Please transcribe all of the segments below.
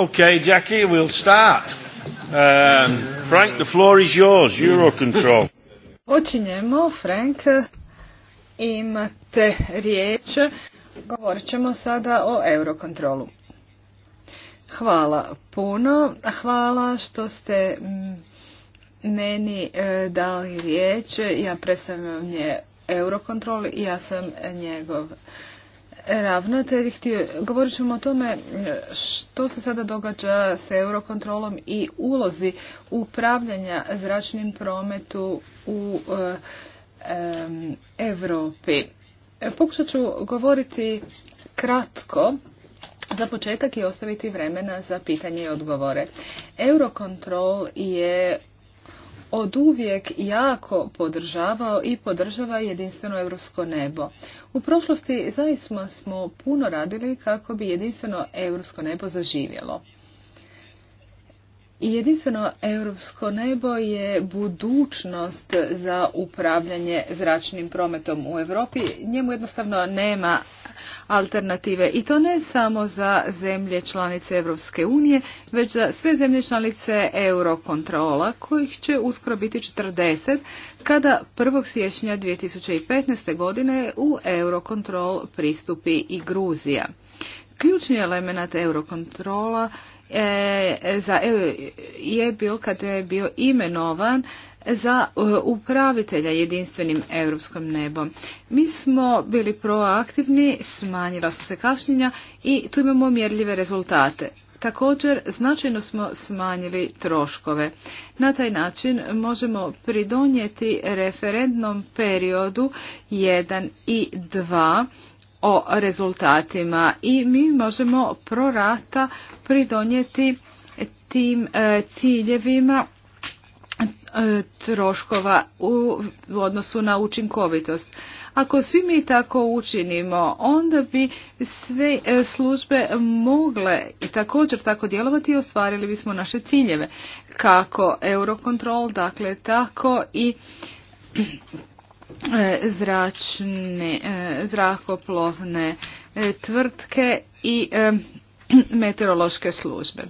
Okay, Jackie, we'll start. Um, Frank, the floor is yours, Eurocontrol. Počinjemo, Frank, imate riječ. Govorit ćemo sada o Eurocontrolu. Hvala puno, hvala što ste mm, meni e, dali riječ. Ja predstavljam nje Eurocontrol i ja sam njegov ravnatelj, govorit ćemo o tome e, što se sada događa s eurokontrolom i ulozi upravljanja zračnim prometu u e, Europi. E, pokušat ću govoriti kratko za početak i ostaviti vremena za pitanje i odgovore. Eurocontrol je od uvijek jako podržavao i podržava jedinstveno europsko nebo. U prošlosti zaista smo puno radili kako bi jedinstveno europsko nebo zaživjelo. Jedinstveno europsko nebo je budućnost za upravljanje zračnim prometom u Europi. Njemu jednostavno nema alternative i to ne samo za zemlje članice Europske unije, već za sve zemlje članice Eurokontrola kojih će uskoro biti 40 kada 1. siječnja 2015. godine u Eurokontrol pristupi i Gruzija. Ključni element Eurokontrola E, za, e, je bio kada je bio imenovan za e, upravitelja jedinstvenim europskom nebom. Mi smo bili proaktivni, smanjila su se kašnjenja i tu imamo mjerljive rezultate. Također, značajno smo smanjili troškove. Na taj način možemo pridonijeti referendnom periodu 1 i 2 o rezultatima i mi možemo pro rata pridonijeti tim e, ciljevima e, troškova u odnosu na učinkovitost. Ako svi mi tako učinimo, onda bi sve e, službe mogle i također tako djelovati i ostvarili bismo naše ciljeve. Kako Eurocontrol, dakle tako i E, zračne, zrakoplovne e, tvrtke i e, meteorološke službe.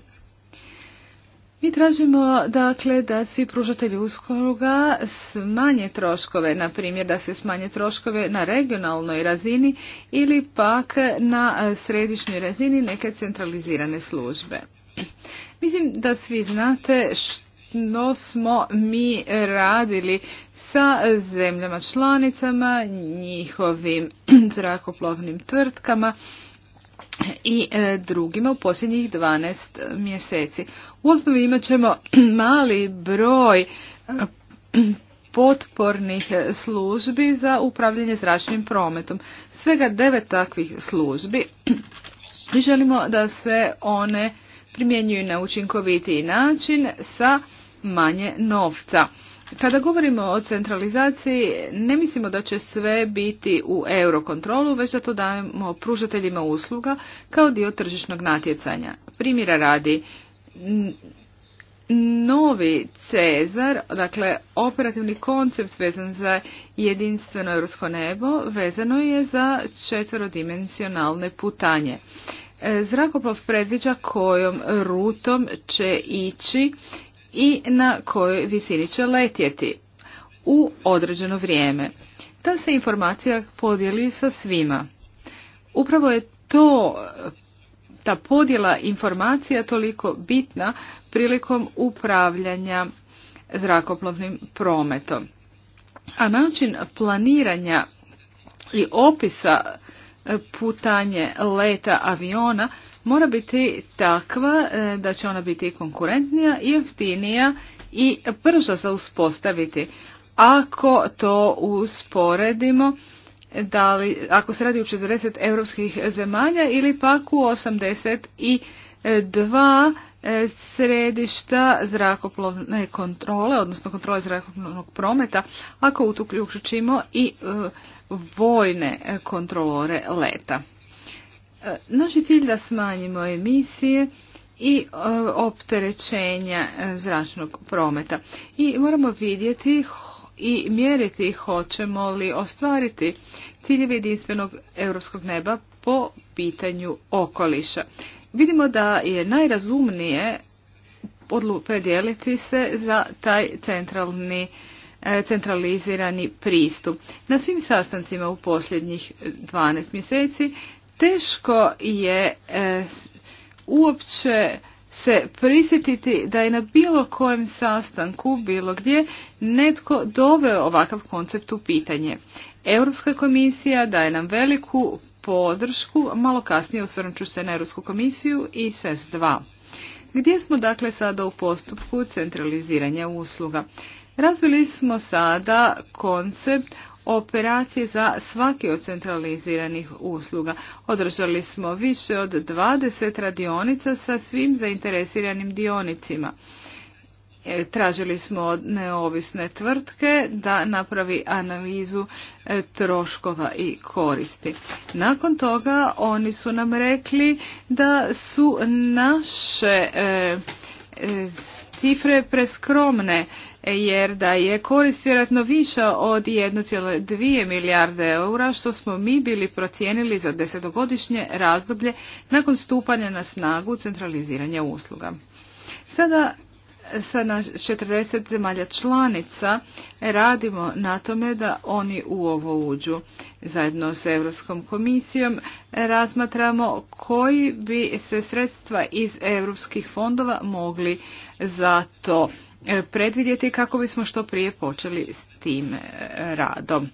Mi tražimo dakle da svi pružatelji usluga smanje troškove, na primjer da se smanje troškove na regionalnoj razini ili pak na središnjoj razini neke centralizirane službe. Mislim da svi znate što no smo mi radili sa zemljama članicama, njihovim zrakoplovnim tvrtkama i e, drugima u posljednjih 12 mjeseci. U osnovi imat ćemo mali broj e, potpornih službi za upravljanje zračnim prometom. Svega devet takvih službi i želimo da se one primjenjuju na učinkovitiji način sa manje novca. Kada govorimo o centralizaciji, ne mislimo da će sve biti u eurokontrolu, već da to dajemo pružateljima usluga kao dio tržišnog natjecanja. Primjera radi, novi Cezar, dakle operativni koncept vezan za jedinstveno europsko nebo, vezano je za četverodimensionalne putanje. E, zrakoplov predviđa kojom rutom će ići i na kojoj visini će letjeti u određeno vrijeme. Ta se informacija podijeli sa svima. Upravo je to ta podjela informacija toliko bitna prilikom upravljanja zrakoplovnim prometom. A način planiranja i opisa putanje leta aviona mora biti takva e, da će ona biti konkurentnija, i jeftinija i brža za uspostaviti. Ako to usporedimo, da li, ako se radi u 40 europskih zemalja ili pak u 82 e, središta zrakoplovne kontrole, odnosno kontrole zrakoplovnog prometa, ako uključimo i e, vojne kontrolore leta. E, naš je cilj da smanjimo emisije i e, opterećenja e, zračnog prometa. I moramo vidjeti i mjeriti hoćemo li ostvariti ciljeve jedinstvenog europskog neba po pitanju okoliša. Vidimo da je najrazumnije predijeliti se za taj centralni centralizirani pristup. Na svim sastancima u posljednjih 12 mjeseci teško je e, uopće se prisjetiti da je na bilo kojem sastanku, bilo gdje, netko doveo ovakav koncept u pitanje. Europska komisija daje nam veliku podršku, malo kasnije osvrnut se na Europsku komisiju i SES-2. Gdje smo dakle sada u postupku centraliziranja usluga? Razvili smo sada koncept operacije za svaki od centraliziranih usluga. Održali smo više od 20 radionica sa svim zainteresiranim dionicima. E, tražili smo od neovisne tvrtke da napravi analizu e, troškova i koristi. Nakon toga oni su nam rekli da su naše e, cifre preskromne jer da je korist vjerojatno viša od 1,2 milijarde eura što smo mi bili procijenili za desetogodišnje razdoblje nakon stupanja na snagu centraliziranja usluga. Sada sa četrdeset 40 zemalja članica radimo na tome da oni u ovo uđu. Zajedno s Europskom komisijom razmatramo koji bi se sredstva iz europskih fondova mogli za to E, predvidjeti kako bismo što prije počeli s tim e, radom.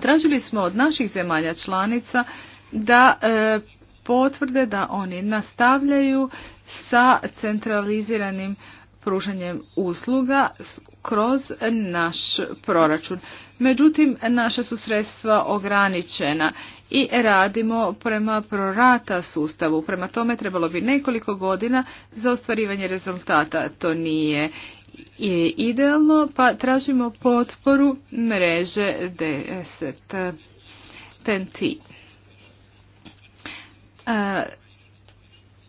Tražili smo od naših zemalja članica da e, potvrde da oni nastavljaju sa centraliziranim pružanjem usluga kroz naš proračun. Međutim, naša su sredstva ograničena i radimo prema prorata sustavu. Prema tome trebalo bi nekoliko godina za ostvarivanje rezultata. To nije je idealno, pa tražimo potporu mreže DST. TNT. E,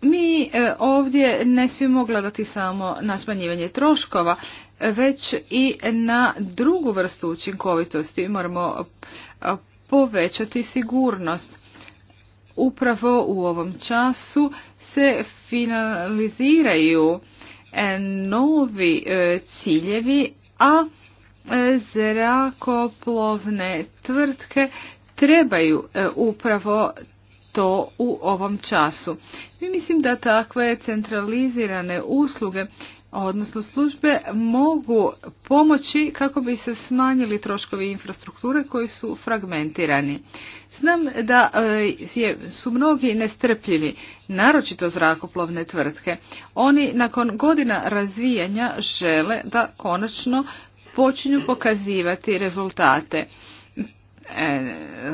mi e, ovdje ne smijemo gledati samo na smanjivanje troškova, već i na drugu vrstu učinkovitosti. Moramo e, povećati sigurnost. Upravo u ovom času se finaliziraju E, novi e, ciljevi, a e, zrakoplovne tvrtke trebaju upravo to u ovom času. Mi mislim da takve centralizirane usluge odnosno službe mogu pomoći kako bi se smanjili troškovi infrastrukture koji su fragmentirani. Znam da e, su mnogi nestrpljivi, naročito zrakoplovne tvrtke. Oni nakon godina razvijanja žele da konačno počinju pokazivati rezultate. E,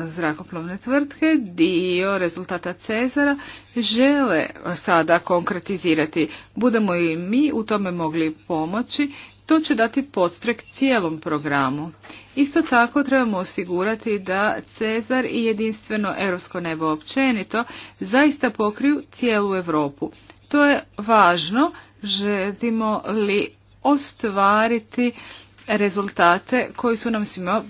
zrakoplovne tvrtke dio rezultata Cezara žele sada konkretizirati. Budemo i mi u tome mogli pomoći to će dati podstrek cijelom programu. Isto tako trebamo osigurati da Cezar i jedinstveno europsko nebo općenito zaista pokriju cijelu Europu. To je važno, želimo li ostvariti rezultate koji su nam svima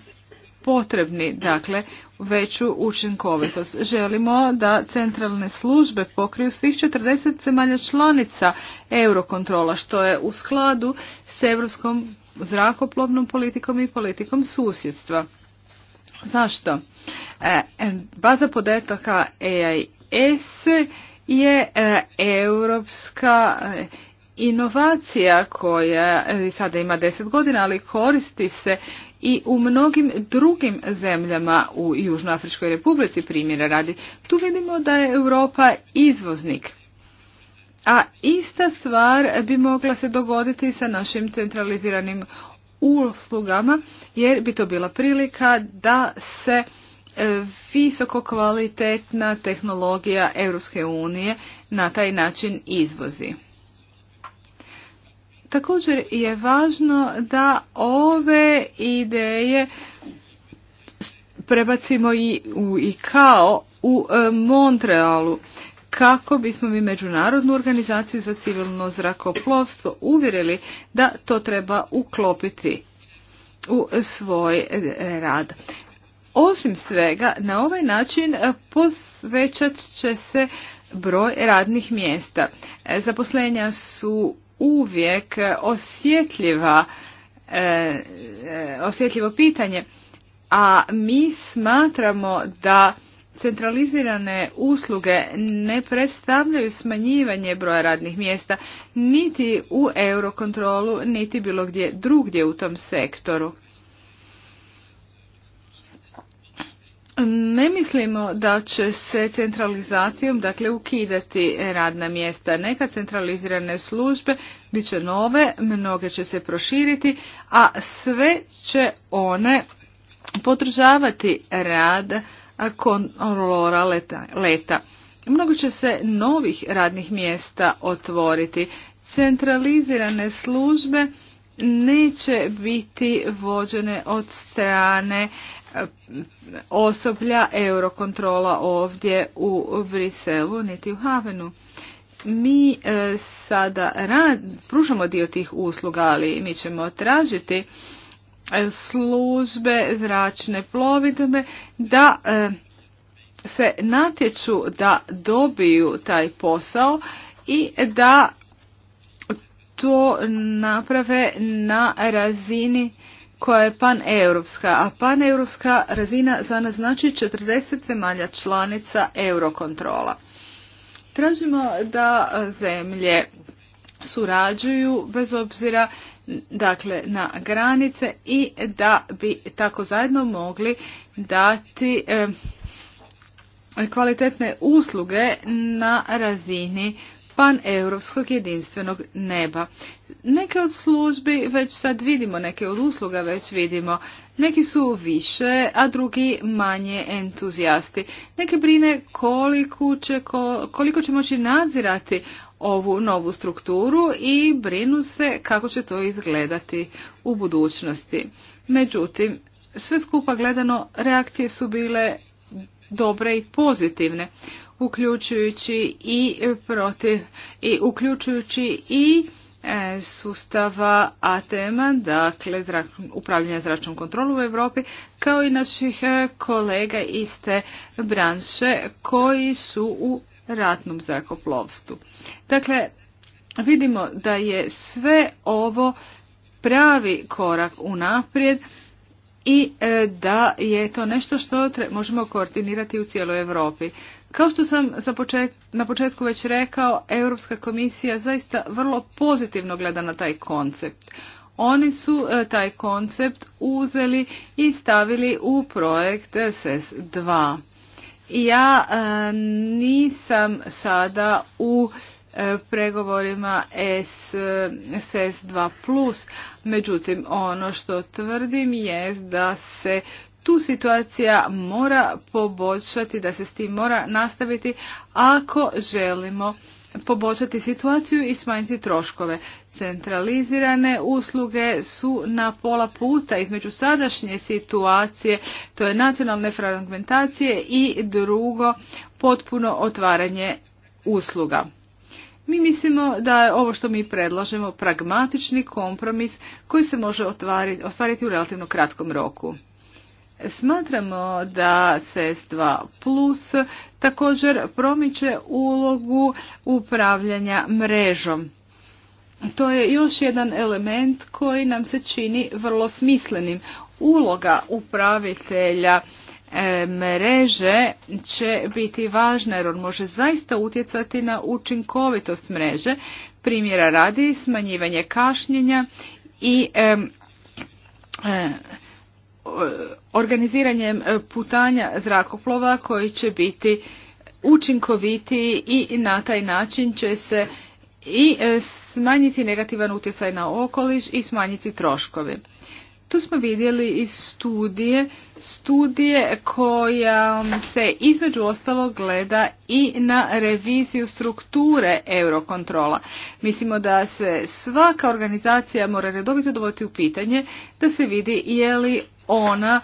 potrebni, dakle veću učinkovitost. Želimo da centralne službe pokriju svih 40 zemalja članica eurokontrola, što je u skladu s europskom zrakoplovnom politikom i politikom susjedstva. Zašto? E, baza podataka EIS je evropska... europska inovacija koja e, sada ima 10 godina, ali koristi se i u mnogim drugim zemljama u Južnoafričkoj republici primjera radi. Tu vidimo da je Europa izvoznik. A ista stvar bi mogla se dogoditi sa našim centraliziranim uslugama, jer bi to bila prilika da se e, visoko kvalitetna tehnologija Europske unije na taj način izvozi. Također je važno da ove ideje prebacimo i u i kao u e, Montrealu kako bismo mi Međunarodnu organizaciju za civilno zrakoplovstvo uvjerili da to treba uklopiti u svoj rad. Osim svega, na ovaj način posvećat će se broj radnih mjesta. E, zaposlenja su uvijek osjetljiva, e, e, osjetljivo pitanje, a mi smatramo da centralizirane usluge ne predstavljaju smanjivanje broja radnih mjesta niti u eurokontrolu niti bilo gdje drugdje u tom sektoru. Ne mislimo da će se centralizacijom dakle ukidati radna mjesta. Neka centralizirane službe bit će nove, mnoge će se proširiti, a sve će one podržavati rad kontrolora leta. leta. Mnogo će se novih radnih mjesta otvoriti. Centralizirane službe neće biti vođene od strane osoblja eurokontrola ovdje u Briselu niti u Havenu. Mi e, sada pružamo dio tih usluga, ali mi ćemo tražiti e, službe zračne plovidbe da e, se natječu da dobiju taj posao i da to naprave na razini koja je paneuropska, a paneuropska razina za nas znači 40 zemalja članica eurokontrola. Tražimo da zemlje surađuju bez obzira dakle na granice i da bi tako zajedno mogli dati eh, kvalitetne usluge na razini europskog jedinstvenog neba. Neke od službi već sad vidimo, neke od usluga već vidimo. Neki su više, a drugi manje entuzijasti. Neke brine koliko, će, koliko će moći nadzirati ovu novu strukturu i brinu se kako će to izgledati u budućnosti. Međutim, sve skupa gledano reakcije su bile dobre i pozitivne uključujući i protiv i uključujući i e, sustava ATM-a, dakle upravljanja zračnom kontrolu u Europi, kao i naših e, kolega iste branše koji su u ratnom zrakoplovstvu. Dakle, vidimo da je sve ovo pravi korak unaprijed i e, da je to nešto što možemo koordinirati u cijeloj Europi. Kao što sam na početku već rekao, Europska komisija zaista vrlo pozitivno gleda na taj koncept. Oni su e, taj koncept uzeli i stavili u projekt SS2. ja e, nisam sada u E, pregovorima S, SS2+. Međutim, ono što tvrdim je da se tu situacija mora poboljšati, da se s tim mora nastaviti ako želimo poboljšati situaciju i smanjiti troškove. Centralizirane usluge su na pola puta između sadašnje situacije, to je nacionalne fragmentacije i drugo potpuno otvaranje usluga. Mi mislimo da je ovo što mi predlažemo pragmatični kompromis koji se može ostvariti u relativno kratkom roku. Smatramo da SES2 Plus također promiče ulogu upravljanja mrežom. To je još jedan element koji nam se čini vrlo smislenim. Uloga upravitelja E, mreže će biti važna jer on može zaista utjecati na učinkovitost mreže, primjera radi smanjivanje kašnjenja i e, e, organiziranjem putanja zrakoplova koji će biti učinkovitiji i na taj način će se i smanjiti negativan utjecaj na okoliš i smanjiti troškovi. Tu smo vidjeli iz studije, studije koja se između ostalog gleda i na reviziju strukture eurokontrola. Mislimo da se svaka organizacija mora redovito dovoditi u pitanje da se vidi je li ona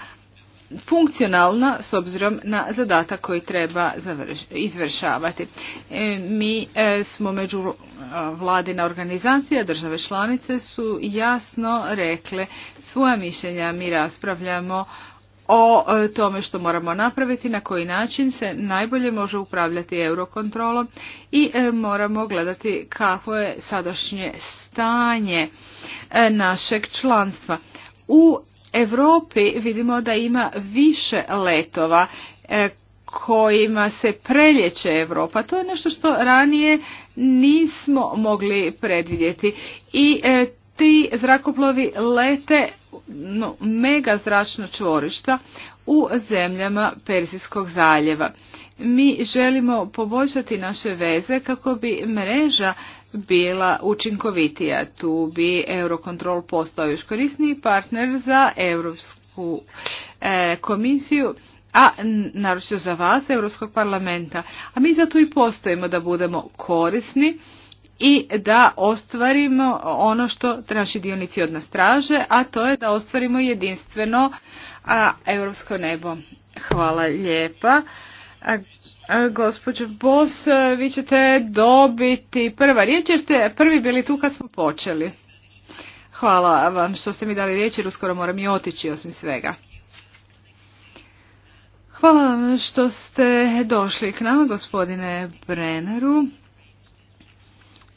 funkcionalna s obzirom na zadatak koji treba izvršavati. E, mi e, smo među e, vladina organizacija, države članice su jasno rekle svoja mišljenja. Mi raspravljamo o tome što moramo napraviti, na koji način se najbolje može upravljati eurokontrolom i moramo gledati kako je sadašnje stanje našeg članstva. U Europi vidimo da ima više letova e, kojima se prelječe Europa. To je nešto što ranije nismo mogli predvidjeti. I e, ti zrakoplovi lete mega zračna čvorišta u zemljama Persijskog zaljeva. Mi želimo poboljšati naše veze kako bi mreža bila učinkovitija. Tu bi Eurocontrol postao još korisniji partner za Europsku e, komisiju, a naročito za vas, Europskog parlamenta. A mi zato i postojimo da budemo korisni i da ostvarimo ono što naši dionici od nas traže, a to je da ostvarimo jedinstveno a, europsko nebo. Hvala lijepa. E, gospođo Bos, e, vi ćete dobiti prva riječ jer ste prvi bili tu kad smo počeli. Hvala vam što ste mi dali riječ jer uskoro moram i otići osim svega. Hvala vam što ste došli k nama, gospodine Brenneru.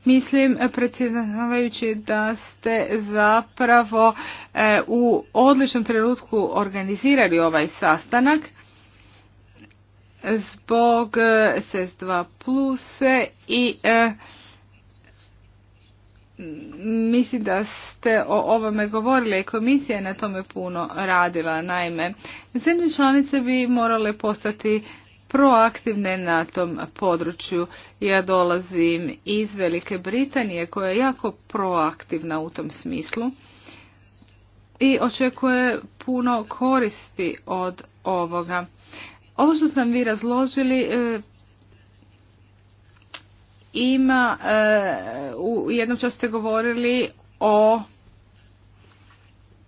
Mislim, predsjedavajući, da ste zapravo e, u odličnom trenutku organizirali ovaj sastanak zbog e, SES2 pluse i e, mislim da ste o ovome govorili i komisija je na tome puno radila. Naime, zemlje članice bi morale postati proaktivne na tom području. Ja dolazim iz Velike Britanije koja je jako proaktivna u tom smislu i očekuje puno koristi od ovoga. Ovo što nam vi razložili e, ima, e, u jednom času ste govorili o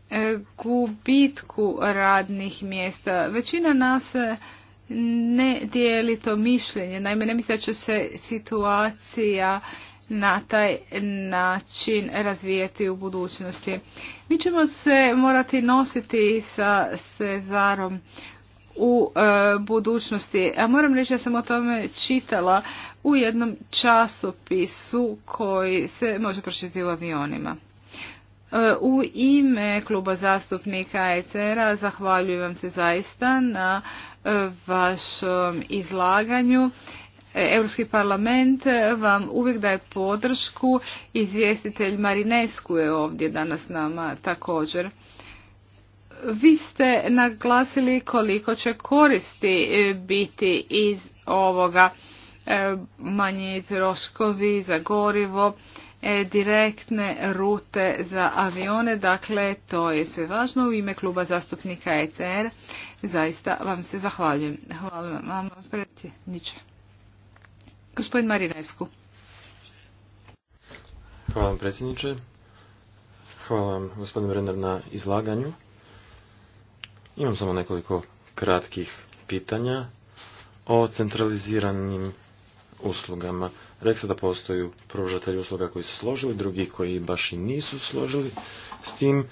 e, gubitku radnih mjesta. Većina nas ne dijeli to mišljenje. Naime, ne mislim da će se situacija na taj način razvijeti u budućnosti. Mi ćemo se morati nositi sa Cezarom u e, budućnosti. A moram reći da sam o tome čitala u jednom časopisu koji se može pročitati u avionima. E, u ime kluba zastupnika ECR-a zahvaljujem vam se zaista na e, vašom izlaganju. Europski parlament vam uvijek daje podršku. Izvjestitelj Marinesku je ovdje danas nama također. Vi ste naglasili koliko će koristi e, biti iz ovoga e, manji troškovi za gorivo, e, direktne rute za avione, dakle to je sve važno. U ime kluba zastupnika ECR zaista vam se zahvaljujem. Hvala vam predsjedniče. Gospodin Marinescu. Hvala vam predsjedniče. Hvala vam gospodin na izlaganju. Imam samo nekoliko kratkih pitanja o centraliziranim uslugama. Rek' se da postoju pružatelji usluga koji su složili, drugi koji baš i nisu složili s tim.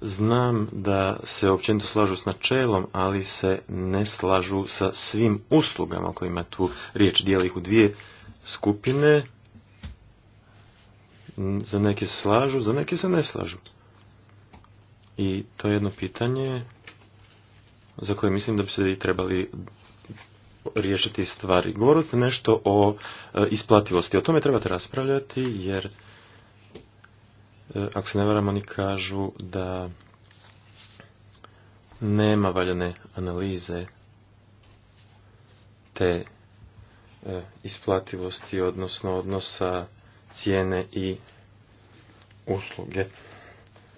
Znam da se općenito slažu s načelom, ali se ne slažu sa svim uslugama kojima tu riječ dijeli ih u dvije skupine. Za neke se slažu, za neke se ne slažu. I to je jedno pitanje za koje mislim da bi se trebali riješiti stvari. Govorili ste nešto o e, isplativosti. O tome trebate raspravljati jer e, ako se ne varam oni kažu da nema valjane analize te e, isplativosti, odnosno odnosa cijene i usluge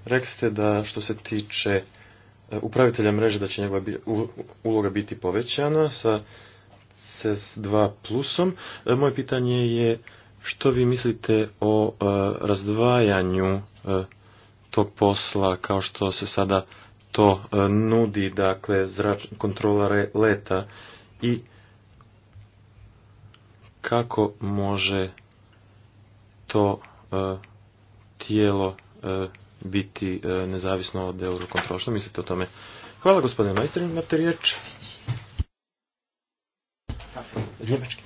rekste da što se tiče e, upravitelja mreže da će njegova uloga biti povećana sa CES2 plusom. E, moje pitanje je što vi mislite o e, razdvajanju tog posla kao što se sada to nudi, dakle, zrač, kontrola leta i kako može to tijelo biti e, nezavisno od Eurocontrol. Što mislite o tome? Hvala gospodine majstri, imate riječ. Njemački.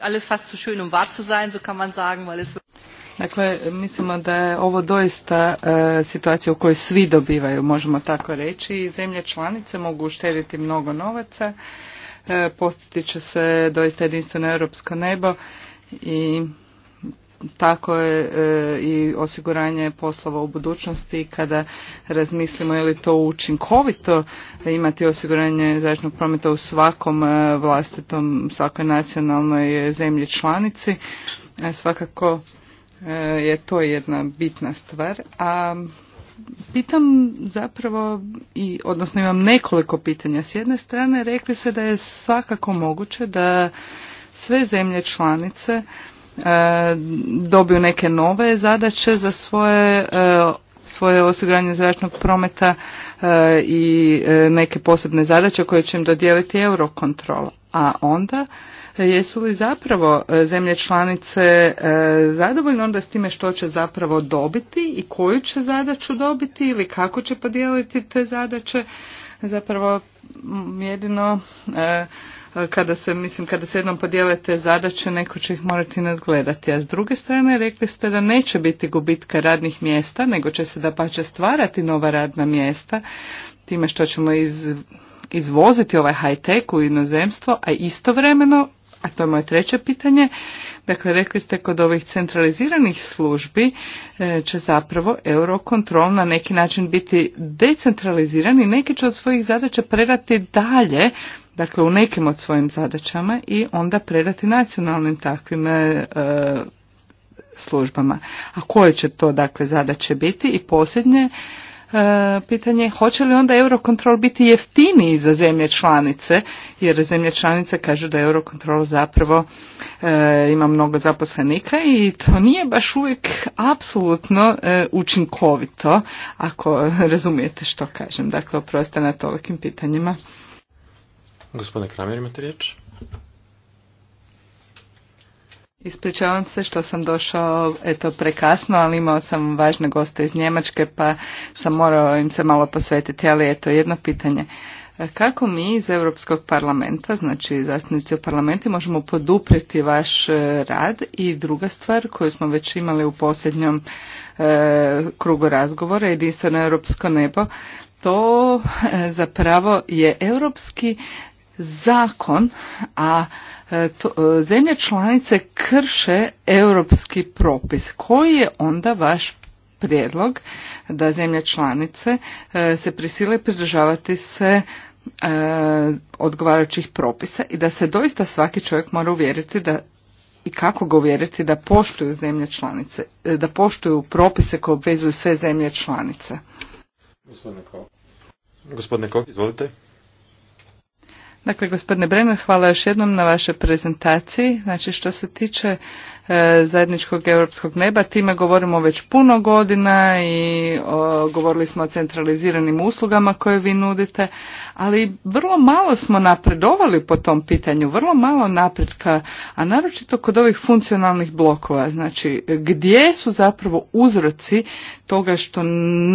Alles fast zu schön um wahr zu man sagen, weil es Dakle, mislimo da je ovo doista e, situacija u kojoj svi dobivaju, možemo tako reći, i zemlje članice mogu uštediti mnogo novaca, e, postati će se doista jedinstveno europsko nebo i tako je e, i osiguranje poslova u budućnosti kada razmislimo je li to učinkovito imati osiguranje zračnog prometa u svakom e, vlastitom, svakoj nacionalnoj zemlji članici. E, svakako e, je to jedna bitna stvar. A pitam zapravo i odnosno imam nekoliko pitanja. S jedne strane rekli se da je svakako moguće da sve zemlje članice E, dobiju neke nove zadaće za svoje e, svoje osiguranje zračnog prometa e, i neke posebne zadaće koje će im dodijeliti Eurokontrol. A onda jesu li zapravo zemlje članice zadovoljne onda s time što će zapravo dobiti i koju će zadaću dobiti ili kako će podijeliti te zadaće zapravo jedino kada se, mislim, kada se jednom podijele te zadaće, neko će ih morati nadgledati. A s druge strane, rekli ste da neće biti gubitka radnih mjesta, nego će se da pa će stvarati nova radna mjesta, time što ćemo izvoziti ovaj high-tech u inozemstvo, a istovremeno, a to je moje treće pitanje, Dakle, rekli ste kod ovih centraliziranih službi e, će zapravo eurokontrol na neki način biti decentralizirani i neki će od svojih zadaća predati dalje dakle u nekim od svojim zadaćama i onda predati nacionalnim takvim e, e, službama. A koje će to dakle zadaće biti? I posljednje e, pitanje, hoće li onda Eurokontrol biti jeftiniji za zemlje članice? Jer zemlje članice kažu da Eurokontrol zapravo ima mnogo zaposlenika i to nije baš uvijek apsolutno učinkovito, ako razumijete što kažem. Dakle, oprostite na tolikim pitanjima. Gospodine Kramer, imate riječ? Ispričavam se što sam došao eto prekasno, ali imao sam važne goste iz Njemačke pa sam morao im se malo posvetiti, ali eto jedno pitanje. Kako mi iz Europskog parlamenta, znači zastupnici u parlamenti, možemo poduprijeti vaš e, rad i druga stvar koju smo već imali u posljednjom e, krugu razgovora, jedinstveno europsko nebo, to e, zapravo je europski zakon, a e, to, e, zemlje članice krše europski propis. Koji je onda vaš prijedlog da zemlje članice e, se prisile pridržavati se odgovarajućih propisa i da se doista svaki čovjek mora uvjeriti da i kako ga uvjeriti da poštuju zemlje članice, da poštuju propise koje obvezuju sve zemlje članice. Gospodine Gospodine izvolite. Dakle, gospodine Brenner, hvala još jednom na vašoj prezentaciji. Znači, što se tiče E, zajedničkog europskog neba. Time govorimo već puno godina i govorili smo o centraliziranim uslugama koje vi nudite, ali vrlo malo smo napredovali po tom pitanju, vrlo malo napretka, a naročito kod ovih funkcionalnih blokova. Znači, gdje su zapravo uzroci toga što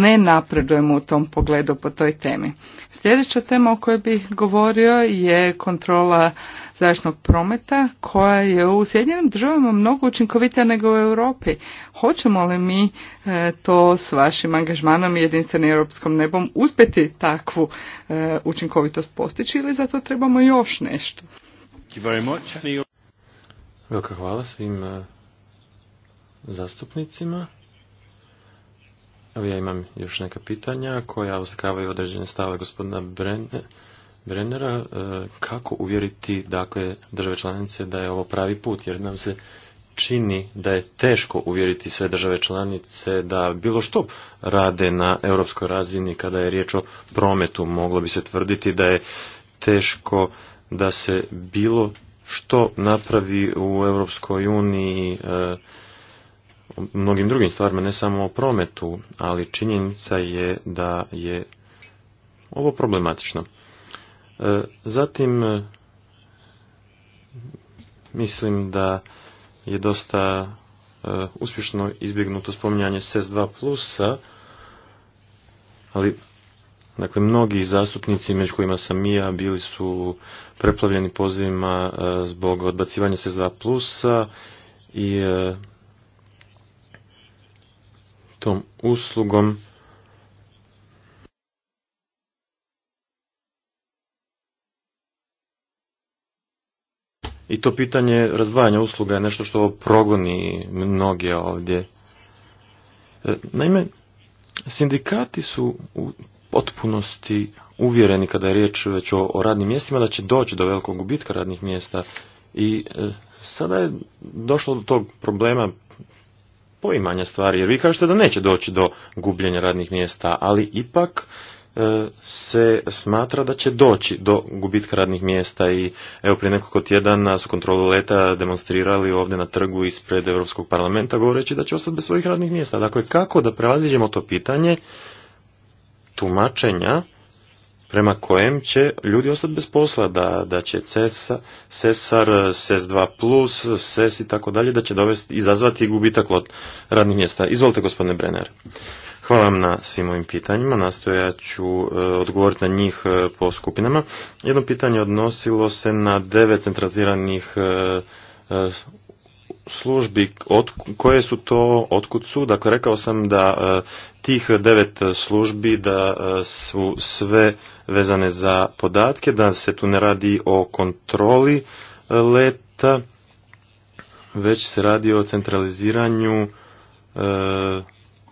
ne napredujemo u tom pogledu po toj temi? Sljedeća tema o kojoj bih govorio je kontrola zračnog prometa koja je u Sjedinjenim državama mnogo učinkovitija nego u Europi. Hoćemo li mi e, to s vašim angažmanom i jedinstvenim europskom nebom uspjeti takvu e, učinkovitost postići ili za to trebamo još nešto? Velika hvala svim e, zastupnicima. Evo ja imam još neka pitanja koja uzakavaju određene stave gospodina Brenne. Brennera e, kako uvjeriti dakle države članice da je ovo pravi put jer nam se čini da je teško uvjeriti sve države članice da bilo što rade na europskoj razini kada je riječ o prometu moglo bi se tvrditi da je teško da se bilo što napravi u Europskoj uniji e, mnogim drugim stvarima, ne samo o prometu, ali činjenica je da je ovo problematično. E, zatim, e, mislim da je dosta e, uspješno izbjegnuto spominjanje SES2+, plusa, ali Dakle, mnogi zastupnici, među kojima sam i ja, bili su preplavljeni pozivima zbog odbacivanja SES2 plusa i tom uslugom I to pitanje razdvajanja usluga je nešto što progoni mnoge ovdje. E, naime, sindikati su u potpunosti uvjereni kada je riječ već o, radnim mjestima da će doći do velikog gubitka radnih mjesta i e, sada je došlo do tog problema poimanja stvari jer vi kažete da neće doći do gubljenja radnih mjesta ali ipak E, se smatra da će doći do gubitka radnih mjesta i evo prije nekoliko tjedana su kontrolu leta demonstrirali ovdje na trgu ispred Europskog parlamenta govoreći da će ostati bez svojih radnih mjesta. Dakle, kako da prelaziđemo to pitanje tumačenja prema kojem će ljudi ostati bez posla, da, da će CESA, CESAR, SES 2 CES i tako dalje, da će dovesti, izazvati gubitak radnih mjesta. Izvolite gospodine Brenner. Hvala vam na svim ovim pitanjima, nastojat ću e, odgovoriti na njih e, po skupinama. Jedno pitanje odnosilo se na devet centraliziranih e, službi, koje su to, otkud su, dakle rekao sam da tih devet službi da su sve vezane za podatke, da se tu ne radi o kontroli leta, već se radi o centraliziranju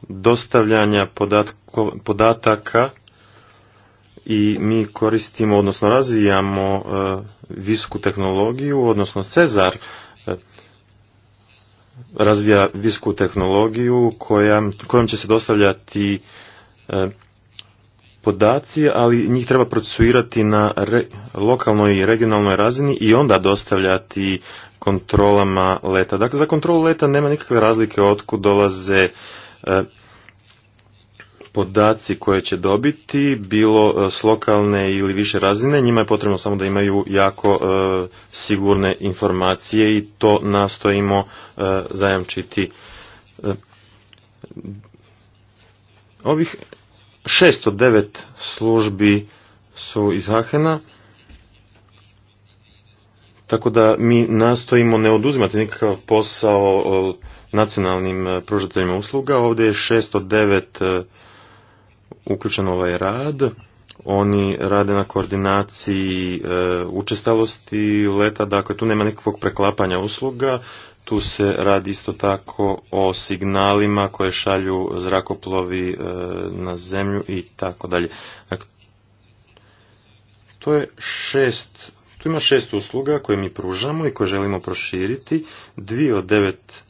dostavljanja podataka i mi koristimo, odnosno razvijamo e, visku tehnologiju, odnosno Cezar e, razvija visku tehnologiju koja, kojom će se dostavljati e, podaci, ali njih treba procesuirati na lokalnoj i regionalnoj razini i onda dostavljati kontrolama leta. Dakle, za kontrolu leta nema nikakve razlike otkud dolaze E, podaci koje će dobiti, bilo e, s lokalne ili više razine, njima je potrebno samo da imaju jako e, sigurne informacije i to nastojimo zajamčiti. Ovih 609 službi su iz Hahena, tako da mi nastojimo ne oduzimati nikakav posao nacionalnim e, pružateljima usluga. Ovdje je 609 e, uključeno ovaj rad. Oni rade na koordinaciji e, učestalosti leta, dakle tu nema nikakvog preklapanja usluga. Tu se radi isto tako o signalima koje šalju zrakoplovi na zemlju i tako dalje. Dakle, to je šest, tu ima šest usluga koje mi pružamo i koje želimo proširiti. Dvije od devet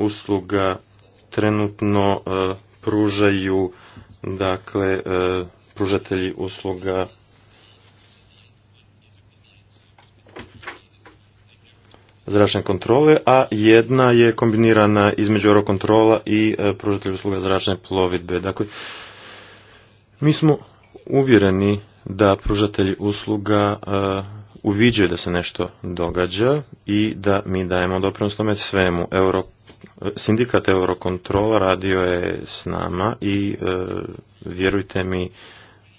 usluga trenutno e, pružaju dakle e, pružatelji usluga zračne kontrole, a jedna je kombinirana između eurokontrola i e, pružatelji usluga zračne plovidbe. Dakle, mi smo uvjereni da pružatelji usluga uviđaju da se nešto događa i da mi dajemo doprinos tome svemu. Euro sindikat Eurokontrola radio je s nama i e, vjerujte mi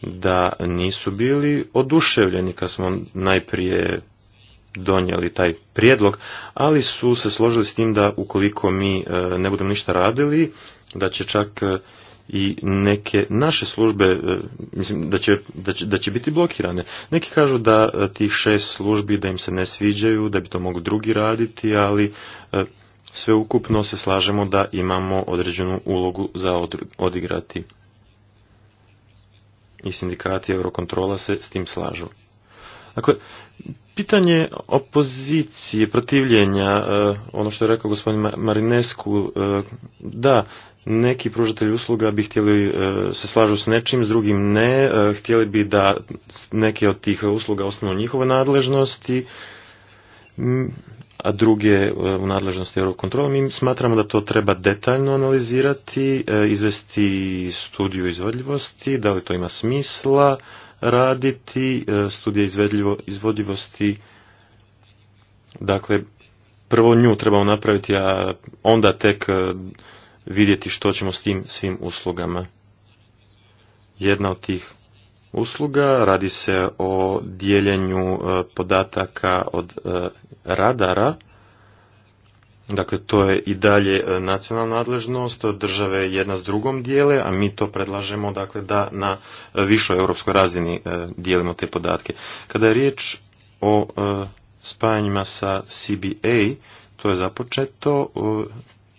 da nisu bili oduševljeni kad smo najprije donijeli taj prijedlog, ali su se složili s tim da ukoliko mi e, ne budemo ništa radili, da će čak e, i neke naše službe, mislim da će, da, će, da će biti blokirane. Neki kažu da tih šest službi, da im se ne sviđaju, da bi to mogli drugi raditi, ali sveukupno se slažemo da imamo određenu ulogu za odigrati. I sindikati Eurokontrola se s tim slažu. Dakle, pitanje opozicije, protivljenja, e, ono što je rekao gospodin Marinesku, e, da, neki pružatelji usluga bi htjeli e, se slažu s nečim, s drugim ne, htjeli bi da neke od tih usluga ostanu u nadležnosti a druge e, u nadležnosti Eurokontrola. Mi smatramo da to treba detaljno analizirati, e, izvesti studiju izvodljivosti, da li to ima smisla raditi, e, studija izvodljivosti, dakle, prvo nju trebamo napraviti, a onda tek vidjeti što ćemo s tim svim uslugama. Jedna od tih usluga, radi se o dijeljenju e, podataka od e, radara, Dakle, to je i dalje e, nacionalna nadležnost, države jedna s drugom dijele, a mi to predlažemo dakle, da na višoj europskoj razini dijelimo te podatke. Kada je riječ o spajanjima sa CBA, to je započeto,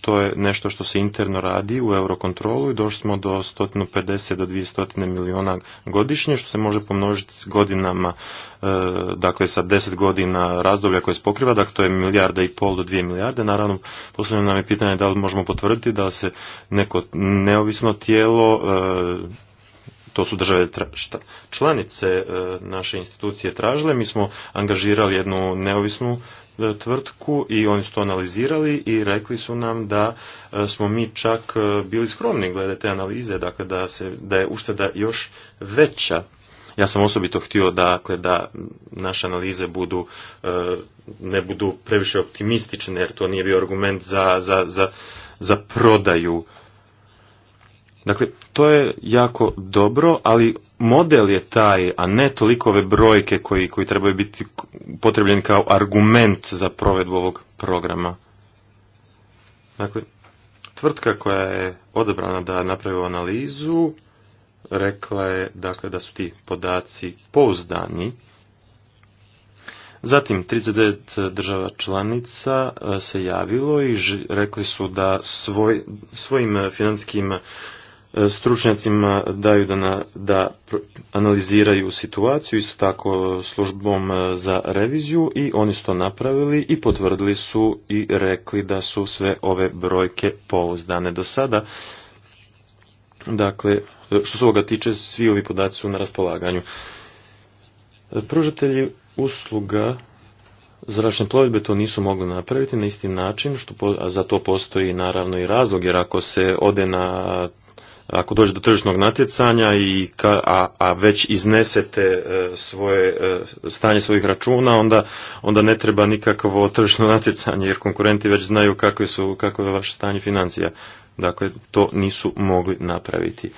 to je nešto što se interno radi u eurokontrolu i došli smo do 150 do 200 milijuna godišnje, što se može pomnožiti s godinama, e, dakle sa 10 godina razdoblja koje se pokriva, dakle to je milijarda i pol do 2 milijarde. Naravno, posljedno nam je pitanje da li možemo potvrditi da se neko neovisno tijelo e, to su države članice e, naše institucije tražile. Mi smo angažirali jednu neovisnu tvrtku i oni su to analizirali i rekli su nam da e, smo mi čak e, bili skromni glede te analize, dakle da, se, da je ušteda još veća. Ja sam osobito htio dakle, da naše analize budu, e, ne budu previše optimistične jer to nije bio argument za, za, za, za prodaju Dakle, to je jako dobro, ali model je taj, a ne toliko ove brojke koji, koji trebaju biti potrebljen kao argument za provedbu ovog programa. Dakle, tvrtka koja je odebrana da napravi analizu, rekla je dakle, da su ti podaci pouzdani. Zatim, 39 država članica e, se javilo i rekli su da svoj, svojim financijskim E, stručnjacima daju da, na, da analiziraju situaciju, isto tako službom e, za reviziju i oni su to napravili i potvrdili su i rekli da su sve ove brojke pouzdane do sada. Dakle, e, što se ovoga tiče, svi ovi podaci su na raspolaganju. Pružatelji usluga zračne plovidbe to nisu mogli napraviti na isti način, što, a za to postoji naravno i razlog, jer ako se ode na ako dođe do tržišnog natjecanja i a, već iznesete e, svoje e, stanje svojih računa onda, onda ne treba nikakvo tržišno natjecanje jer konkurenti već znaju kakve su kako je vaše stanje financija dakle to nisu mogli napraviti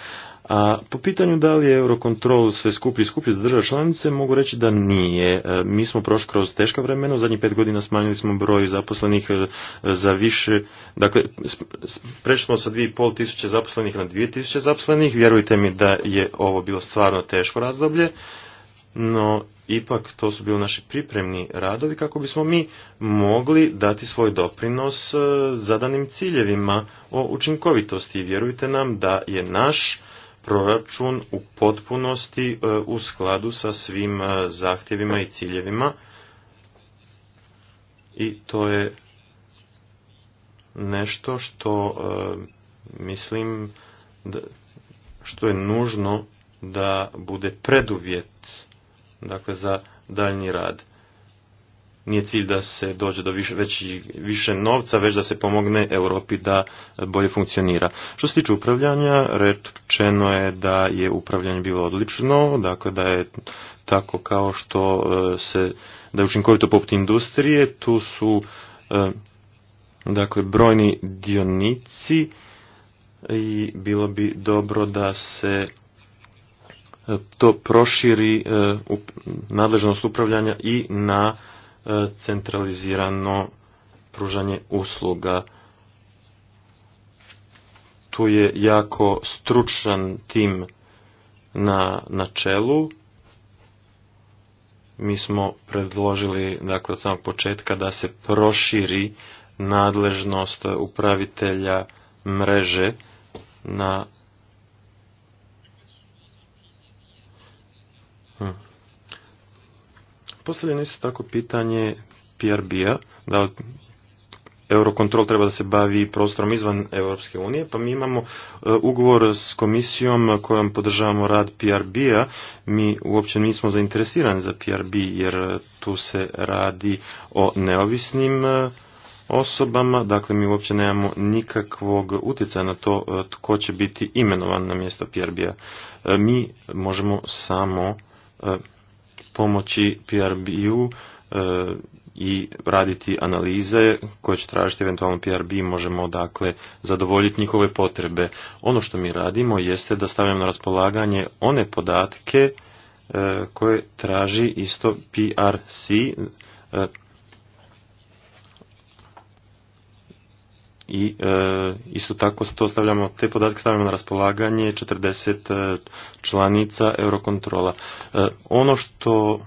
a po pitanju da li je Eurocontrol sve skuplji i skuplji za države članice, mogu reći da nije. E, mi smo prošli kroz teška vremena, u zadnjih pet godina smanjili smo broj zaposlenih e, za više, dakle, prešli smo sa 2,5 tisuće zaposlenih na 2 tisuće zaposlenih, vjerujte mi da je ovo bilo stvarno teško razdoblje, no ipak to su bili naši pripremni radovi kako bismo mi mogli dati svoj doprinos e, zadanim ciljevima o učinkovitosti. Vjerujte nam da je naš proračun u potpunosti e, u skladu sa svim e, zahtjevima i ciljevima i to je nešto što e, mislim što je nužno da bude preduvjet dakle za daljnji rad nije cilj da se dođe do više, već više novca, već da se pomogne Europi da bolje funkcionira. Što se tiče upravljanja, rečeno je da je upravljanje bilo odlično, dakle da je tako kao što e, se, da je učinkovito poput industrije, tu su e, dakle brojni dionici i bilo bi dobro da se e, to proširi nadležnost upravljanja i na E, centralizirano pružanje usluga. Tu je jako stručan tim na, na čelu. Mi smo predložili dakle, od samog početka da se proširi nadležnost upravitelja mreže na... Postavljeno isto tako pitanje PRB-a, da Eurocontrol treba da se bavi prostorom izvan Europske unije, pa mi imamo e, ugovor s komisijom kojom podržavamo rad PRB-a. Mi uopće nismo zainteresirani za PRB jer tu se radi o neovisnim e, osobama, dakle mi uopće nemamo nikakvog utjecaja na to e, tko će biti imenovan na mjesto PRB-a. Mi možemo samo pomoći PRB-u e, i raditi analize koje će tražiti eventualno PRB, možemo dakle zadovoljiti njihove potrebe. Ono što mi radimo jeste da stavljamo na raspolaganje one podatke e, koje traži isto PRC, e, i e, isto tako to stavljamo, te podatke stavljamo na raspolaganje 40 e, članica Eurokontrola. E, ono što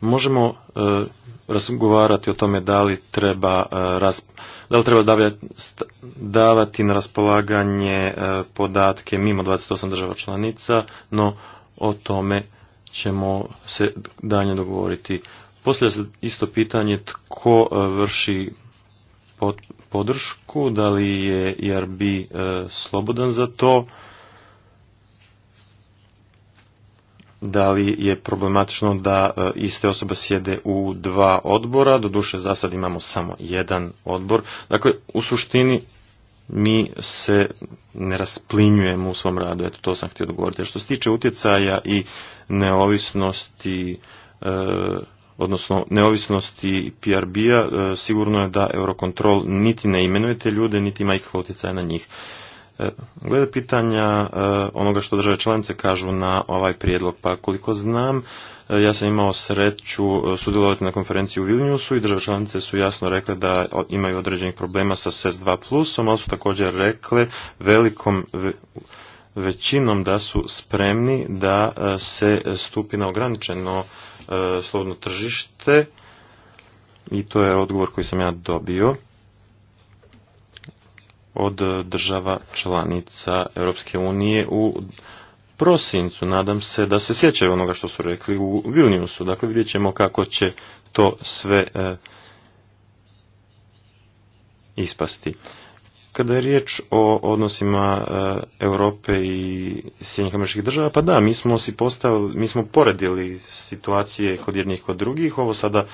možemo e, razgovarati o tome da li treba da li treba davati na raspolaganje podatke mimo 28 država članica, no o tome ćemo se danje dogovoriti. Poslije isto pitanje tko e, vrši podršku, da li je IRB e e, slobodan za to, da li je problematično da iste osobe sjede u dva odbora, doduše za sad imamo samo jedan odbor. Dakle, u suštini mi se ne rasplinjujemo u svom radu. Eto, to sam htio odgovoriti. Što se tiče utjecaja i neovisnosti, e, odnosno neovisnosti PRB-a, e, sigurno je da Eurocontrol niti ne imenuje te ljude, niti ima ikakva utjecaja na njih. E, glede pitanja e, onoga što države članice kažu na ovaj prijedlog, pa koliko znam, e, ja sam imao sreću sudjelovati na konferenciji u Vilniusu i države članice su jasno rekle da imaju određenih problema sa SES2+, plusom, ali su također rekle velikom većinom da su spremni da se stupi na ograničeno slobodno tržište i to je odgovor koji sam ja dobio od država članica Europske unije u prosincu. Nadam se da se sjećaju onoga što su rekli u Vilniusu. Dakle, vidjet ćemo kako će to sve e, ispasti. Kada je riječ o odnosima e, Europe i Sjednjih američkih država, pa da, mi smo si postavili, mi smo poredili situacije kod jednih kod drugih. Ovo sada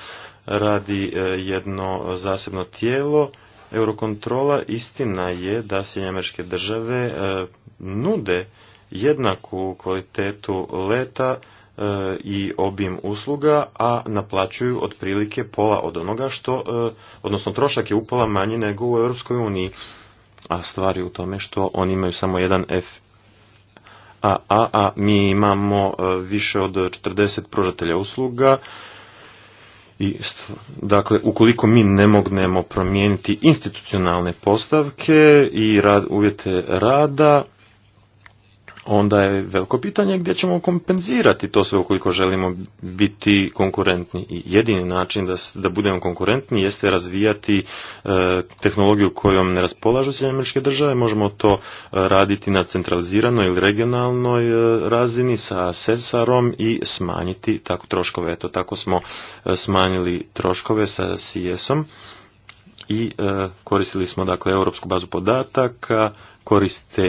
radi e, jedno zasebno tijelo Eurokontrola istina je da se američke države e, nude jednaku kvalitetu leta e, i obim usluga, a naplaćuju otprilike pola od onoga što, e, odnosno trošak je upola manji nego u Europskoj uniji, a stvari u tome što oni imaju samo jedan F a, a, a mi imamo više od 40 pružatelja usluga, i, dakle, ukoliko mi ne mognemo promijeniti institucionalne postavke i rad, uvjete rada, onda je veliko pitanje gdje ćemo kompenzirati to sve ukoliko želimo biti konkurentni. I jedini način da, da budemo konkurentni jeste razvijati e, tehnologiju kojom ne raspolažu SAD, države. Možemo to e, raditi na centraliziranoj ili regionalnoj e, razini sa sesarom i smanjiti tako troškove. Eto, tako smo smanjili troškove sa CS-om i koristili smo dakle europsku bazu podataka koriste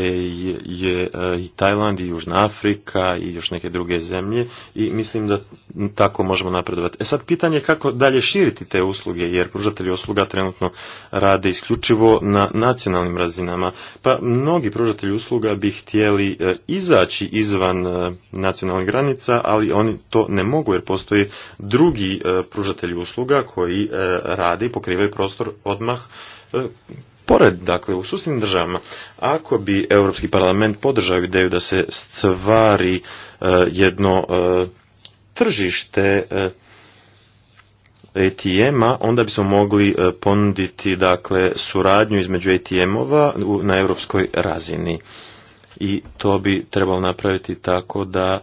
je, e, i Tajland i Južna Afrika i još neke druge zemlje i mislim da tako možemo napredovati. E sad pitanje je kako dalje širiti te usluge jer pružatelji usluga trenutno rade isključivo na nacionalnim razinama. Pa mnogi pružatelji usluga bi htjeli e, izaći izvan e, nacionalnih granica, ali oni to ne mogu jer postoji drugi pružatelji usluga koji rade i pokrivaju prostor odmah Pored, dakle, u susjednim državama, ako bi Europski parlament podržao ideju da se stvari e, jedno e, tržište e, ATM-a, onda bismo mogli ponuditi dakle, suradnju između ATM-ova na europskoj razini. I to bi trebalo napraviti tako da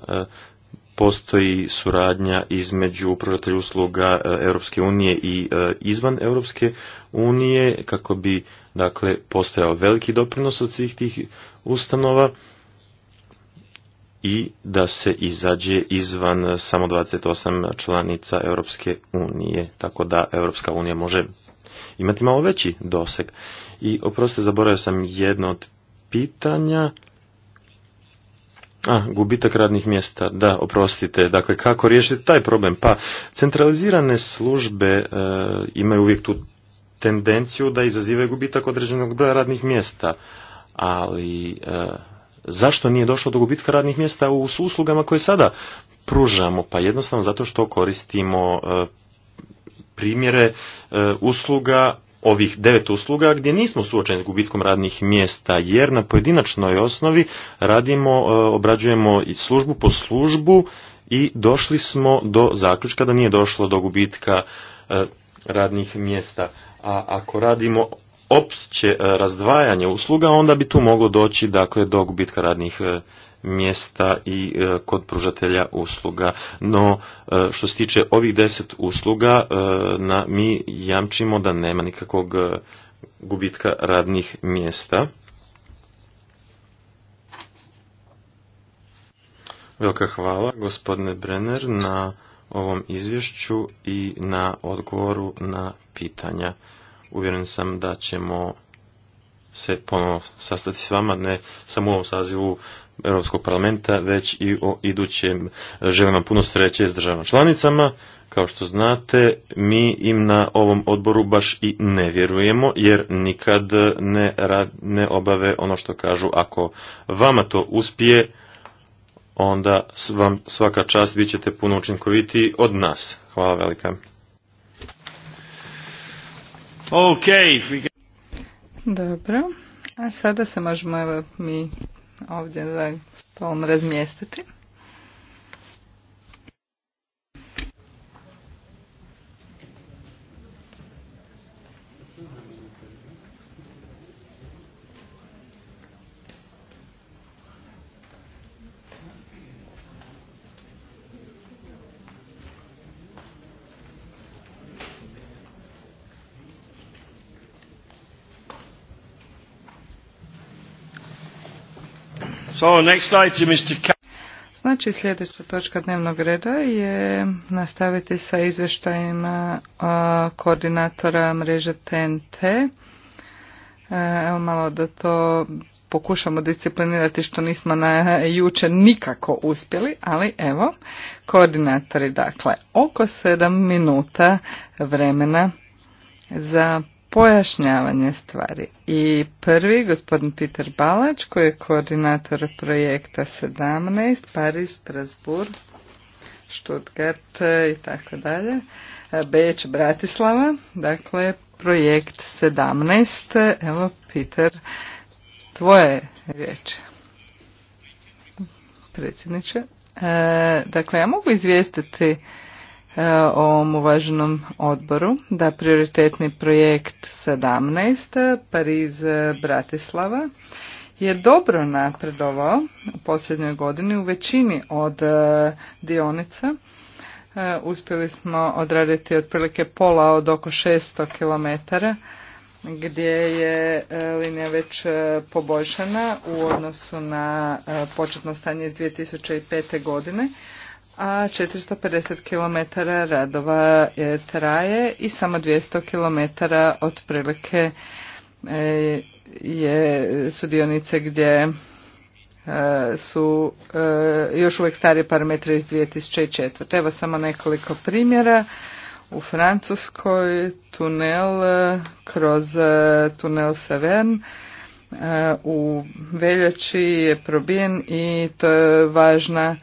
postoji suradnja između pružatelja usluga e, Europske unije i e, izvan Europske unije kako bi dakle postojao veliki doprinos od svih tih ustanova i da se izađe izvan samo 28 članica Europske unije, tako da Europska unija može imati malo veći doseg. I oprostite, zaboravio sam jedno od pitanja. A, gubitak radnih mjesta, da, oprostite. Dakle, kako riješiti taj problem? Pa, centralizirane službe e, imaju uvijek tu tendenciju da izazivaju gubitak određenog broja radnih mjesta, ali e, zašto nije došlo do gubitka radnih mjesta u uslugama koje sada pružamo? Pa jednostavno zato što koristimo e, primjere usluga ovih devet usluga gdje nismo suočeni s gubitkom radnih mjesta jer na pojedinačnoj osnovi radimo, e, obrađujemo i službu po službu i došli smo do zaključka da nije došlo do gubitka e, radnih mjesta. A ako radimo opće e, razdvajanje usluga onda bi tu moglo doći dakle do gubitka radnih mjesta i e, kod pružatelja usluga. No, e, što se tiče ovih deset usluga, e, na, mi jamčimo da nema nikakvog gubitka radnih mjesta. Velika hvala gospodine Brenner na ovom izvješću i na odgovoru na pitanja. Uvjeren sam da ćemo se ponovno sastati s vama, ne samo u ovom sazivu Europskog parlamenta, već i o idućem. Želim vam puno sreće s državama članicama. Kao što znate, mi im na ovom odboru baš i ne vjerujemo, jer nikad ne, rad, ne obave ono što kažu. Ako vama to uspije, onda vam svaka čast bit ćete puno učinkovitiji od nas. Hvala velika. Okay. Dobro. A sada se možemo evo mi ovdje za stolom razmjestiti. Oh, znači sljedeća točka dnevnog reda je nastaviti sa izvještajima koordinatora mreže TNT. E, evo malo da to pokušamo disciplinirati što nismo na jučer nikako uspjeli, ali evo, koordinatori, dakle, oko 7 minuta vremena za pojašnjavanje stvari. I prvi, gospodin Peter Balač, koji je koordinator projekta 17, Paris, Strasbourg, Stuttgart i tako dalje, Beč, Bratislava, dakle projekt 17. Evo, Peter, tvoje riječi. Predsjedniče. E, dakle, ja mogu izvijestiti o e, ovom uvaženom odboru da prioritetni projekt 17 Pariz Bratislava je dobro napredovao u posljednjoj godini u većini od e, dionica. E, uspjeli smo odraditi otprilike pola od oko 600 km gdje je linija već poboljšana u odnosu na početno stanje iz 2005. godine a 450 km radova e, traje i samo 200 km otprilike e, je sudionice gdje e, su još uvijek starije parametre iz 2004. Evo samo nekoliko primjera. U Francuskoj tunel kroz tunel Severn u Veljači je probijen i to je važna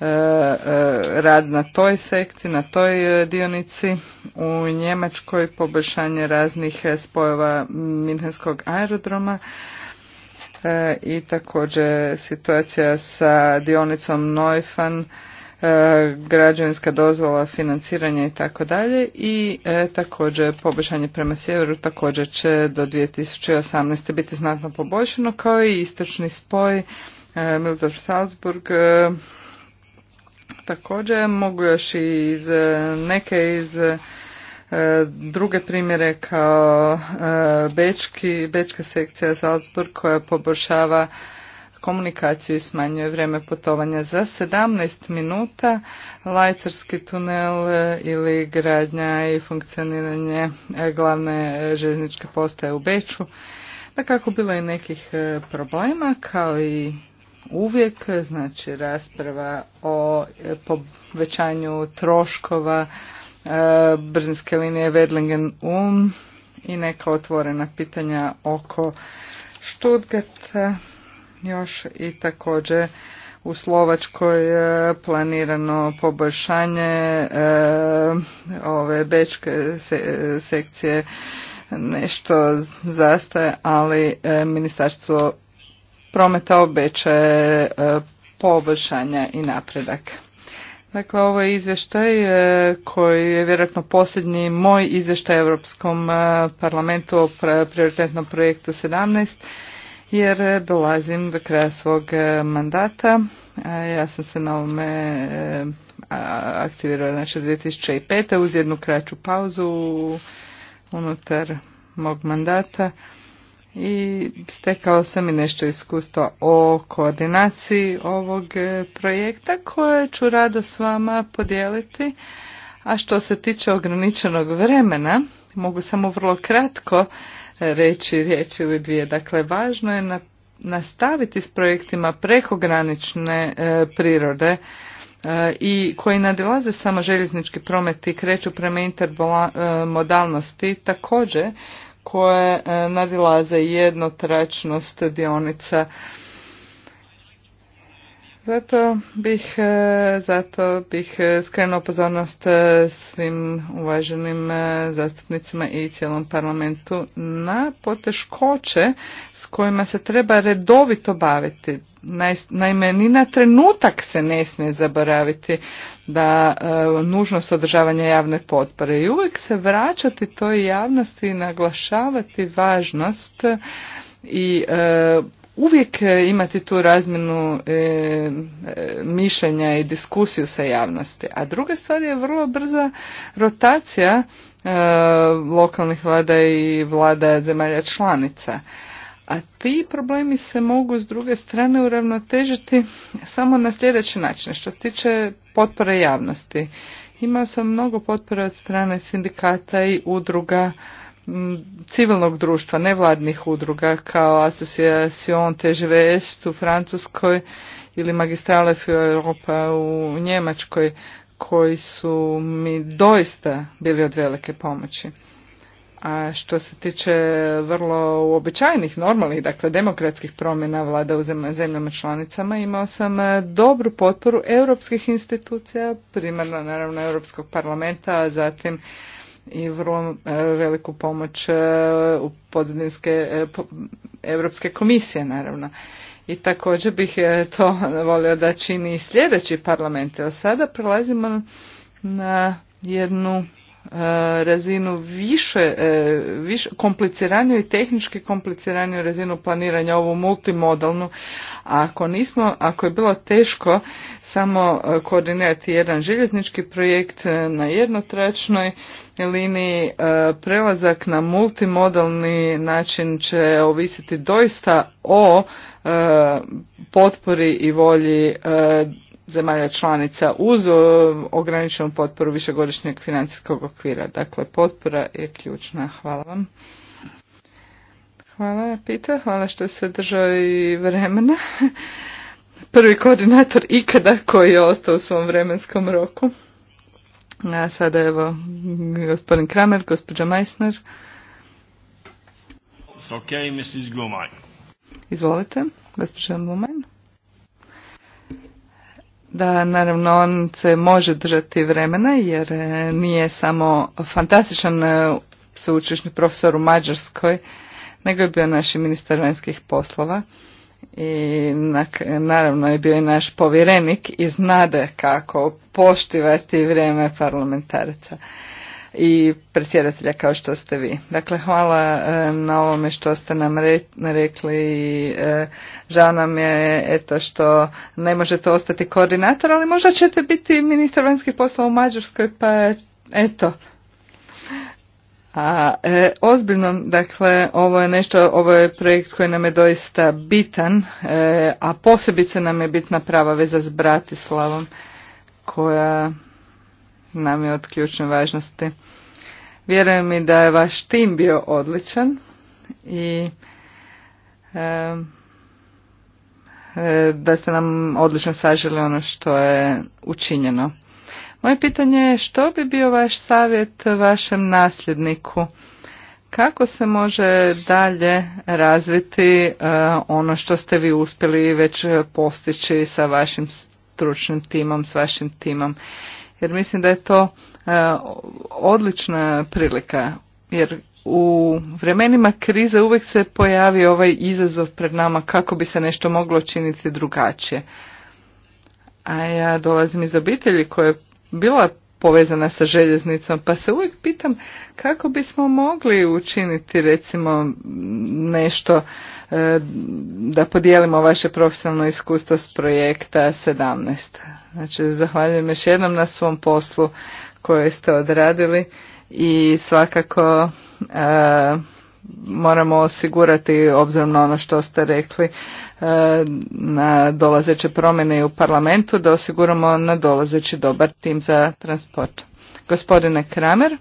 E, e, rad na toj sekci, na toj e, dionici. U Njemačkoj poboljšanje raznih spojeva Minhenskog aerodroma i također situacija sa dionicom Neufan, građevinska dozvola, financiranje i tako dalje i također poboljšanje prema sjeveru također će do 2018. biti znatno poboljšano kao i istočni spoj mildor Salzburg Također mogu još i iz neke iz e, druge primjere kao e, Bečki, Bečka sekcija Salzburg koja poboljšava komunikaciju i smanjuje vrijeme putovanja za 17 minuta, lajcarski tunel e, ili gradnja i funkcioniranje glavne željezničke postaje u Beču. Da kako bilo je nekih problema kao i uvijek, znači rasprava o e, povećanju troškova e, brzinske linije wedlingen um i neka otvorena pitanja oko Stuttgarta još i također u Slovačkoj e, planirano poboljšanje ove bečke sekcije nešto zastaje, ali ministarstvo prometa obećaje e, poboljšanja i napredak. Dakle, ovo je izvještaj e, koji je vjerojatno posljednji moj izvještaj Europskom e, parlamentu o prioritetnom projektu 17, jer dolazim do kraja svog mandata. Ja sam se na ovome aktivirao znači 2005. uz jednu kraću pauzu unutar mog mandata i stekao sam i nešto iskustva o koordinaciji ovog e, projekta koje ću rado s vama podijeliti. A što se tiče ograničenog vremena, mogu samo vrlo kratko reći riječ ili dvije. Dakle, važno je nastaviti s projektima prekogranične e, prirode e, i koji nadilaze samo željeznički promet i kreću prema intermodalnosti također koje e, nadilaze jednotračnost dionica zato bih, e, zato bih e, skrenuo pozornost e, svim uvaženim zastupnicima i cijelom parlamentu na poteškoće s kojima se treba redovito baviti. Naime, ni na trenutak se ne smije zaboraviti da nužnost održavanja javne potpore i uvijek se vraćati toj javnosti i naglašavati važnost i uvijek e, imati tu razmjenu e, e, mišljenja i diskusiju sa javnosti. A druga stvar je vrlo brza rotacija lokalnih vlada i vlada zemalja članica. A ti problemi se mogu s druge strane uravnotežiti samo na sljedeći način. Što se tiče potpore javnosti, imao sam mnogo potpore od strane sindikata i udruga civilnog društva, nevladnih udruga kao Association TGVS u Francuskoj ili Magistrale für Europa u Njemačkoj koji su mi doista bili od velike pomoći. A što se tiče vrlo uobičajenih, normalnih, dakle demokratskih promjena vlada u zemljama članicama, imao sam e, dobru potporu europskih institucija, primarno naravno Europskog parlamenta, a zatim i vrlo e, veliku pomoć e, u podzemljenske Europske komisije naravno. I također bih e, to volio da čini sljedeći parlament. Evo sada prelazimo na jednu E, razinu više, e, više kompliciranju i tehnički kompliciranju razinu planiranja ovu multimodalnu. ako nismo, ako je bilo teško samo e, koordinirati jedan željeznički projekt na jednotračnoj liniji, prelazak na multimodalni način će ovisiti doista o potpori i volji zemalja članica uz e, ograničenu potporu višegodišnjeg financijskog okvira. Dakle, potpora je ključna. Hvala vam. Hvala, Pita. Hvala što se držali vremena. Prvi koordinator ikada koji je ostao u svom vremenskom roku. A sada evo gospodin Kramer, gospođa Meissner. Okay, Izvolite, gospođa Blumajn da naravno on se može držati vremena jer e, nije samo fantastičan e, sveučilišni profesor u Mađarskoj, nego je bio naš ministar vanjskih poslova i naravno je bio i naš povjerenik i znade kako poštivati vrijeme parlamentaraca i predsjedatelja kao što ste vi. Dakle, hvala e, na ovome što ste nam rekli i e, žao nam je eto što ne možete ostati koordinator, ali možda ćete biti ministar vanjskih poslova u Mađarskoj, pa eto. A e, ozbiljno, dakle, ovo je nešto, ovo je projekt koji nam je doista bitan, a posebice nam je bitna prava veza s Bratislavom koja nam je od ključne važnosti. Vjerujem mi da je vaš tim bio odličan i e, da ste nam odlično saželi ono što je učinjeno. Moje pitanje je što bi bio vaš savjet vašem nasljedniku? Kako se može dalje razviti e, ono što ste vi uspjeli već postići sa vašim stručnim timom, s vašim timom? jer mislim da je to e, odlična prilika jer u vremenima krize uvijek se pojavi ovaj izazov pred nama kako bi se nešto moglo činiti drugačije. A ja dolazim iz obitelji koja je bila povezana sa željeznicom, pa se uvijek pitam kako bismo mogli učiniti recimo nešto e, da podijelimo vaše profesionalno iskustvo s projekta 17. Znači, zahvaljujem još jednom na svom poslu koje ste odradili i svakako e, moramo osigurati obzirom na ono što ste rekli E, na dolazeće promjene u parlamentu da osiguramo na dolazeći dobar tim za transport. Gospodine Kramer,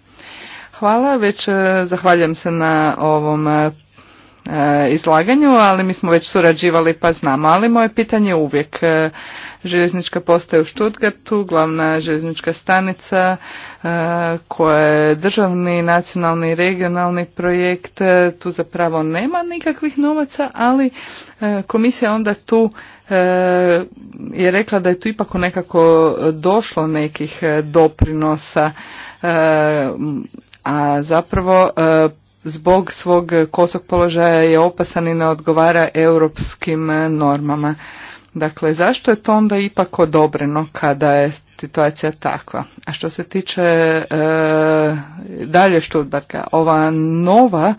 hvala, već e, zahvaljujem se na ovom E, izlaganju, ali mi smo već surađivali pa znamo. Ali moje pitanje je uvijek e, željeznička postaja u Štutgartu, glavna željeznička stanica e, koja je državni, nacionalni i regionalni projekt. Tu zapravo nema nikakvih novaca, ali komisija onda tu je rekla da je tu ipak nekako došlo nekih doprinosa a zapravo zbog svog kosog položaja je opasan i ne odgovara europskim normama. Dakle, zašto je to onda ipak odobreno kada je situacija takva? A što se tiče e, dalje Študbarka, ova nova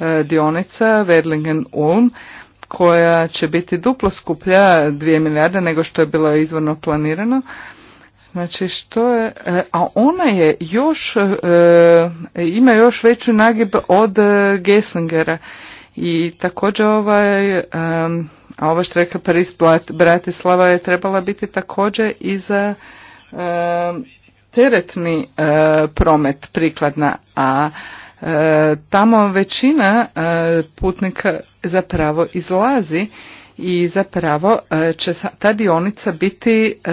e, dionica Wedlingen Ulm koja će biti duplo skuplja 2 milijarde nego što je bilo izvorno planirano, Znači što je, e, a ona je još, e, ima još veći nagib od e, Geslingera i također ovaj, a ova štreka Paris Bratislava je trebala biti također i za teretni promet prikladna, a tamo većina putnika zapravo izlazi i zapravo e, će ta dionica biti e,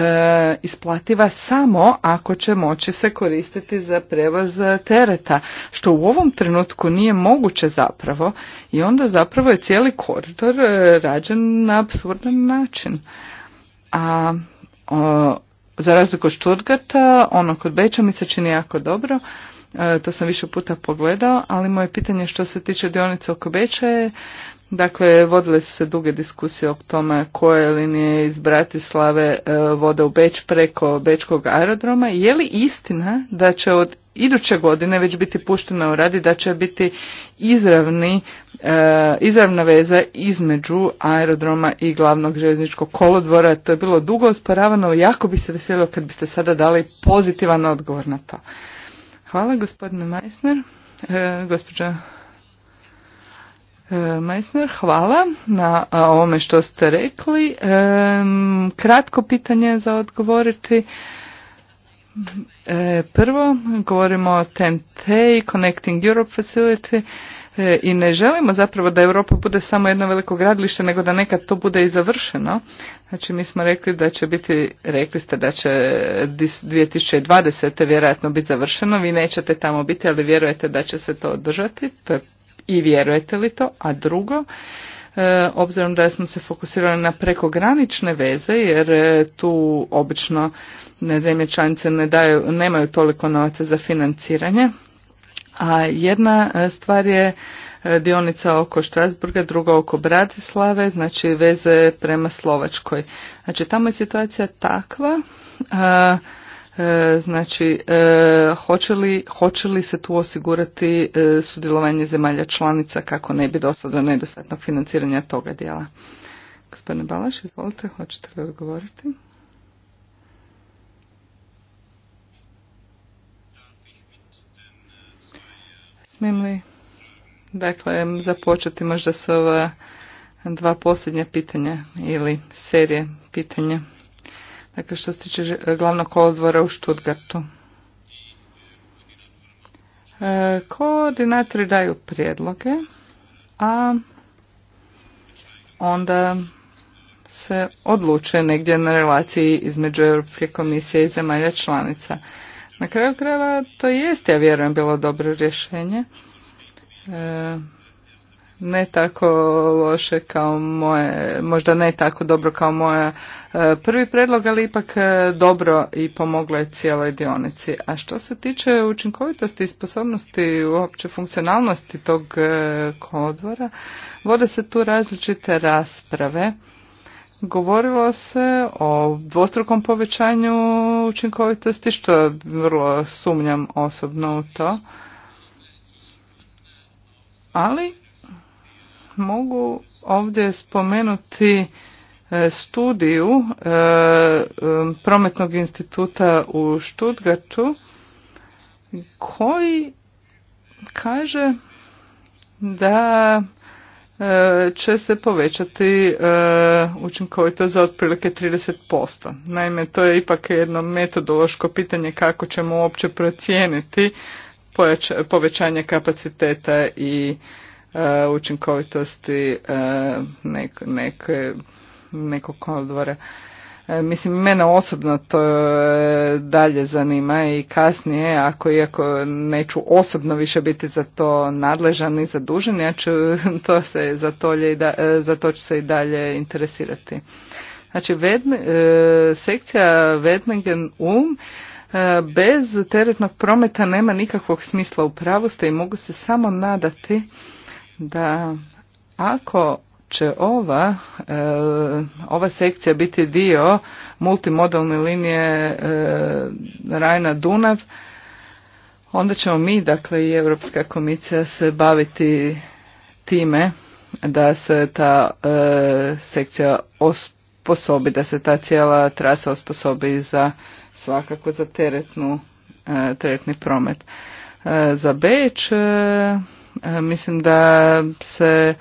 isplativa samo ako će moći se koristiti za prevoz e, tereta, što u ovom trenutku nije moguće zapravo i onda zapravo je cijeli koridor rađen na absurdan način. A za razliku od Stuttgarta, ono kod Beča mi se čini jako dobro, to sam više puta pogledao, ali moje pitanje što se tiče dionice oko Beća je Dakle, vodile su se duge diskusije o tome koje linije iz Bratislave e, vode u Beč preko Bečkog aerodroma. Je li istina da će od iduće godine već biti puštena u radi, da će biti izravni, e, izravna veza između aerodroma i glavnog željezničkog kolodvora. To je bilo dugo osporavano, jako bi se veselilo kad biste sada dali pozitivan odgovor na to. Hvala gospodine Meissner. E, gospođa E, Meissner, hvala na ovome što ste rekli. E, kratko pitanje za odgovoriti. E, prvo, govorimo o TNT Connecting Europe Facility i ne želimo zapravo da Europa bude samo jedno veliko gradilište, nego da nekad to bude i završeno. Znači mi smo rekli da će biti, rekli ste da će 2020. vjerojatno biti završeno, vi nećete tamo biti, ali vjerujete da će se to održati, to je i vjerujete li to? A drugo, e, obzirom da smo se fokusirali na prekogranične veze jer e, tu obično zemlje članice ne daju, nemaju toliko novaca za financiranje. A jedna e, stvar je dionica oko Strasburga, druga oko Bratislave, znači veze prema Slovačkoj. Znači tamo je situacija takva E, znači, e, hoće li, hoće li se tu osigurati e, sudjelovanje zemalja članica kako ne bi došlo do nedostatnog financiranja toga dijela? Gospodine Balaš, izvolite, hoćete li odgovoriti? Smijem li? Dakle, započeti možda s ova dva posljednja pitanja ili serije pitanja dakle što se tiče e, glavnog odvora u Štutgartu. E, koordinatori daju prijedloge, a onda se odlučuje negdje na relaciji između Europske komisije i zemalja članica. Na kraju krajeva to jest, ja vjerujem, bilo dobro rješenje. E, ne tako loše kao moje, možda ne tako dobro kao moja e, prvi predlog, ali ipak e, dobro i pomoglo je cijeloj dionici. A što se tiče učinkovitosti i sposobnosti uopće funkcionalnosti tog e, kolodvora, vode se tu različite rasprave. Govorilo se o dvostrukom povećanju učinkovitosti, što je vrlo sumnjam osobno u to. Ali mogu ovdje spomenuti e, studiju e, Prometnog instituta u Stuttgartu koji kaže da e, će se povećati učinkovito za otprilike 30%. Naime, to je ipak jedno metodološko pitanje kako ćemo uopće procijeniti povećanje kapaciteta i E, učinkovitosti e, nek, nekog kolodvora. E, mislim, mene osobno to dalje zanima i kasnije, ako iako neću osobno više biti za to nadležan i zadužen, ja ću to se, za, to za to ću se i dalje interesirati. Znači, sekcija vednegen um bez teretnog prometa nema nikakvog smisla u pravosti i mogu se samo nadati da ako će ova, e, ova sekcija biti dio multimodalne linije e, Rajna Dunav, onda ćemo mi, dakle i Europska komisija se baviti time da se ta e, sekcija osposobi, da se ta cijela trasa osposobi za svakako za teretnu, e, teretni promet. Za Beč E, mislim da se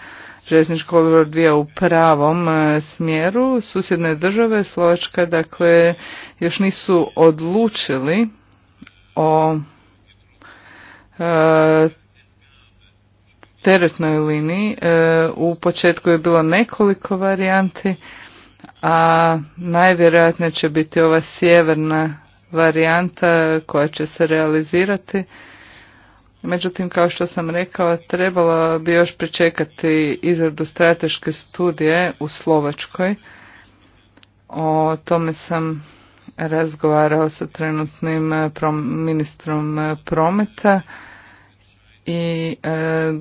željeznički kolodvor odvija u pravom e, smjeru. Susjedne države, Slovačka, dakle, još nisu odlučili o e, teretnoj liniji. u početku je bilo nekoliko varijanti, a najvjerojatnije će biti ova sjeverna varijanta koja će se realizirati. Međutim, kao što sam rekao, trebalo bi još pričekati izradu strateške studije u Slovačkoj. O tome sam razgovarao sa trenutnim eh, ministrom eh, prometa i eh,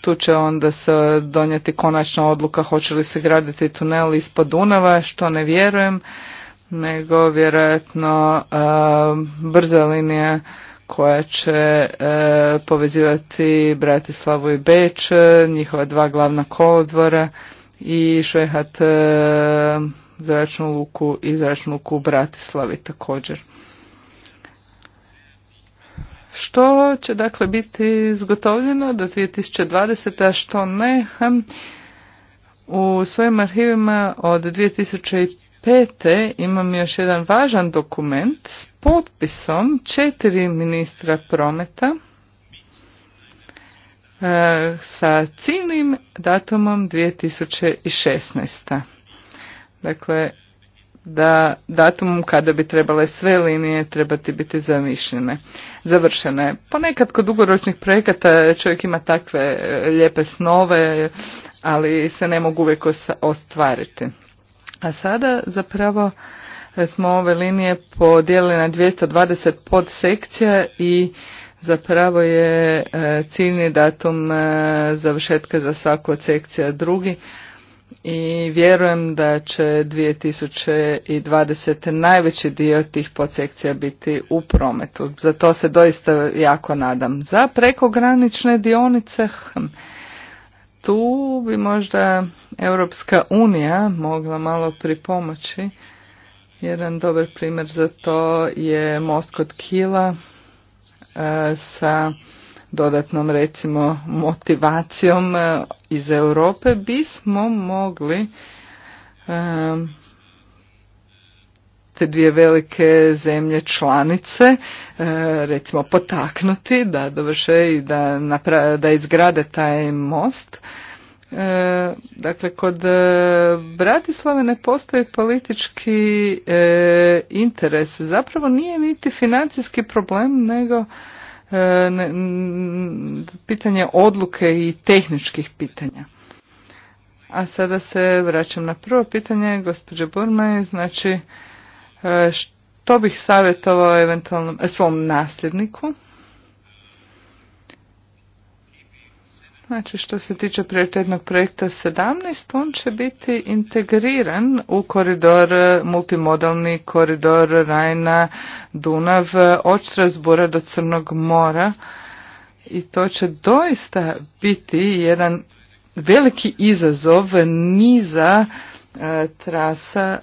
tu će onda se donijeti konačna odluka hoće li se graditi tunel ispod Dunava, što ne vjerujem, nego vjerojatno e, brza linija koja će e, povezivati Bratislavu i Beč, e, njihova dva glavna kolodvora i Švehat e, zračnu luku i zračnu luku u Bratislavi također. Što će dakle biti izgotovljeno do 2020. a što ne? Hm, u svojim arhivima od 2005 imam još jedan važan dokument s potpisom četiri ministra prometa e, sa ciljnim datumom 2016. Dakle, da datumom kada bi trebale sve linije trebati biti zamišljene, završene. Ponekad kod dugoročnih projekata čovjek ima takve e, lijepe snove, ali se ne mogu uvijek ostvariti. A sada zapravo e, smo ove linije podijelili na 220 podsekcija i zapravo je e, ciljni datum e, završetka za svaku od sekcija drugi i vjerujem da će 2020. najveći dio tih podsekcija biti u prometu. Za to se doista jako nadam. Za prekogranične dionice, hm, tu bi možda Europska unija mogla malo pripomoći. Jedan dobar primjer za to je most kod Kila e, sa dodatnom recimo motivacijom e, iz Europe bismo mogli e, te dvije velike zemlje članice e, recimo potaknuti da dovrše i da, da izgrade taj most. E, dakle, kod e, Bratislave ne postoji politički interes. Zapravo nije niti financijski problem, nego pitanje odluke i tehničkih pitanja. A sada se vraćam na prvo pitanje, gospođe Burmaj, znači E, što bih savjetovao eventualnom e, svom nasljedniku? Znači što se tiče prioritetnog projekta 17, on će biti integriran u koridor, e, multimodalni koridor Rajna, Dunav, od Strasbura do Crnog mora i to će doista biti jedan veliki izazov niza trasa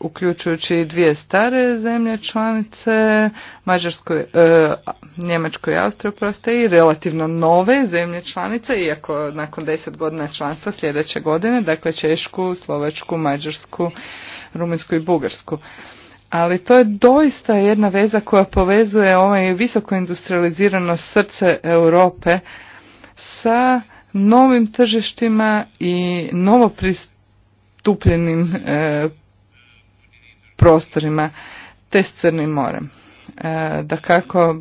uključujući dvije stare zemlje članice, Mađarskoj, e, Njemačkoj i Austriju proste i relativno nove zemlje članice, iako nakon deset godina članstva sljedeće godine, dakle Češku, Slovačku, Mađarsku, Rumunjsku i Bugarsku. Ali to je doista jedna veza koja povezuje ovaj visoko industrializirano srce Europe sa novim tržištima i novopristupljenim e, prostorima te s Crnim morem. E, da kako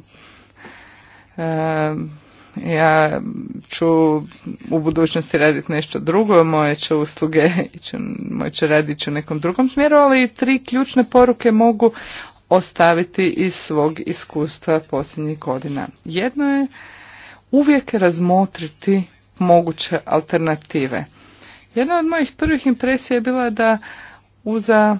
e, ja ću u budućnosti raditi nešto drugo, moje će usluge, moje će raditi u nekom drugom smjeru, ali tri ključne poruke mogu ostaviti iz svog iskustva posljednjih godina. Jedno je uvijek razmotriti moguće alternative. Jedna od mojih prvih impresija je bila da uza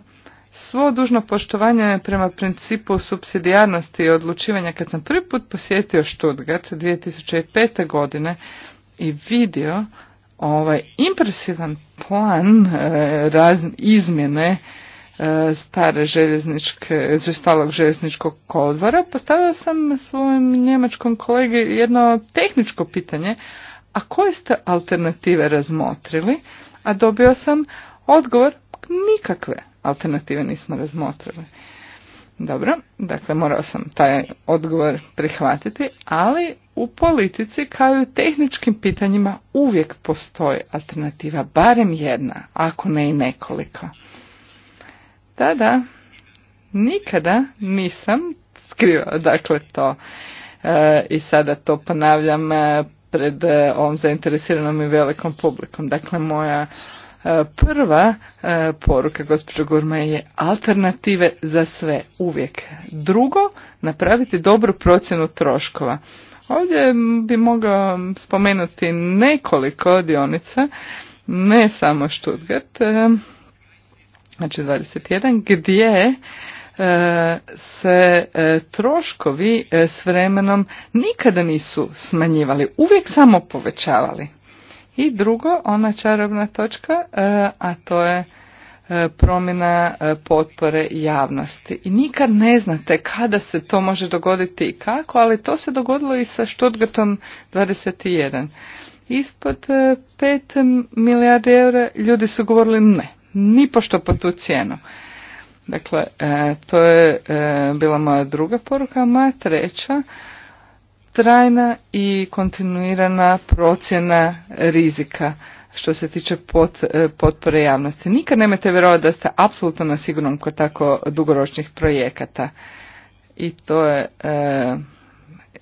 Svo dužno poštovanje prema principu subsidijarnosti i odlučivanja kad sam prvi put posjetio Stuttgart 2005. godine i vidio ovaj impresivan plan e, raz, izmjene e, stare željezničke, znači stalog željezničkog kolodvora, postavio sam svojom njemačkom kolegi jedno tehničko pitanje, a koje ste alternative razmotrili? A dobio sam odgovor nikakve alternative nismo razmotrili. Dobro, dakle morao sam taj odgovor prihvatiti, ali u politici kao i u tehničkim pitanjima uvijek postoji alternativa, barem jedna, ako ne i nekoliko. Da, da, nikada nisam skrivao dakle to e, i sada to ponavljam e, pred e, ovom zainteresiranom i velikom publikom. Dakle, moja E, prva e, poruka gospođo Gurme je alternative za sve, uvijek. Drugo, napraviti dobru procjenu troškova. Ovdje bi mogao spomenuti nekoliko dionica, ne samo Stuttgart, e, znači 21, gdje se troškovi s vremenom nikada nisu smanjivali, uvijek samo povećavali. I drugo, ona čarobna točka, e, a to je e, promjena e, potpore javnosti. I nikad ne znate kada se to može dogoditi i kako, ali to se dogodilo i sa Stuttgartom 21. Ispod 5 milijardi eura ljudi su govorili ne, nipošto po tu cijenu. Dakle, to je bila moja druga poruka, moja treća trajna i kontinuirana procjena rizika što se tiče e, potpore javnosti. Nikad nemojte vjerovati da ste apsolutno na sigurnom kod tako dugoročnih projekata. I to je e,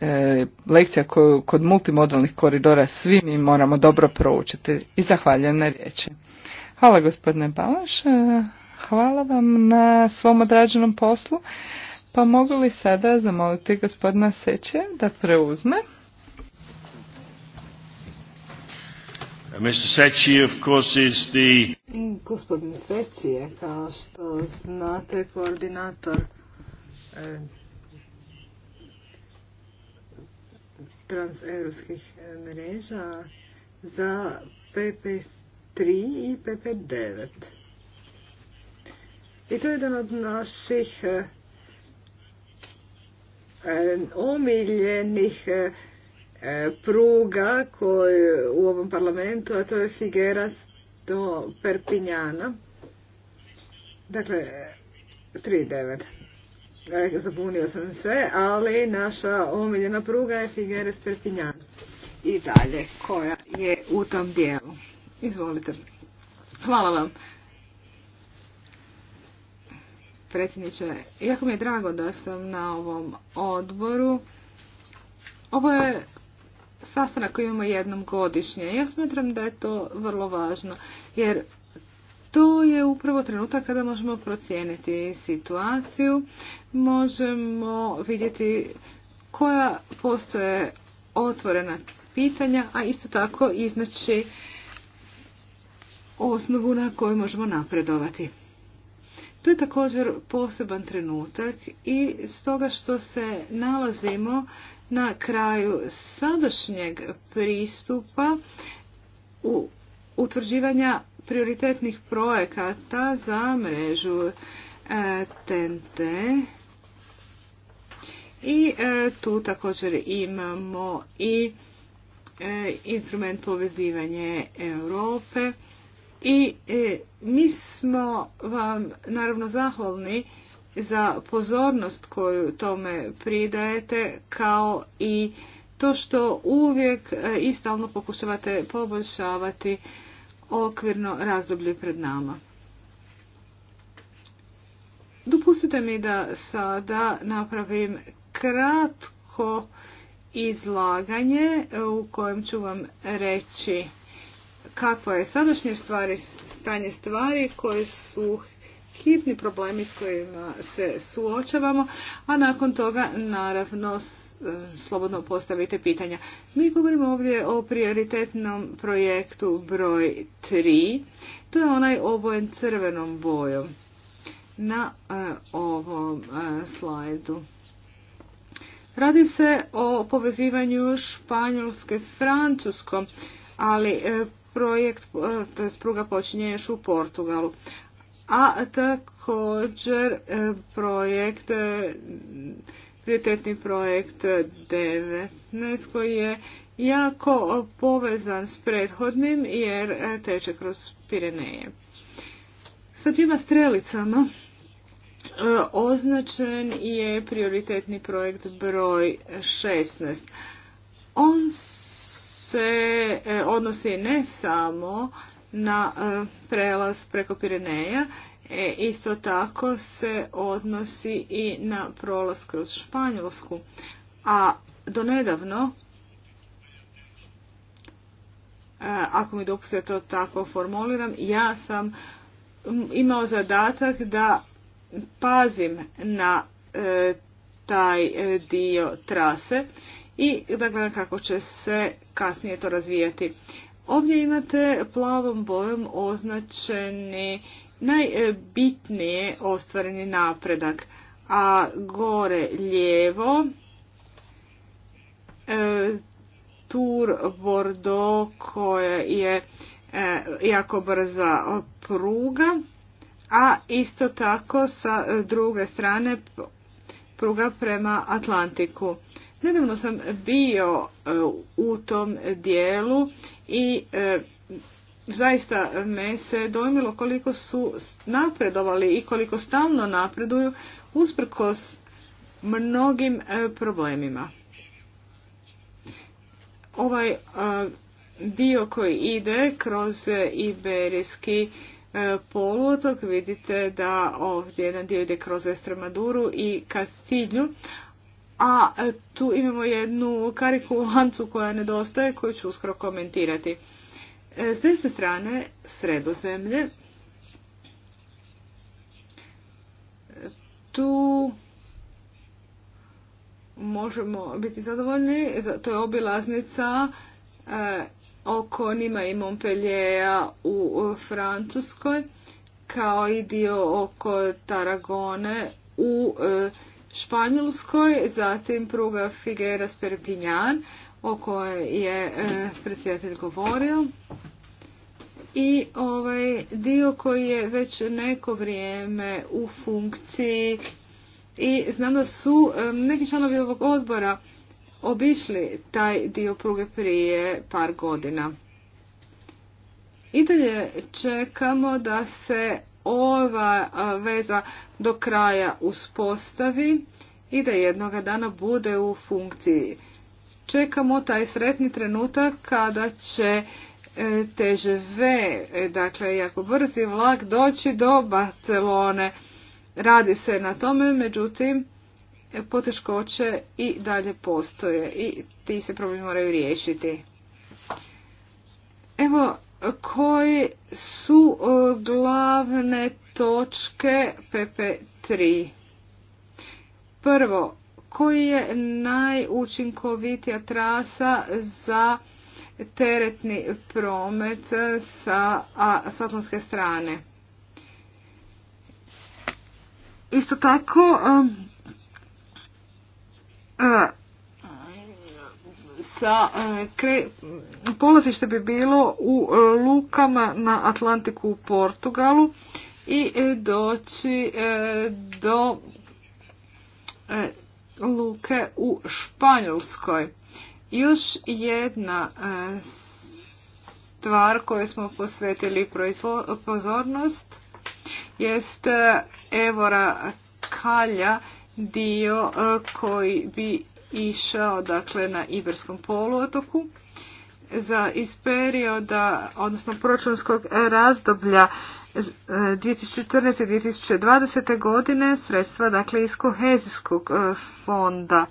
e, lekcija koju kod multimodalnih koridora svi mi moramo dobro proučiti. I zahvaljujem na riječi. Hvala gospodine Balaš. Hvala vam na svom odrađenom poslu. Pa mogu li sada zamoliti gospodina Seče da preuzme? Mr. Seči, of course, is the... Gospodin Seči je, kao što znate, koordinator e, transeuropskih e, mreža za PP3 i PP9. I to je jedan od naših e, E, omiljenih e, e, pruga koje u ovom parlamentu, a to je Figueras do Perpinjana. Dakle, 3.9. Zabunio sam se, ali naša omiljena pruga je Figueres Perpinjana I dalje, koja je u tom dijelu. Izvolite. Hvala vam predsjedniče. Jako mi je drago da sam na ovom odboru. Ovo je sastanak koji imamo jednom godišnje. Ja smatram da je to vrlo važno, jer to je upravo trenutak kada možemo procijeniti situaciju, možemo vidjeti koja postoje otvorena pitanja, a isto tako iznaći osnovu na kojoj možemo napredovati. To je također poseban trenutak i stoga što se nalazimo na kraju sadašnjeg pristupa u utvrđivanja prioritetnih projekata za mrežu TNT. E, I e, tu također imamo i e, instrument povezivanje Europe i e, mi smo vam naravno zahvalni za pozornost koju tome pridajete kao i to što uvijek e, i stalno pokušavate poboljšavati okvirno razdoblje pred nama. Dopustite mi da sada napravim kratko izlaganje u kojem ću vam reći Kakva je sadašnje stvari, stanje stvari koje su hitni problemi s kojima se suočavamo, a nakon toga naravno e, slobodno postavite pitanja. Mi govorimo ovdje o prioritetnom projektu broj 3. To je onaj obojen crvenom bojom na e, ovom e, slajdu. Radi se o povezivanju Španjolske s Francuskom, ali projekt, e, to pruga počinje još u Portugalu. A također e, projekt, e, prioritetni projekt 19 koji je jako povezan s prethodnim jer teče kroz Pireneje. Sa tima strelicama označen je prioritetni projekt broj 16. On se e, odnosi ne samo na e, prelaz preko Pireneja, e, isto tako se odnosi i na prolaz kroz Španjolsku. A donedavno, ako mi dopustite to tako formuliram, ja sam imao zadatak da pazim na taj dio trase i da gledam kako će se kasnije to razvijati. Ovdje imate plavom bojom označeni najbitnije ostvareni napredak, a gore lijevo e, Tur Bordeaux koja je e, jako brza pruga, a isto tako sa druge strane pruga prema Atlantiku. Nedavno sam bio e, u tom dijelu i e, zaista me se dojmilo koliko su napredovali i koliko stalno napreduju usprkos mnogim e, problemima. Ovaj dio koji ide kroz iberijski poluotok vidite da ovdje jedan dio ide kroz Estremaduru i Kastilju, a e, tu imamo jednu kariku u lancu koja nedostaje, koju ću uskoro komentirati. E, s desne strane, sredozemlje, e, tu možemo biti zadovoljni, to je obilaznica oko Nima i Montpellier u Francuskoj, kao i dio oko Taragone u Španjolskoj, zatim pruga Figueras Perpignan o kojoj je e, predsjedatelj govorio i ovaj dio koji je već neko vrijeme u funkciji i znam da su e, neki članovi ovog odbora obišli taj dio pruge prije par godina. I dalje čekamo da se ova veza do kraja uspostavi i da jednoga dana bude u funkciji. Čekamo taj sretni trenutak kada će e, V, e, dakle jako brzi vlak, doći do Barcelone. Radi se na tome, međutim, e, poteškoće i dalje postoje i ti se problemi moraju riješiti. Evo, koji su e, glavne točke PP3. Prvo, koji je najučinkovitija trasa za teretni promet sa satonske strane. Isto tako, e, e, sa e, kre, polazište bi bilo u e, lukama na Atlantiku u Portugalu i e, doći do luke u Španjolskoj. Još jedna stvar koju smo posvetili pozornost jest Evora Kalja dio koji bi išao dakle na Iberskom poluotoku za iz perioda, odnosno proračunskog razdoblja 2014. Eh, 2020. godine sredstva dakle iz kohezijskog eh, fonda.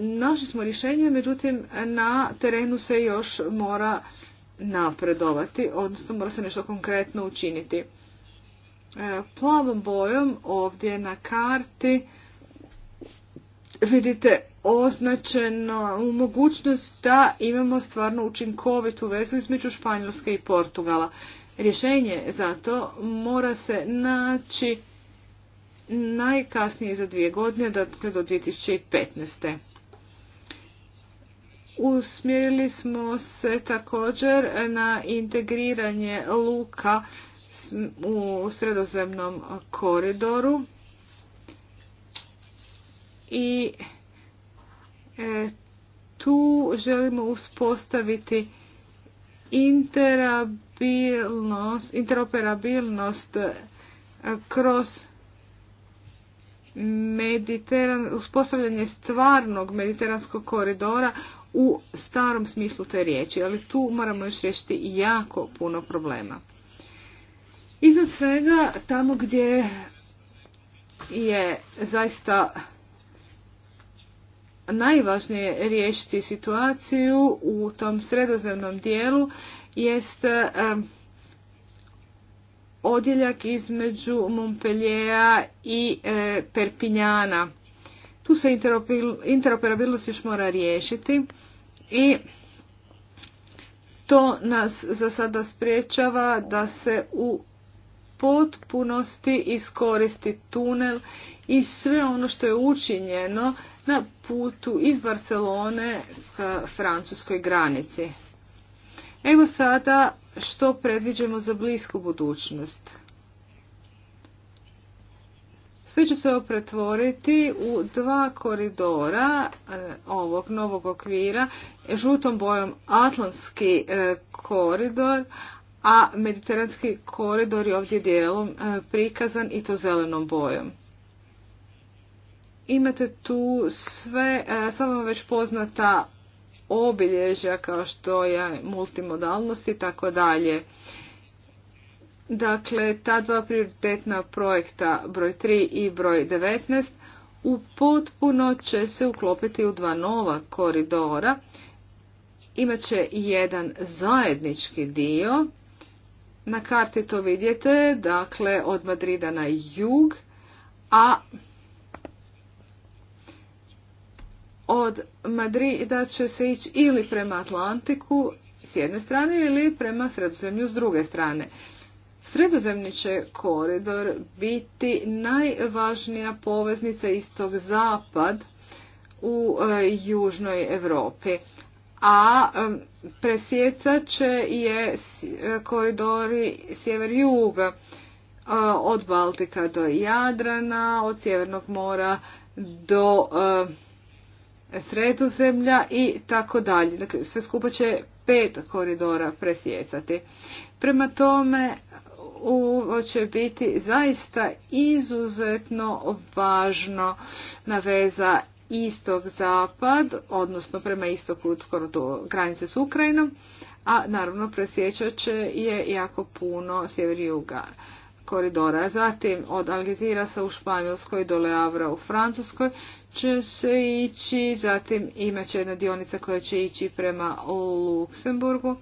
Našli smo rješenje, međutim na terenu se još mora napredovati, odnosno mora se nešto konkretno učiniti. Eh, plavom bojom ovdje na karti vidite označeno u mogućnost da imamo stvarno učinkovitu vezu između Španjolske i Portugala. Rješenje za to mora se naći najkasnije za dvije godine, dakle do 2015. Usmjerili smo se također na integriranje luka u sredozemnom koridoru i e, tu želimo uspostaviti interoperabilnost e, kroz Mediteran, uspostavljanje stvarnog mediteranskog koridora u starom smislu te riječi, ali tu moramo još riješiti jako puno problema. Iznad svega, tamo gdje je zaista najvažnije riješiti situaciju u tom sredozemnom dijelu jest odjeljak između Montpellier-a i e, Perpinjana. Tu se interoperabilnost još mora riješiti i to nas za sada spriječava da se u potpunosti iskoristi tunel i sve ono što je učinjeno na putu iz Barcelone k francuskoj granici. Evo sada što predviđamo za blisku budućnost. Sve će se pretvoriti u dva koridora eh, ovog novog okvira, žutom bojom Atlantski eh, koridor, a mediteranski koridor je ovdje dijelom eh, prikazan i to zelenom bojom imate tu sve, e, samo već poznata obilježja kao što je multimodalnost i tako dalje. Dakle, ta dva prioritetna projekta, broj 3 i broj 19, u potpuno će se uklopiti u dva nova koridora. Imaće jedan zajednički dio. Na karti to vidite, dakle, od Madrida na jug, a od Madrida će se ići ili prema Atlantiku s jedne strane ili prema Sredozemlju s druge strane. Sredozemni će koridor biti najvažnija poveznica istog zapad u e, južnoj Europi. A e, će je e, koridori sjever-juga e, od Baltika do Jadrana, od Sjevernog mora do sredozemlja i tako dalje. Dakle, sve skupa će pet koridora presjecati. Prema tome, ovo će biti zaista izuzetno važno na veza istog-zapad, odnosno prema istoku skoro do granice s Ukrajinom, a naravno presjećat će je jako puno sjever-juga. i koridora. Zatim od Algezirasa u Španjolskoj do Leavra u Francuskoj će se ići, zatim imat će jedna dionica koja će ići prema Luksemburgu,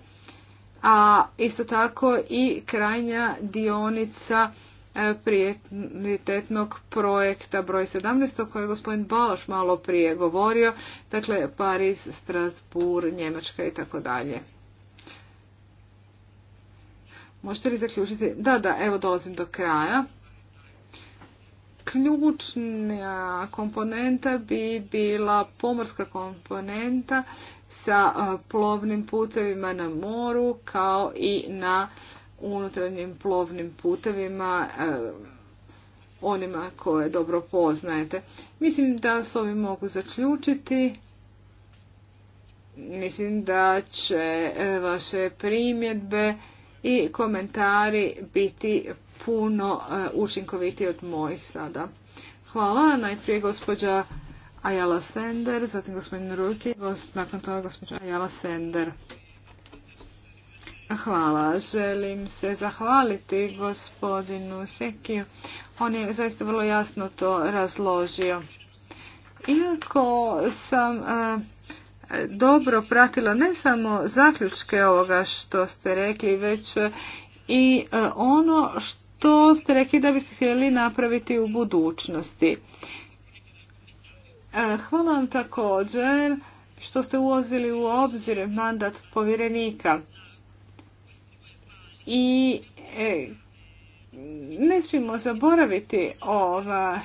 a isto tako i krajnja dionica e, prijetnitetnog projekta broj 17 o kojoj je gospodin Baloš malo prije govorio, dakle Paris, Strasbourg, Njemačka i tako dalje. Možete li zaključiti? Da, da, evo dolazim do kraja. Ključna komponenta bi bila pomorska komponenta sa e, plovnim putevima na moru kao i na unutarnjim plovnim putevima e, onima koje dobro poznajete. Mislim da s ovim mogu zaključiti. Mislim da će e, vaše primjedbe i komentari biti puno e, učinkovitiji od mojih sada. Hvala. Najprije gospođa Ajala Sender, zatim gospodin Ruki, nakon toga gospođa Ajala Sender. Hvala. Želim se zahvaliti gospodinu Sekiju. On je zaista vrlo jasno to razložio. Iako sam e, dobro pratila ne samo zaključke ovoga što ste rekli, već i e, ono što ste rekli da biste htjeli napraviti u budućnosti. E, hvala vam također što ste uozili u obzir mandat povjerenika. I e, ne smijemo zaboraviti ova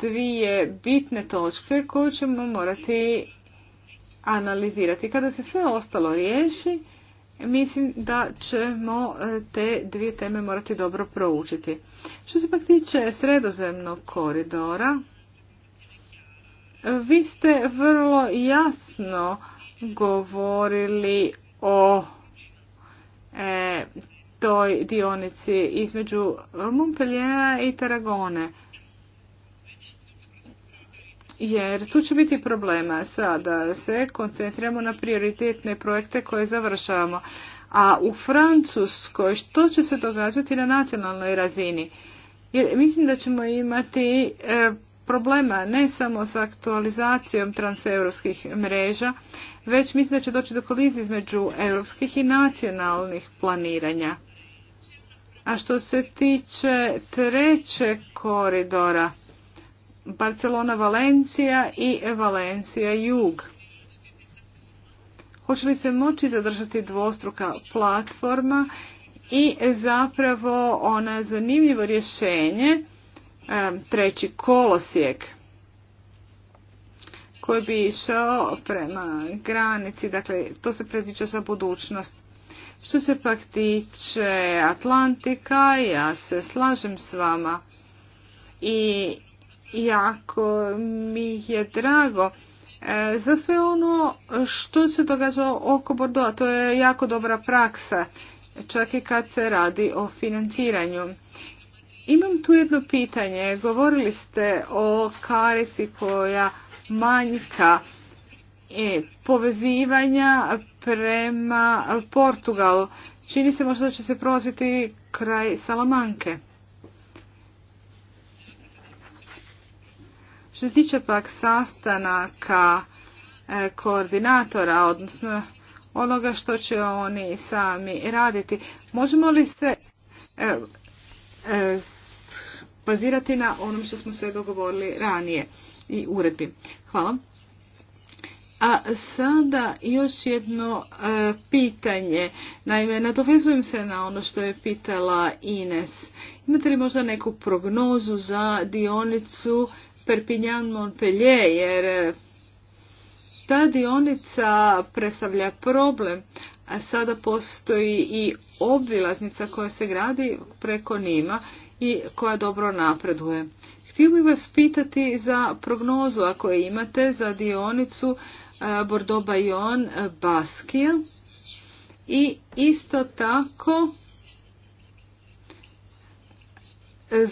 dvije bitne točke koje ćemo morati analizirati. Kada se sve ostalo riješi, mislim da ćemo e, te dvije teme morati dobro proučiti. Što se pak tiče sredozemnog koridora, vi ste vrlo jasno govorili o e, toj dionici između Montpellier i Tarragone jer tu će biti problema. Sada se koncentriramo na prioritetne projekte koje završavamo. A u Francuskoj što će se događati na nacionalnoj razini? Jer mislim da ćemo imati e, problema ne samo s aktualizacijom transeuropskih mreža, već mislim da će doći do kolizije između europskih i nacionalnih planiranja. A što se tiče trećeg koridora, Barcelona Valencija i Valencija Jug. Hoće li se moći zadržati dvostruka platforma i zapravo ona zanimljivo rješenje, e, treći kolosijek koji bi išao prema granici, dakle to se predviđa za budućnost. Što se pak tiče Atlantika, ja se slažem s vama i jako mi je drago e, za sve ono što se događa oko Bordeaux, to je jako dobra praksa, čak i kad se radi o financiranju. Imam tu jedno pitanje. Govorili ste o karici koja manjka povezivanja prema Portugalu. Čini se možda da će se prolaziti kraj Salamanke. Što se tiče pak sastanaka e, koordinatora, odnosno onoga što će oni sami raditi, možemo li se e, e, bazirati na onom što smo sve dogovorili ranije i uredbi. Hvala. A sada još jedno pitanje. Naime, nadovezujem se na ono što je pitala Ines. Imate li možda neku prognozu za dionicu Perpignan Montpellier jer eh, ta dionica predstavlja problem, a sada postoji i obilaznica koja se gradi preko njima i koja dobro napreduje. Htio bih vas pitati za prognozu ako je imate za dionicu eh, Bordeaux Bayon Baskija i isto tako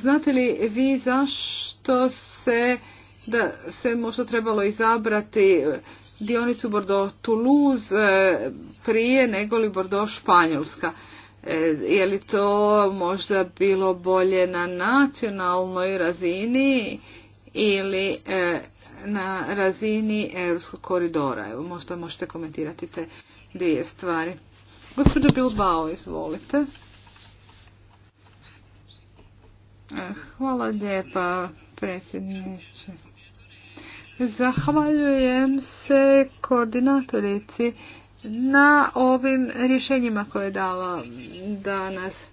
Znate li vi zašto se da se možda trebalo izabrati dionicu Bordeaux-Toulouse e, prije nego li Bordeaux-Španjolska? E, je li to možda bilo bolje na nacionalnoj razini ili e, na razini europskog koridora? Evo, možda možete komentirati te dvije stvari. Gospođo Bilbao, izvolite. Hvala lijepa, predsjedniče. Zahvaljujem se koordinatorici na ovim rješenjima koje je dala danas.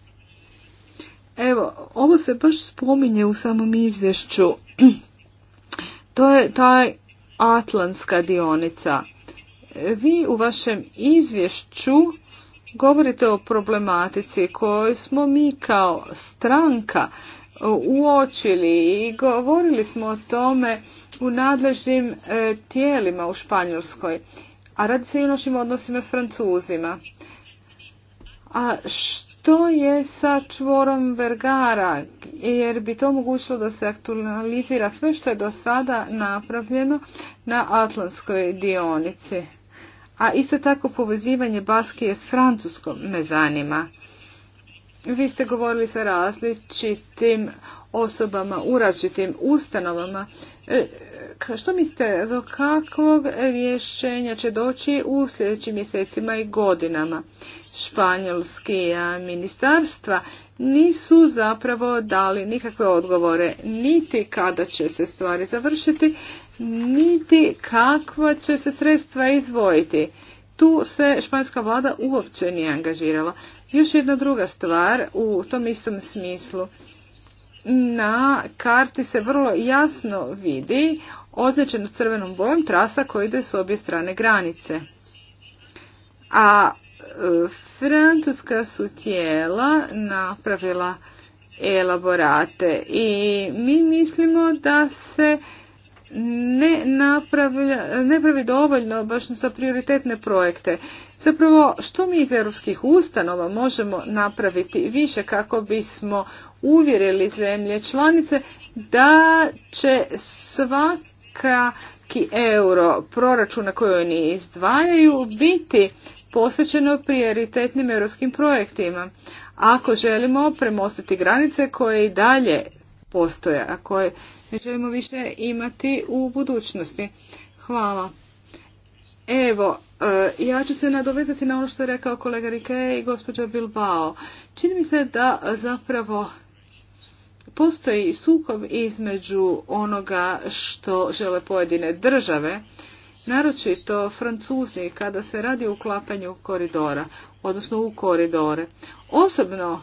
Evo, ovo se baš spominje u samom izvješću. To je taj atlantska dionica. Vi u vašem izvješću govorite o problematici koju smo mi kao stranka uočili i govorili smo o tome u nadležnim e, tijelima u Španjolskoj, a radi se i o našim odnosima s Francuzima. A što je sa čvorom Vergara, jer bi to omogućilo da se aktualizira sve što je do sada napravljeno na Atlantskoj dionici. A isto tako povezivanje Baskije s Francuskom me zanima. Vi ste govorili sa različitim osobama u različitim ustanovama. E, što mislite, do kakvog rješenja će doći u sljedećim mjesecima i godinama? Španjolski ministarstva nisu zapravo dali nikakve odgovore, niti kada će se stvari završiti, niti kakva će se sredstva izvojiti. Tu se španjolska vlada uopće nije angažirala. Još jedna druga stvar u tom istom smislu. Na karti se vrlo jasno vidi označeno crvenom bojom trasa koja ide s obje strane granice. A e, francuska su tijela napravila elaborate i mi mislimo da se ne, pravi dovoljno baš za prioritetne projekte. Zapravo, što mi iz europskih ustanova možemo napraviti više kako bismo uvjerili zemlje članice da će svaki euro proračuna koju oni izdvajaju biti posvećeno prioritetnim europskim projektima. Ako želimo premostiti granice koje i dalje postoje, a koje ne želimo više imati u budućnosti. Hvala. Evo, e, ja ću se nadovezati na ono što je rekao kolega Rike i gospođa Bilbao. Čini mi se da zapravo postoji sukob između onoga što žele pojedine države, naročito Francuzi kada se radi o uklapanju koridora, odnosno u koridore. Osobno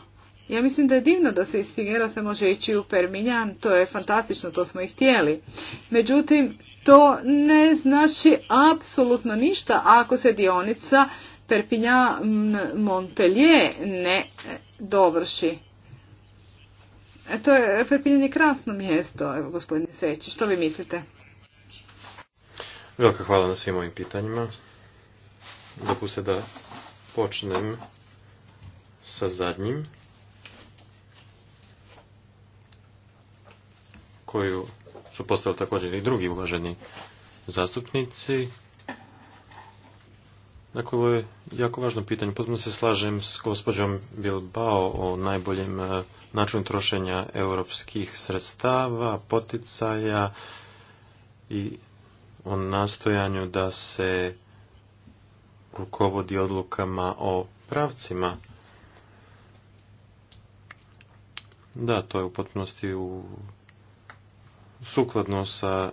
ja mislim da je divno da se iz Figera se može ići u Perminjan, to je fantastično, to smo i htjeli. Međutim, to ne znači apsolutno ništa ako se dionica Perpinja Montpellier ne dovrši. E, to je perpinje je krasno mjesto, evo gospodine Seći, što vi mislite? Velika hvala na svim ovim pitanjima. da počnem sa zadnjim. koju su postavili također i drugi uvaženi zastupnici. Dakle, ovo je jako važno pitanje. Potpuno se slažem s gospođom Bilbao o najboljem e, načinu trošenja europskih sredstava, poticaja i o nastojanju da se rukovodi odlukama o pravcima. Da, to je u potpunosti u sukladno sa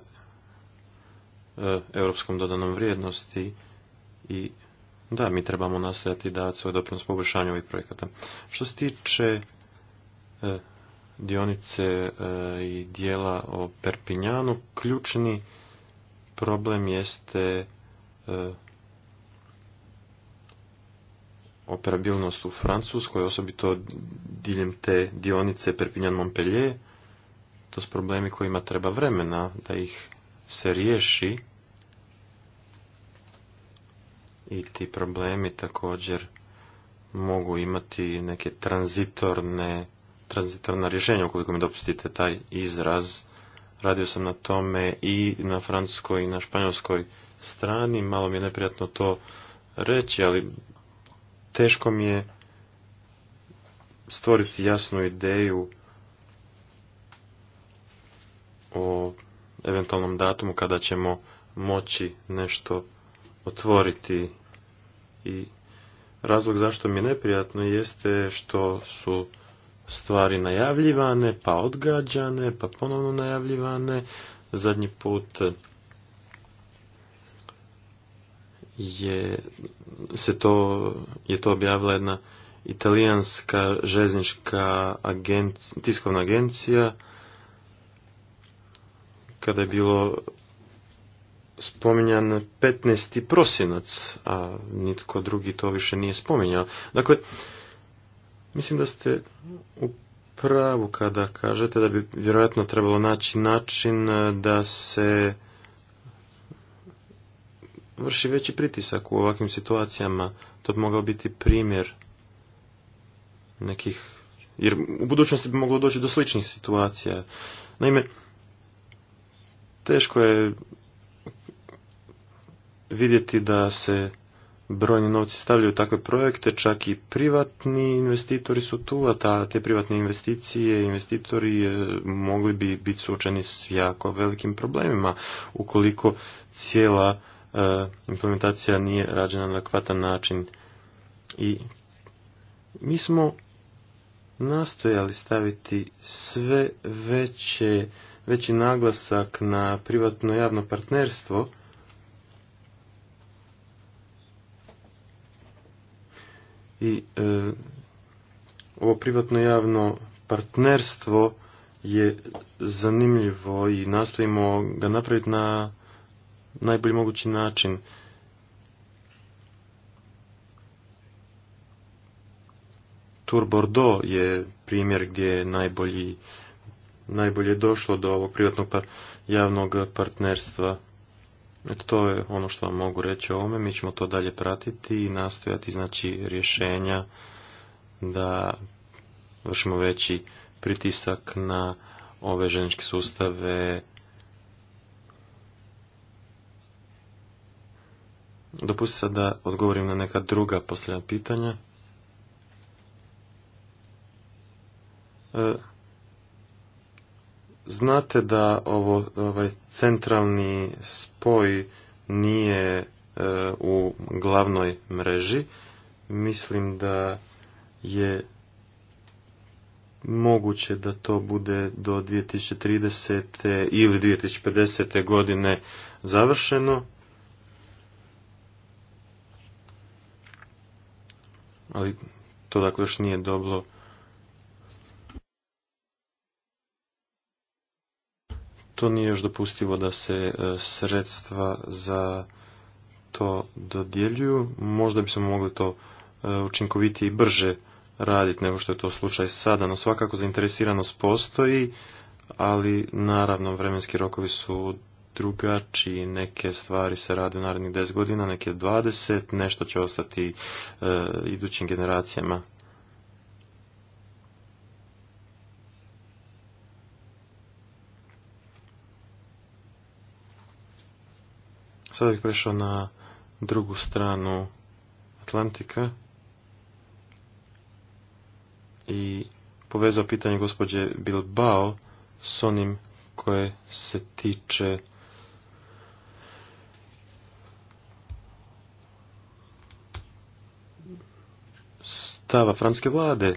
e, europskom dodanom vrijednosti i da, mi trebamo nastojati da svoj doprinos poboljšanju ovih projekata. Što se tiče e, dionice e, i dijela o Perpinjanu, ključni problem jeste operabilnost u Francuskoj, osobito diljem te dionice perpinjan montpellier to su problemi kojima treba vremena da ih se riješi. I ti problemi također mogu imati neke tranzitorne, tranzitorna rješenja, ukoliko mi dopustite taj izraz. Radio sam na tome i na francuskoj i na španjolskoj strani. Malo mi je neprijatno to reći, ali teško mi je stvoriti jasnu ideju o eventualnom datumu kada ćemo moći nešto otvoriti i razlog zašto mi je neprijatno jeste što su stvari najavljivane, pa odgađane, pa ponovno najavljivane. Zadnji put je se to je to objavila jedna italijanska žeznička agencija, tiskovna agencija kada je bilo spominjan 15. prosinac, a nitko drugi to više nije spominjao. Dakle, mislim da ste u pravu kada kažete da bi vjerojatno trebalo naći način da se vrši veći pritisak u ovakvim situacijama. To bi mogao biti primjer nekih, jer u budućnosti bi moglo doći do sličnih situacija. Naime, Teško je vidjeti da se brojni novci stavljaju u takve projekte, čak i privatni investitori su tu, a te privatne investicije, investitori e, mogli bi biti suočeni s jako velikim problemima ukoliko cijela e, implementacija nije rađena na adekvatan način. I mi smo nastojali staviti sve veće veći naglasak na privatno javno partnerstvo i e, ovo privatno javno partnerstvo je zanimljivo i nastojimo ga napraviti na najbolji mogući način. Tour Bordeaux je primjer gdje je najbolji najbolje došlo do ovog privatnog javnog partnerstva. Eto, to je ono što vam mogu reći o ovome. Mi ćemo to dalje pratiti i nastojati znači rješenja da vršimo veći pritisak na ove ženičke sustave Dopustite sad da odgovorim na neka druga posljedna pitanja. E, Znate da ovo, ovaj centralni spoj nije e, u glavnoj mreži. Mislim da je moguće da to bude do 2030. ili 2050. godine završeno. Ali to dakle još nije dobro to nije još dopustivo da se e, sredstva za to dodjeljuju. Možda bismo mogli to e, učinkovitije i brže raditi nego što je to slučaj sada, no svakako zainteresiranost postoji, ali naravno vremenski rokovi su drugačiji, neke stvari se rade u narednih 10 godina, neke 20, nešto će ostati e, idućim generacijama. Sada bih prešao na drugu stranu Atlantika i povezao pitanje gospođe Bilbao s onim koje se tiče stava franske vlade.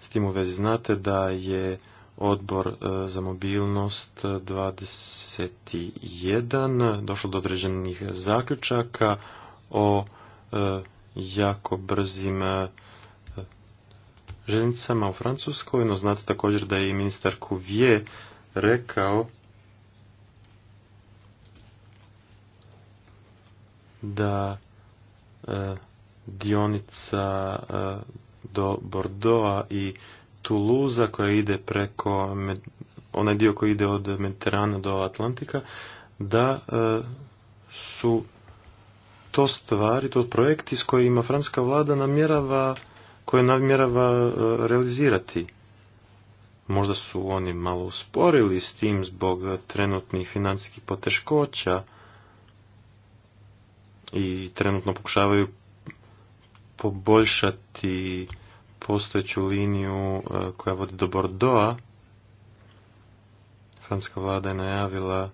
S tim u vezi znate da je odbor e, za mobilnost 21 e, došlo do određenih zaključaka o e, jako brzim željeznicama u Francuskoj, no znate također da je i ministar kuvije rekao da dionica do Bordeauxa i Tuluza koja ide preko onaj dio koji ide od Mediterana do Atlantika da e, su to stvari, to projekti s kojima francuska vlada namjerava koje namjerava e, realizirati. Možda su oni malo usporili s tim zbog trenutnih financijskih poteškoća i trenutno pokušavaju poboljšati postojeću liniju e, koja vodi do Bordeaux, francuska vlada je najavila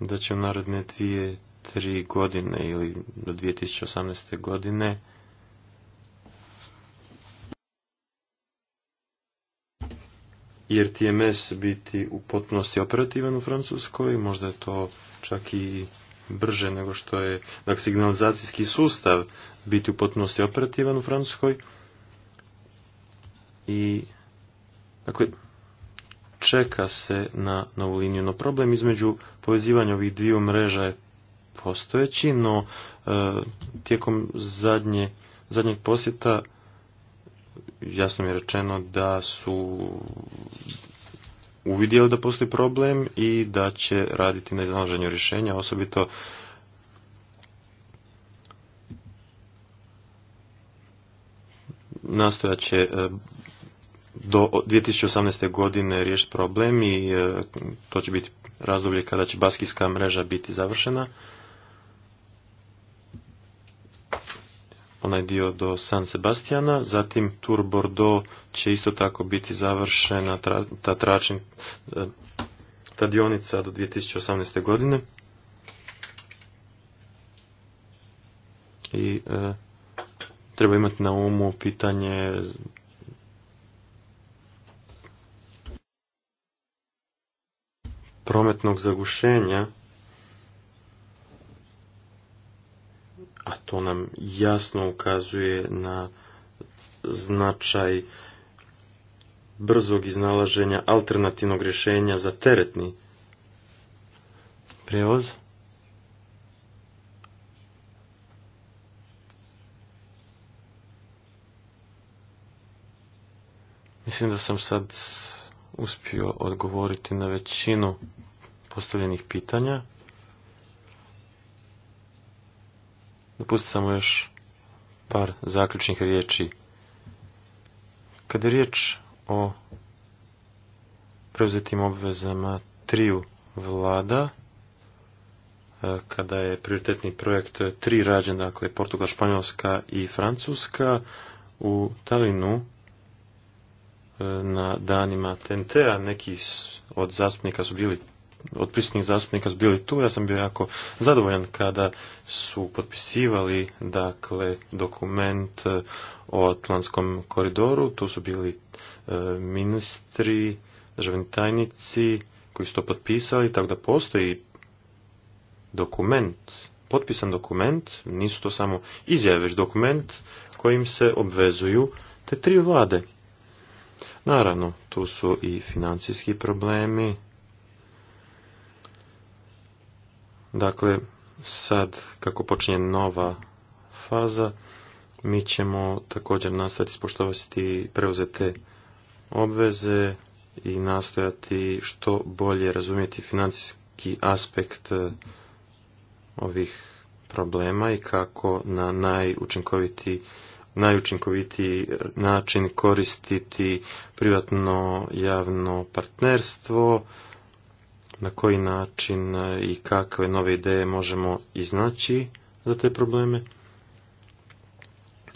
da će u narodne dvije, tri godine ili do 2018. godine jer TMS biti u potpunosti operativan u Francuskoj, možda je to čak i brže nego što je dakle, signalizacijski sustav biti u potpunosti operativan u Francuskoj. I, dakle, čeka se na novu liniju. No problem između povezivanja ovih dviju mreža je postojeći, no e, tijekom zadnje, zadnjeg posjeta jasno mi je rečeno da su uvidjeli da postoji problem i da će raditi na iznalaženju rješenja, osobito nastojat će e, do 2018. godine riješiti problem i e, to će biti razdoblje kada će baskijska mreža biti završena. onaj dio do San Sebastiana, zatim Tour Bordeaux će isto tako biti završena ta, ta tračin, e, ta do 2018. godine. I e, treba imati na umu pitanje prometnog zagušenja a to nam jasno ukazuje na značaj brzog iznalaženja alternativnog rješenja za teretni prijevoz. Mislim da sam sad uspio odgovoriti na većinu postavljenih pitanja. Dopustite samo još par zaključnih riječi. Kada je riječ o preuzetim obvezama triju vlada, e, kada je prioritetni projekt tri rađen, dakle Portugal, Španjolska i Francuska, u Talinu e, na danima TNT-a neki od zastupnika su bili od prisutnih zastupnika su bili tu, ja sam bio jako zadovoljan kada su potpisivali dakle dokument eh, o Atlantskom koridoru, tu su bili eh, ministri, državni tajnici koji su to potpisali, tako da postoji dokument, potpisan dokument, nisu to samo izjave, već dokument kojim se obvezuju te tri vlade. Naravno, tu su i financijski problemi, Dakle, sad kako počinje nova faza, mi ćemo također nastaviti spoštovati preuzete obveze i nastojati što bolje razumjeti financijski aspekt e, ovih problema i kako na najučinkovitiji najučinkovitiji način koristiti privatno javno partnerstvo na koji način i kakve nove ideje možemo iznaći za te probleme.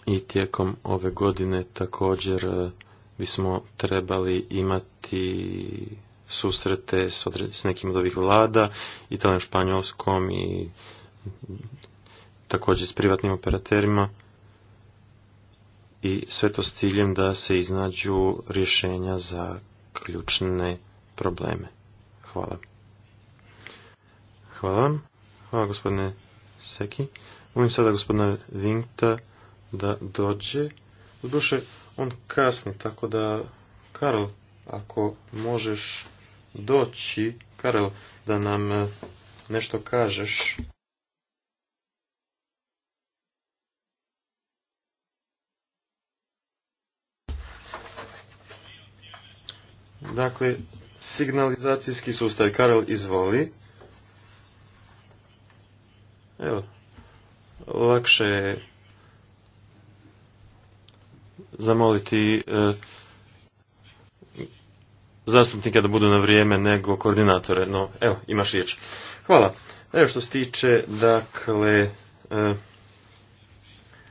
I tijekom ove godine također e, bismo trebali imati susrete s, nekim od ovih vlada, Italijom, Španjolskom i također s privatnim operaterima i sve to s ciljem da se iznađu rješenja za ključne probleme. Hvala. Hvala vam. Hvala gospodine Seki. Molim sada gospodina Vinkta da dođe. duše, on kasni, tako da, Karl, ako možeš doći, Karel, da nam eh, nešto kažeš. Dakle, signalizacijski sustav. Karel, izvoli. Evo, lakše je zamoliti e, zastupnika da budu na vrijeme nego koordinatore, no evo, imaš riječ. Hvala. Evo što se tiče, dakle, e,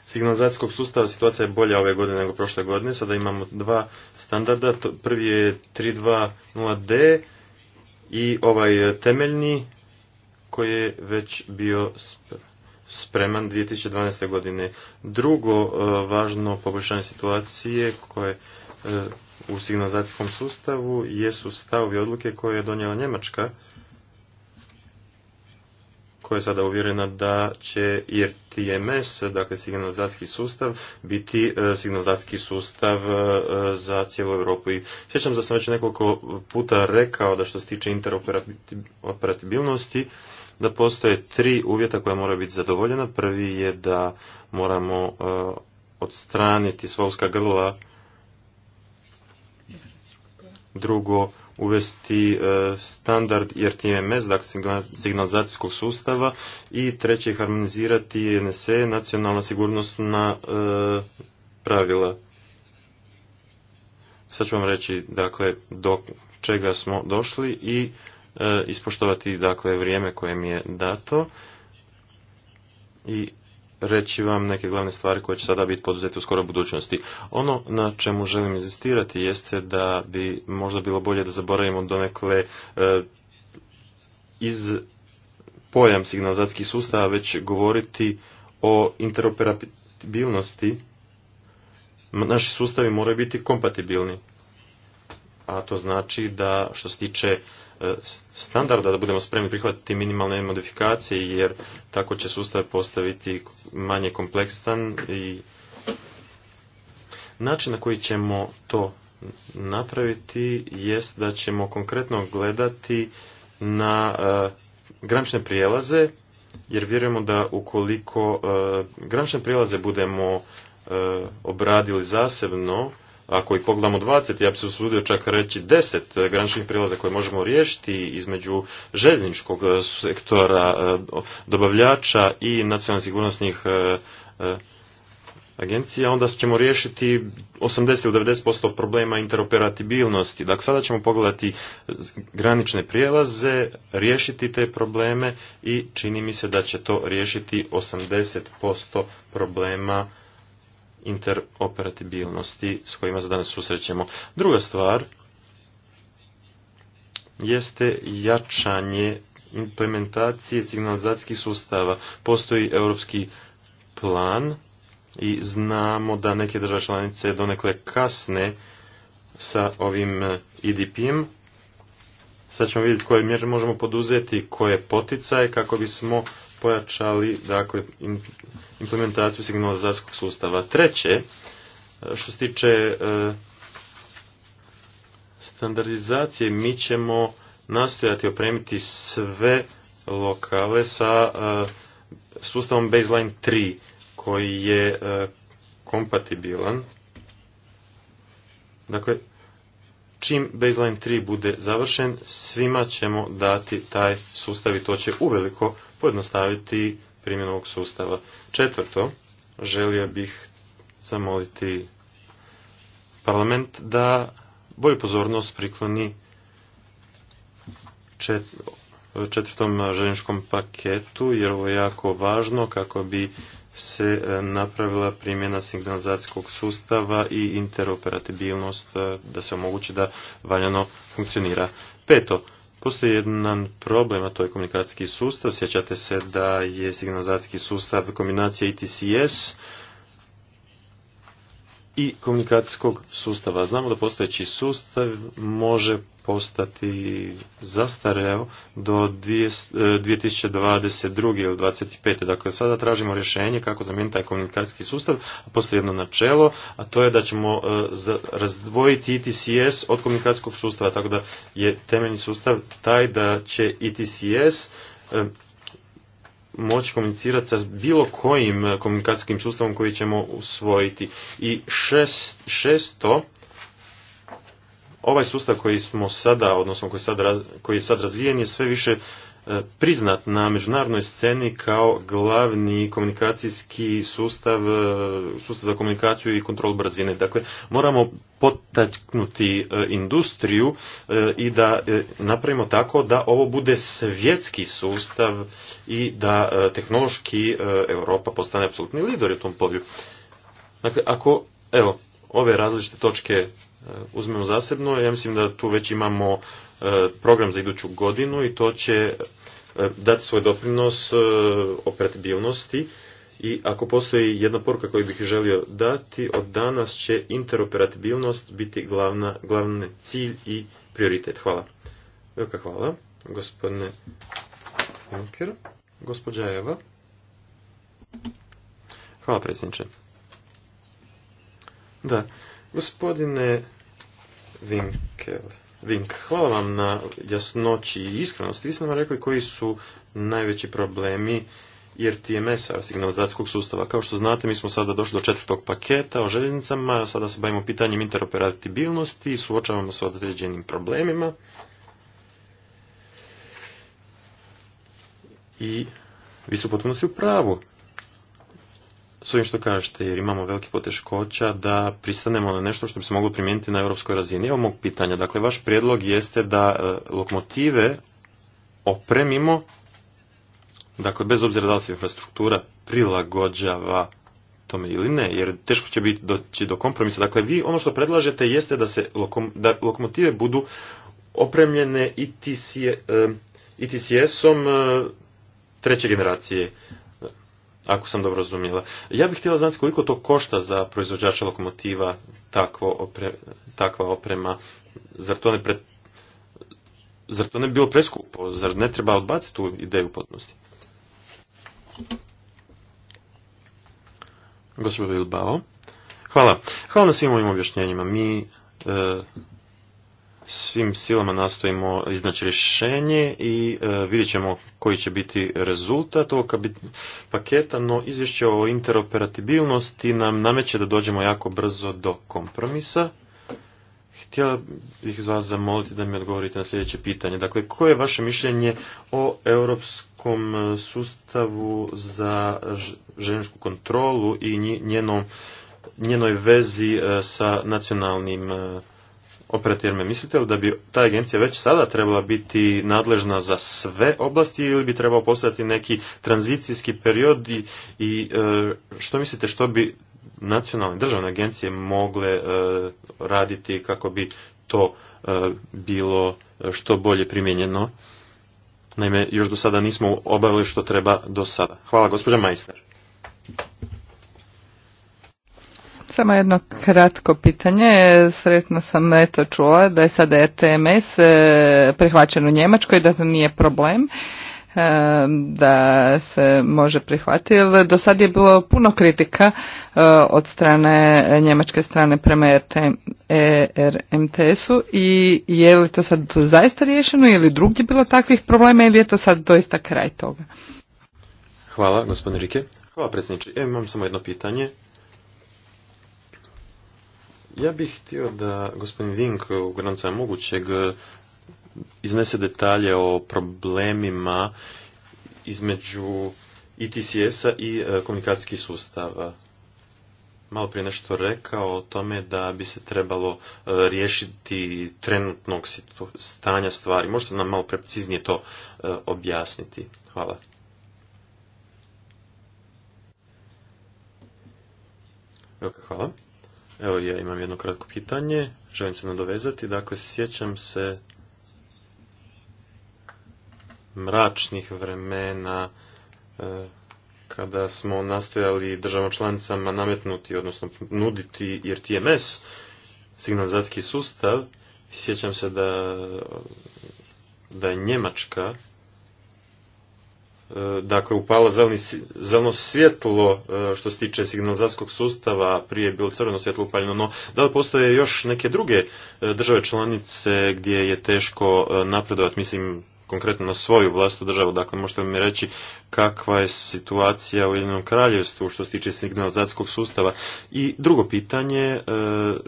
signalizacijskog sustava situacija je bolja ove godine nego prošle godine. Sada imamo dva standarda. Prvi je 320D i ovaj e, temeljni koji je već bio spreman 2012. godine. Drugo e, važno poboljšanje situacije koje e, u signalizacijskom sustavu jesu stavovi odluke koje je donijela Njemačka koja je sada uvjerena da će IRTMS, dakle signalizacijski sustav, biti e, signalizacijski sustav za cijelu Europu. I sjećam da sam već nekoliko puta rekao da što se tiče interoperabilnosti da postoje tri uvjeta koja mora biti zadovoljena. Prvi je da moramo e, odstraniti svovska grla, drugo uvesti e, standard IRTMS, dakle signalizacijskog sustava i treće harmonizirati NSE, nacionalna sigurnosna e, pravila. Sad ću vam reći dakle do čega smo došli i E, ispoštovati dakle vrijeme koje mi je dato i reći vam neke glavne stvari koje će sada biti poduzete u skoroj budućnosti. Ono na čemu želim inzistirati jeste da bi možda bilo bolje da zaboravimo donekle e, iz pojam signalizacijskih sustava već govoriti o interoperabilnosti. Naši sustavi moraju biti kompatibilni. A to znači da što se tiče E, standarda da budemo spremni prihvatiti minimalne modifikacije jer tako će sustav postaviti manje kompleksan i način na koji ćemo to napraviti jest da ćemo konkretno gledati na e, granične prijelaze jer vjerujemo da ukoliko e, granične prijelaze budemo obradili zasebno ako i pogledamo 20, ja bi se usudio čak reći 10 eh, graničnih prijelaza koje možemo riješiti između željezničkog eh, sektora, eh, dobavljača i nacionalnih sigurnosnih agencija, onda ćemo riješiti 80 ili 90% problema interoperatibilnosti. Dakle, sada ćemo pogledati granične prijelaze, riješiti te probleme i čini mi se da će to riješiti 80% problema interoperatibilnosti s kojima se danas susrećemo. Druga stvar jeste jačanje implementacije signalizacijskih sustava. Postoji europski plan i znamo da neke države članice donekle kasne sa ovim EDP-im. E Sad ćemo vidjeti koje mjere možemo poduzeti, koje poticaje kako bismo pojačali dakle, implementaciju signalizacijskog sustava. Treće, e, što se tiče e, standardizacije, mi ćemo nastojati opremiti sve lokale sa e, sustavom Baseline 3 koji je kompatibilan. Dakle, čim baseline 3 bude završen, svima ćemo dati taj sustav i to će uveliko pojednostaviti primjenu ovog sustava. Četvrto, želio bih zamoliti parlament da bolju pozornost prikloni četvrtom željeničkom paketu, jer ovo je jako važno kako bi se e, napravila primjena signalizacijskog sustava i interoperabilnost e, da se omogući da valjano funkcionira. Peto, Postoji jedan problem, a to je komunikacijski sustav. Sjećate se da je signalizacijski sustav kombinacije ITCS, i komunikacijskog sustava. Znamo da postojeći sustav može postati zastareo do 2022. ili 2025. Dakle, sada tražimo rješenje kako zamijeniti taj komunikacijski sustav. Postoji jedno načelo, a to je da ćemo e, razdvojiti ITCS od komunikacijskog sustava. Tako da je temeljni sustav taj da će ETCS moći komunicirati sa bilo kojim eh, komunikacijskim sustavom koji ćemo usvojiti. I šesto, ovaj sustav koji smo sada, odnosno koji, sad, koji je sad razvijen je sve više E, priznat na međunarodnoj sceni kao glavni komunikacijski sustav, e, sustav za komunikaciju i kontrol brzine. Dakle, moramo potaknuti e, industriju i da napravimo tako da ovo bude svjetski sustav i da tehnološki Europa postane apsolutni lider u tom podlju. Dakle, ako, evo, ove različite točke uzmemo zasebno, ja mislim da tu već imamo program za iduću godinu i to će E, dati svoj doprinos e, operativnosti i ako postoji jedna poruka koju bih želio dati, od danas će interoperatibilnost biti glavna, glavni cilj i prioritet. Hvala. Velika hvala, gospodine Junker. Gospođa Eva. Hvala, predsjedniče. Da, gospodine Vinkele. Vink, hvala vam na jasnoći i iskrenosti. Vi ste nam rekli koji su najveći problemi IRTMS-a, signalizacijskog sustava. Kao što znate, mi smo sada došli do četvrtog paketa o željeznicama, sada se bavimo pitanjem interoperatibilnosti, suočavamo se određenim problemima. I vi su potpuno u pravu s ovim što kažete, jer imamo velike poteškoća da pristanemo na nešto što bi se moglo primijeniti na europskoj razini. Evo mog pitanja. Dakle, vaš prijedlog jeste da e, lokomotive opremimo, dakle, bez obzira da li se infrastruktura prilagođava tome ili ne, jer teško će biti doći do kompromisa. Dakle, vi ono što predlažete jeste da se da lokomotive budu opremljene ITC, e, ITCS-om e, treće generacije ako sam dobro razumjela. Ja bih htjela znati koliko to košta za proizvođača lokomotiva takvo takva oprema. Zar to, ne pre, to ne bi bilo preskupo? Zar ne treba odbaciti tu ideju potpunosti? Gospodin Bilbao. Hvala. Hvala na svim ovim objašnjenjima. Mi e, svim silama nastojimo iznaći rješenje i e, vidjet ćemo koji će biti rezultat ovog paketa, no izvješće o interoperatibilnosti nam nameće da dođemo jako brzo do kompromisa. Htjela bih vas zamoliti da mi odgovorite na sljedeće pitanje. Dakle, koje je vaše mišljenje o europskom e, sustavu za željezničku kontrolu i njenom njenoj vezi e, sa nacionalnim operativne. Mislite li da bi ta agencija već sada trebala biti nadležna za sve oblasti ili bi trebao postojati neki tranzicijski period i, e, što mislite što bi nacionalne državne agencije mogle e, raditi kako bi to e, bilo što bolje primijenjeno? Naime, još do sada nismo obavili što treba do sada. Hvala, gospođa Majster. Samo jedno kratko pitanje. Sretno sam eto čula da je sada RTMS e, prihvaćen u Njemačkoj, da to nije problem e, da se može prihvatiti. Do sad je bilo puno kritika e, od strane njemačke strane prema RMTS-u i je li to sad zaista riješeno ili drugdje bilo takvih problema ili je to sad doista kraj toga? Hvala, gospodine Rike. Hvala, predsjedniče. imam samo jedno pitanje ja bih htio da gospodin Vink u granicama mogućeg e, iznese detalje o problemima između ITCS-a i e, komunikacijskih sustava. Malo prije nešto rekao o tome da bi se trebalo e, riješiti trenutnog stanja stvari. Možete nam malo preciznije to objasniti. Hvala. Hvala. Evo ja imam jedno kratko pitanje, želim se nadovezati. Dakle, sjećam se mračnih vremena e, kada smo nastojali državama članicama nametnuti, odnosno nuditi TMS, signalizacijski sustav. Sjećam se da, da je Njemačka dakle upala zeleno svjetlo e, što se tiče signalizacijskog sustava, prije je bilo crveno svjetlo upaljeno, no da li postoje još neke druge e, države članice gdje je teško e, napredovati, mislim konkretno na svoju vlastu državu. Dakle, možete mi reći kakva je situacija u Jedinom kraljevstvu što se tiče signalizacijskog sustava. I drugo pitanje, e,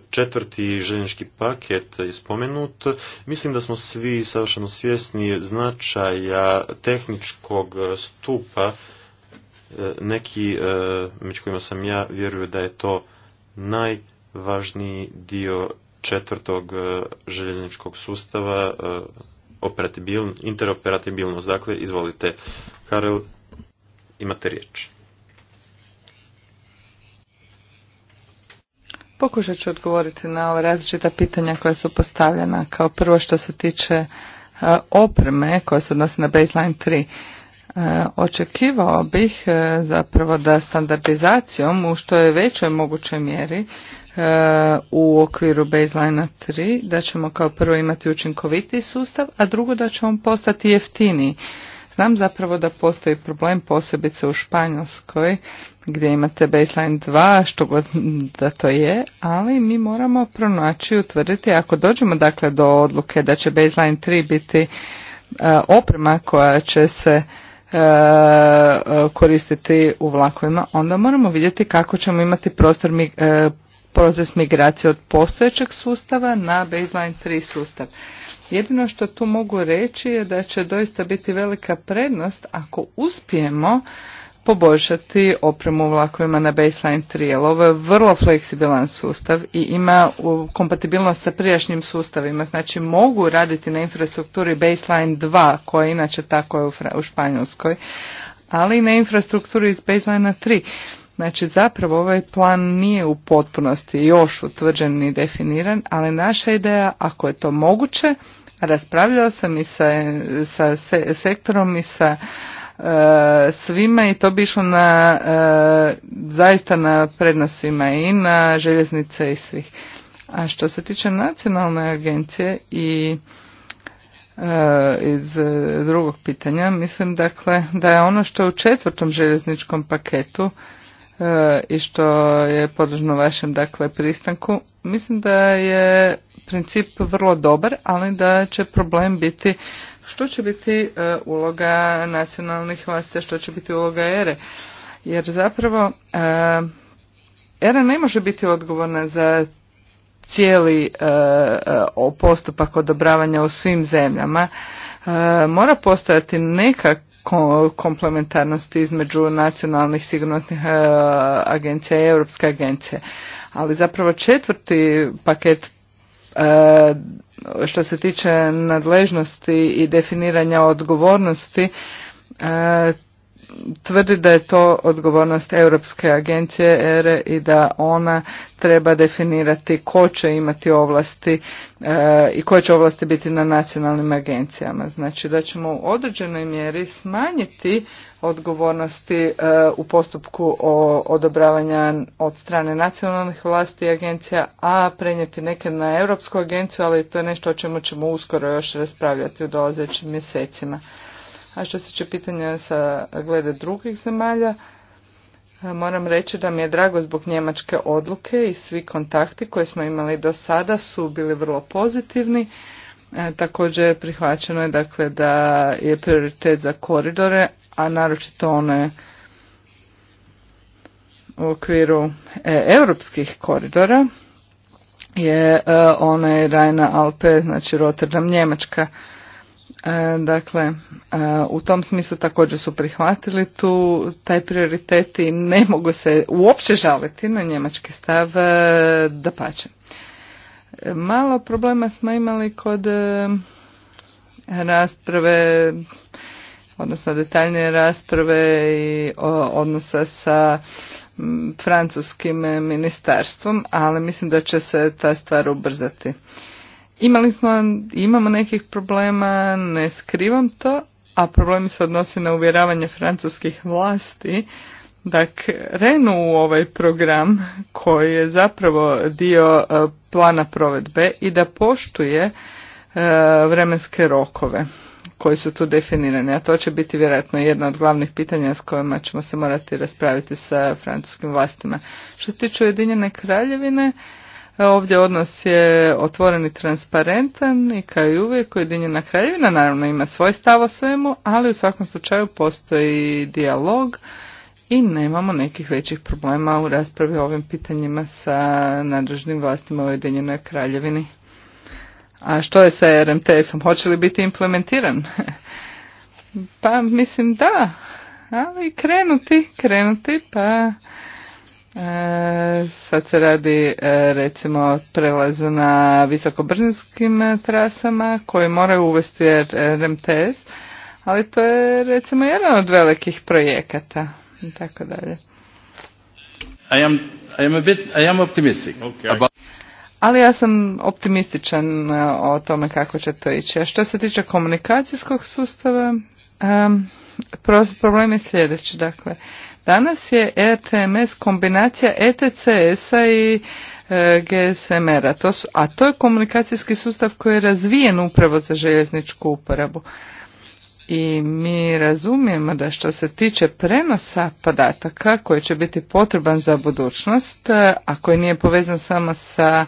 četvrti željeznički paket je spomenut. Mislim da smo svi savršeno svjesni značaja tehničkog stupa e, neki e, među kojima sam ja vjeruju da je to najvažniji dio četvrtog željezničkog sustava interoperabilnost. Dakle, izvolite, Karel, imate riječ. Pokušat ću odgovoriti na ova različita pitanja koja su postavljena. Kao prvo što se tiče e, opreme koja se odnosi na baseline 3. E, očekivao bih e, zapravo da standardizacijom u što je većoj mogućoj mjeri E, u okviru baseline 3, da ćemo kao prvo imati učinkovitiji sustav, a drugo da će on postati jeftiniji. Znam zapravo da postoji problem posebice u Španjolskoj gdje imate baseline 2, što god da to je, ali mi moramo pronaći i utvrditi ako dođemo dakle do odluke da će baseline 3 biti e, oprema koja će se e, koristiti u vlakovima, onda moramo vidjeti kako ćemo imati prostor mi proces migracije od postojećeg sustava na baseline 3 sustav. Jedino što tu mogu reći je da će doista biti velika prednost ako uspijemo poboljšati opremu vlakovima na baseline 3, jer ovo je vrlo fleksibilan sustav i ima kompatibilnost sa prijašnjim sustavima, znači mogu raditi na infrastrukturi baseline 2, koja inače tako je u Španjolskoj, ali i na infrastrukturi iz baseline 3. Znači zapravo ovaj plan nije u potpunosti još utvrđen ni definiran, ali naša ideja, ako je to moguće, raspravljao sam i sa, sa sektorom i sa e, svima i to bi išlo na, e, zaista na prednost svima i na željeznice i svih. A što se tiče nacionalne agencije i e, iz drugog pitanja, mislim dakle da je ono što je u četvrtom željezničkom paketu E, i što je podložno vašem dakle pristanku. Mislim da je princip vrlo dobar, ali da će problem biti što će biti e, uloga nacionalnih vlasti, što će biti uloga ere. Jer zapravo e, era ne može biti odgovorna za cijeli postupak odobravanja u svim zemljama. Mora postojati nekak komplementarnosti između nacionalnih sigurnosnih e, agencija i Europske agencije. Ali zapravo četvrti paket e, što se tiče nadležnosti i definiranja odgovornosti e, tvrdi da je to odgovornost Europske agencije ERE i da ona treba definirati ko će imati ovlasti e, i koje će ovlasti biti na nacionalnim agencijama. Znači da ćemo u određenoj mjeri smanjiti odgovornosti e, u postupku odobravanja od strane nacionalnih vlasti i agencija, a prenijeti neke na Europsku agenciju, ali to je nešto o čemu ćemo uskoro još raspravljati u dolazećim mjesecima. A što se tiče pitanja sa glede drugih zemalja, e, moram reći da mi je drago zbog njemačke odluke i svi kontakti koje smo imali do sada su bili vrlo pozitivni. E, također prihvaćeno je dakle da je prioritet za koridore, a naročito one u okviru e, europskih koridora je e, onaj Rajna Alpe, znači Rotterdam Njemačka. E, dakle, e, u tom smislu također su prihvatili tu taj prioritet i ne mogu se uopće žaliti na njemački stav e, da pače. Malo problema smo imali kod rasprave, odnosno detaljnije rasprave i odnosa sa francuskim ministarstvom, ali mislim da će se ta stvar ubrzati. Imali smo, imamo nekih problema, ne skrivam to, a problemi se odnose na uvjeravanje francuskih vlasti da krenu u ovaj program koji je zapravo dio e, plana provedbe i da poštuje e, vremenske rokove koji su tu definirani, a to će biti vjerojatno jedno od glavnih pitanja s kojima ćemo se morati raspraviti sa francuskim vlastima. Što se tiče Ujedinjene kraljevine, Ovdje odnos je otvoren i transparentan i kao i uvijek Ujedinjena kraljevina naravno ima svoj stav o svemu, ali u svakom slučaju postoji dijalog i nemamo nekih većih problema u raspravi o ovim pitanjima sa nadležnim vlastima u Ujedinjenoj kraljevini. A što je sa RMTS-om? Hoće li biti implementiran? pa mislim da, ali krenuti, krenuti, pa E, sad se radi e, recimo prelazu na visokobrzinskim trasama koji moraju uvesti RMTS, ali to je recimo jedan od velikih projekata i tako dalje. I am, I am, a bit, I am optimistic. Ali ja sam optimističan e, o tome kako će to ići. A što se tiče komunikacijskog sustava, um, problem je sljedeći. Dakle, Danas je RTMS e kombinacija ETCS-a i e, GSMR-a, a to je komunikacijski sustav koji je razvijen upravo za željezničku uporabu. I mi razumijemo da što se tiče prenosa podataka koji će biti potreban za budućnost, e, a koji nije povezan samo sa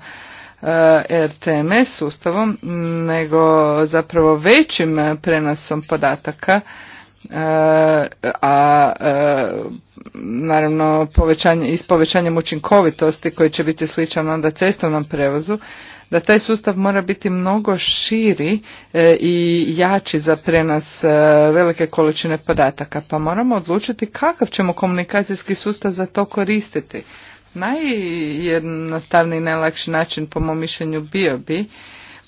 RTMS sustavom, nego zapravo većim prenosom podataka, E, a e, naravno povećanje, i s povećanjem učinkovitosti koji će biti sličan onda cestovnom prevozu, da taj sustav mora biti mnogo širi e, i jači za prenos velike količine podataka. Pa moramo odlučiti kakav ćemo komunikacijski sustav za to koristiti. Najjednostavniji i najlakši način po mom mišljenju bio bi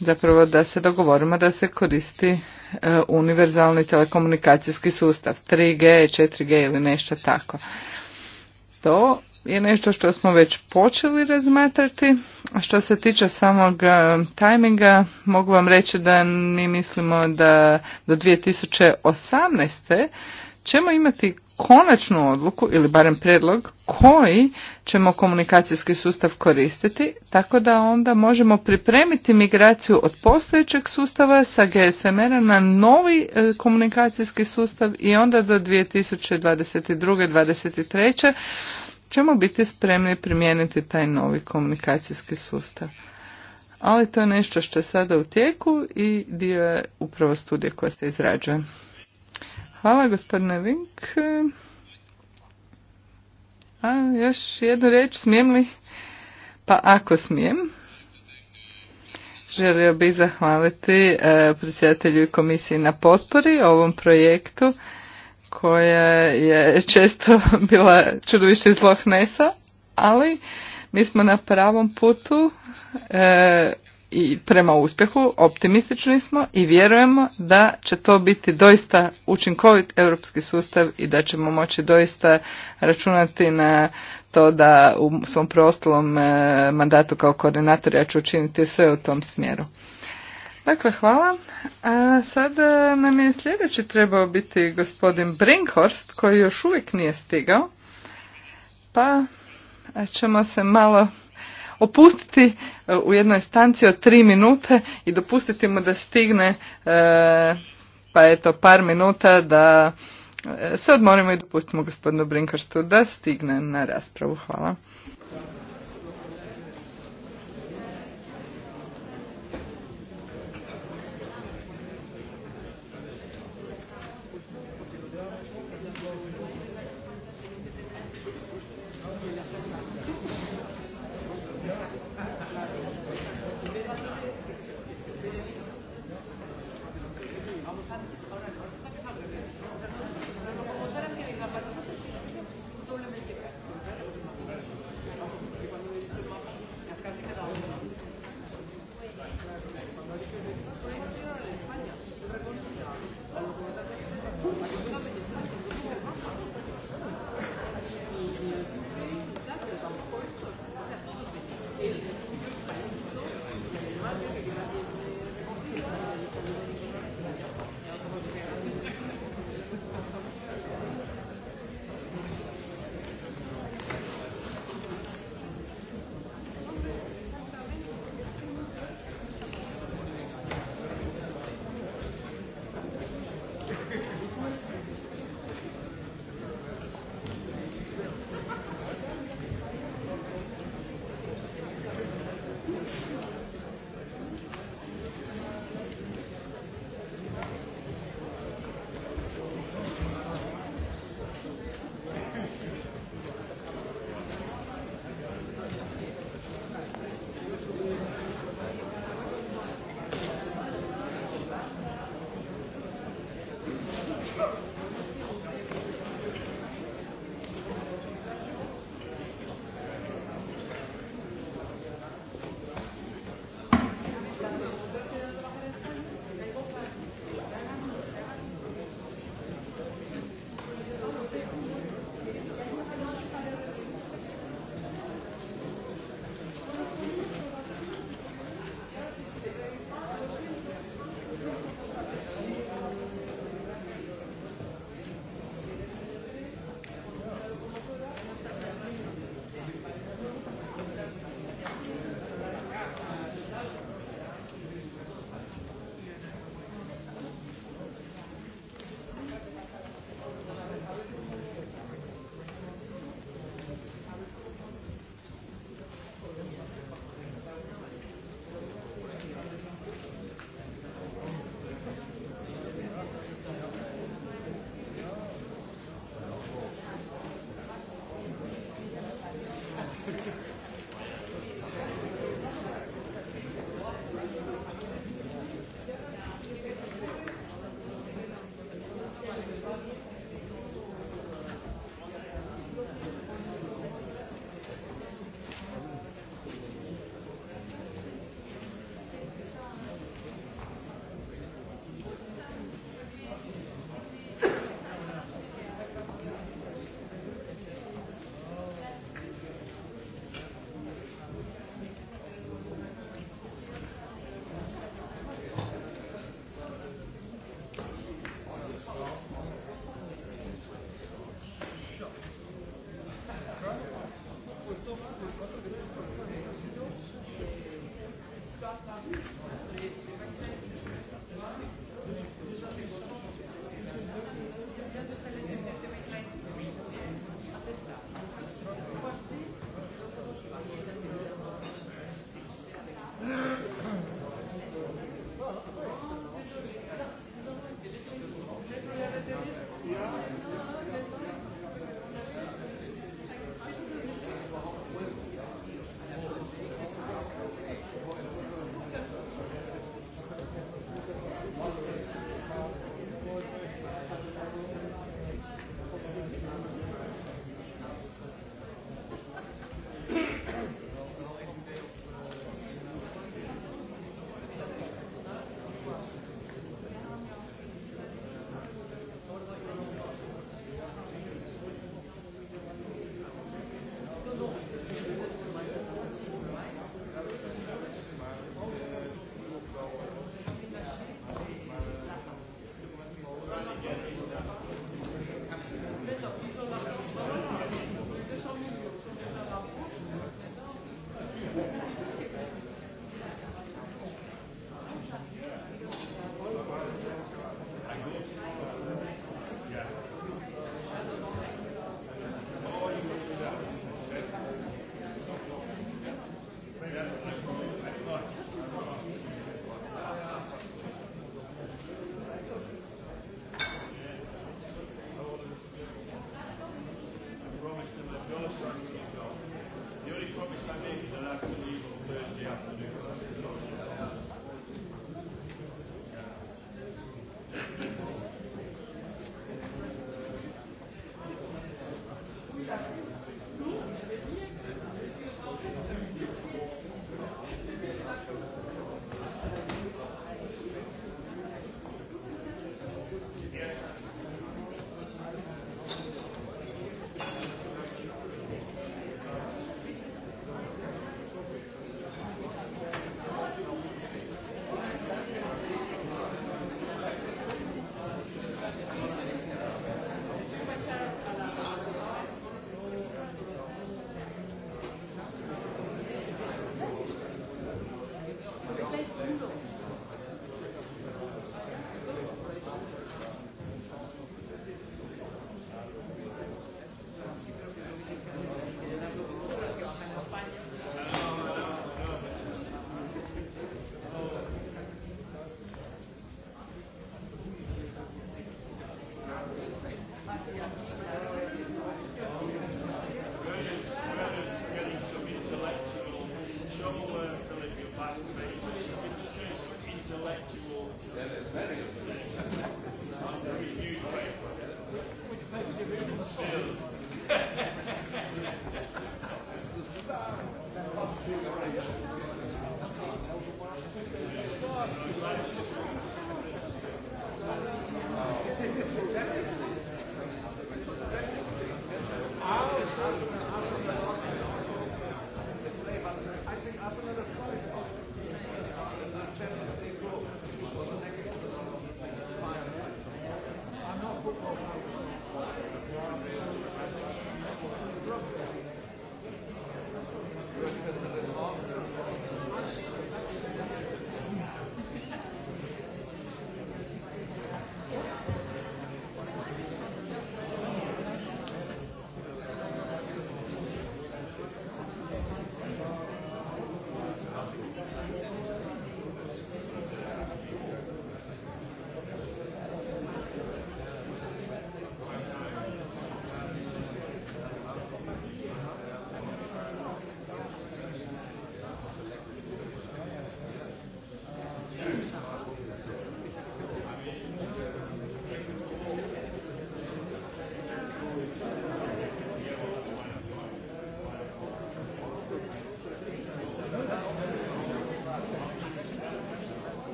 zapravo da se dogovorimo da se koristi e, univerzalni telekomunikacijski sustav 3G, 4G ili nešto tako. To je nešto što smo već počeli razmatrati. A što se tiče samog e, tajminga, mogu vam reći da mi mislimo da do 2018 ćemo imati konačnu odluku ili barem predlog koji ćemo komunikacijski sustav koristiti tako da onda možemo pripremiti migraciju od postojećeg sustava sa GSMR-a na novi e, komunikacijski sustav i onda do 2022. 2023. ćemo biti spremni primijeniti taj novi komunikacijski sustav. Ali to je nešto što je sada u tijeku i dio je upravo studije koja se izrađuje. Hvala gospodine Vink. A još jednu reč. smijem li? Pa ako smijem. Želio bih zahvaliti e, predsjedatelju i komisiji na potpori ovom projektu koja je često bila čudovište iz Nessa, ali mi smo na pravom putu. E, i prema uspjehu, optimistični smo i vjerujemo da će to biti doista učinkovit europski sustav i da ćemo moći doista računati na to da u svom preostalom e, mandatu kao koordinator ja ću učiniti sve u tom smjeru. Dakle, hvala. A sada nam je sljedeći trebao biti gospodin Brinkhorst koji još uvijek nije stigao. Pa ćemo se malo opustiti e, u jednoj stanci od tri minute i dopustiti mu da stigne e, pa eto par minuta da e, se odmorimo i dopustimo gospodinu Brinkarstu da stigne na raspravu. Hvala.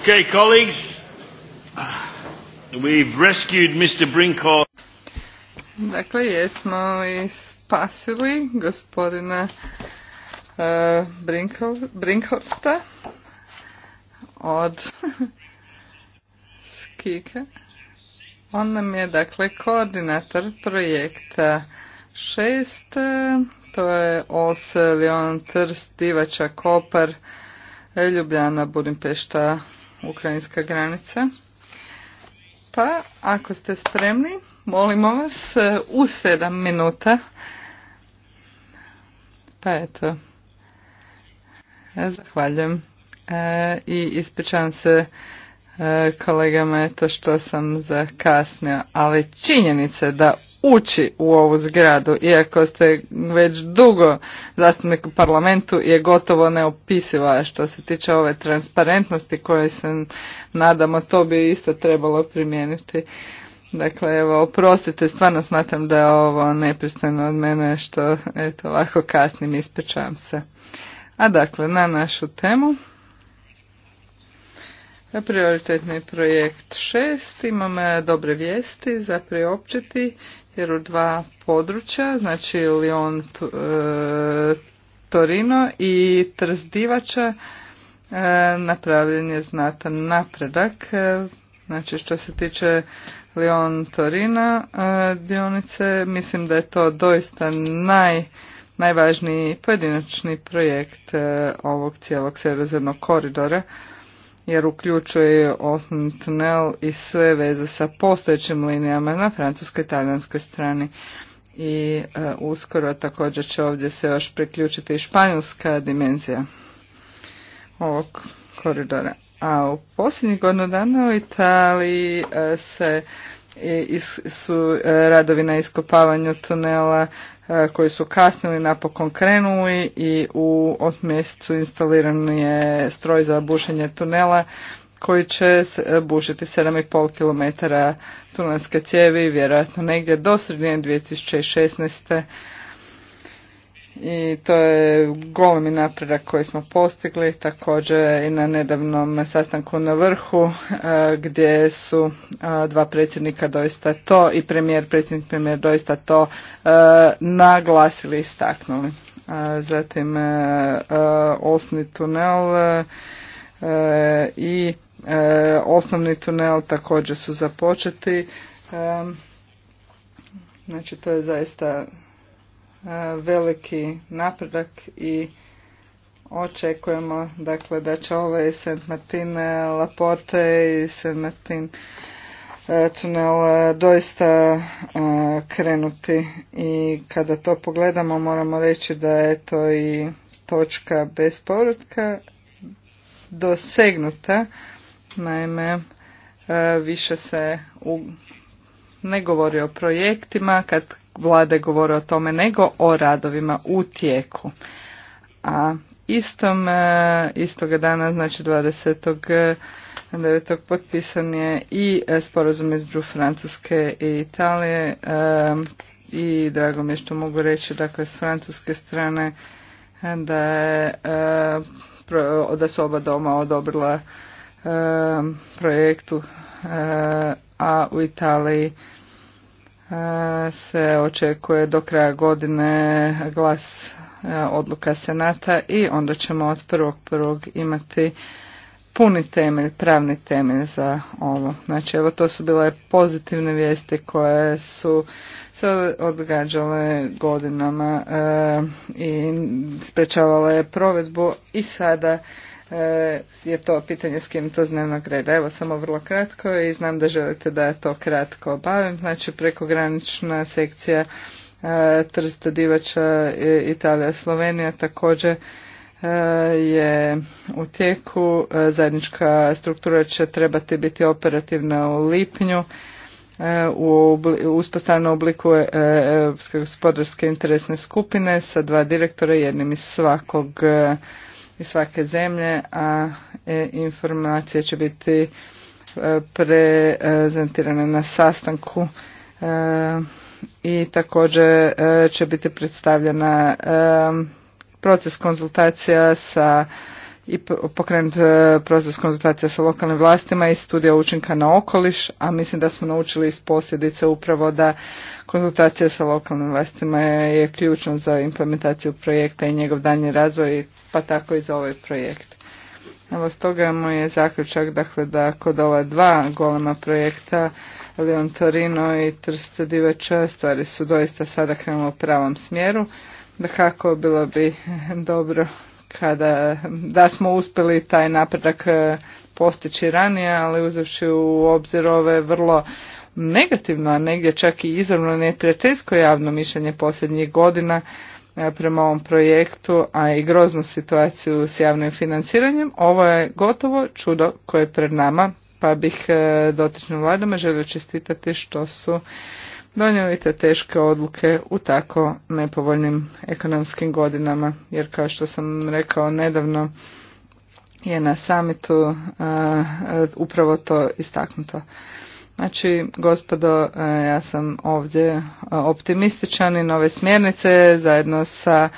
Okay, colleagues, we've rescued Mr. Brinkhoff. Dakle, jesmo i spasili gospodina uh, e, Brinkhorsta od Skike. On nam je, dakle, koordinator projekta 6, e, to je Os, Leon, Trst, Divača, Kopar, Ljubljana, Budimpešta, ukrajinska granica. Pa, ako ste spremni, molimo vas e, u sedam minuta. Pa eto, zahvaljujem e, i ispričavam se e, kolegama eto što sam zakasnio, ali činjenica je da ući u ovu zgradu, iako ste već dugo zastupnik u parlamentu je gotovo neopisiva što se tiče ove transparentnosti koje se nadamo to bi isto trebalo primijeniti. Dakle, evo, oprostite, stvarno smatram da je ovo nepristojno od mene što, eto, ovako kasnim, ispričavam se. A dakle, na našu temu. Prioritetni projekt šest. Imam dobre vijesti za priopćiti jer u dva područja, znači Lyon e, Torino i Trzdivača e, napravljen je znatan napredak. E, znači što se tiče Lyon Torina dionice, mislim da je to doista naj najvažniji pojedinačni projekt ovog cijelog sredozemnog koridora jer uključuje osnovni tunel i sve veze sa postojećim linijama na francuskoj i talijanskoj strani. I e, uskoro također će ovdje se još priključiti i španjolska dimenzija ovog koridora. A u posljednjih godinu dana u Italiji e, se su e, radovi na iskopavanju tunela E, koji su kasnili napokon krenuli i u 8. mjesecu instaliran je stroj za bušenje tunela koji će e, bušiti 7,5 km tunelske cijevi vjerojatno negdje do sredine 2016 i to je golemi napredak koji smo postigli također i na nedavnom sastanku na vrhu e, gdje su e, dva predsjednika doista to i premijer, predsjednik premijer doista to e, naglasili i istaknuli. Zatim osni tunel i osnovni tunel također su započeti. Znači to je zaista E, veliki napredak i očekujemo dakle da će ovaj St. Martin e, Laporte i St. Martin e, tunel doista krenuti i kada to pogledamo moramo reći da je to i točka bez povratka dosegnuta naime više se u, ne govori o projektima kad vlade govore o tome nego o radovima u tijeku. A istom, e, istoga dana, znači 20. 9. E, potpisan je i e, sporazum između Francuske i Italije i drago mi je što mogu reći dakle s francuske strane da je da su oba doma odobrila projektu a u Italiji se očekuje do kraja godine glas odluka Senata i onda ćemo od prvog imati puni temelj, pravni temelj za ovo. Znači evo to su bile pozitivne vijesti koje su se odgađale godinama i sprečavale provedbu i sada E, je to pitanje s kim to dnevnog reda. Evo samo vrlo kratko i znam da želite da to kratko obavim. Znači prekogranična sekcija e, Trsta Divača e, Italija Slovenija također je u tijeku. Zajednička struktura će trebati biti operativna u lipnju u uspostavljenom obliku Europske gospodarske interesne skupine sa dva direktora, jednim iz svakog iz svake zemlje, a e, informacije će biti e, prezentirane na sastanku e, i također će biti predstavljena proces konzultacija sa i pokrenut e, proces konzultacija sa lokalnim vlastima i studija učinka na okoliš, a mislim da smo naučili iz posljedice upravo da konzultacija sa lokalnim vlastima je ključno za implementaciju projekta i njegov daljnji razvoj, pa tako i za ovaj projekt. Evo stoga mu je zaključak dakle, da kod ova dva golema projekta Leon Torino i Trst Divača stvari su doista sada krenulo u pravom smjeru. Da kako bilo bi dobro kada, da smo uspjeli taj napredak e, postići ranije, ali uzevši u obzir ove vrlo negativno, a negdje čak i izravno neprijateljsko javno mišljenje posljednjih godina e, prema ovom projektu, a i groznu situaciju s javnim financiranjem, ovo je gotovo čudo koje je pred nama, pa bih e, dotičnim vladama želio čestitati što su donijeli te teške odluke u tako nepovoljnim ekonomskim godinama. Jer kao što sam rekao nedavno je na samitu upravo to istaknuto. Znači, gospodo, ja sam ovdje optimističan i nove smjernice zajedno sa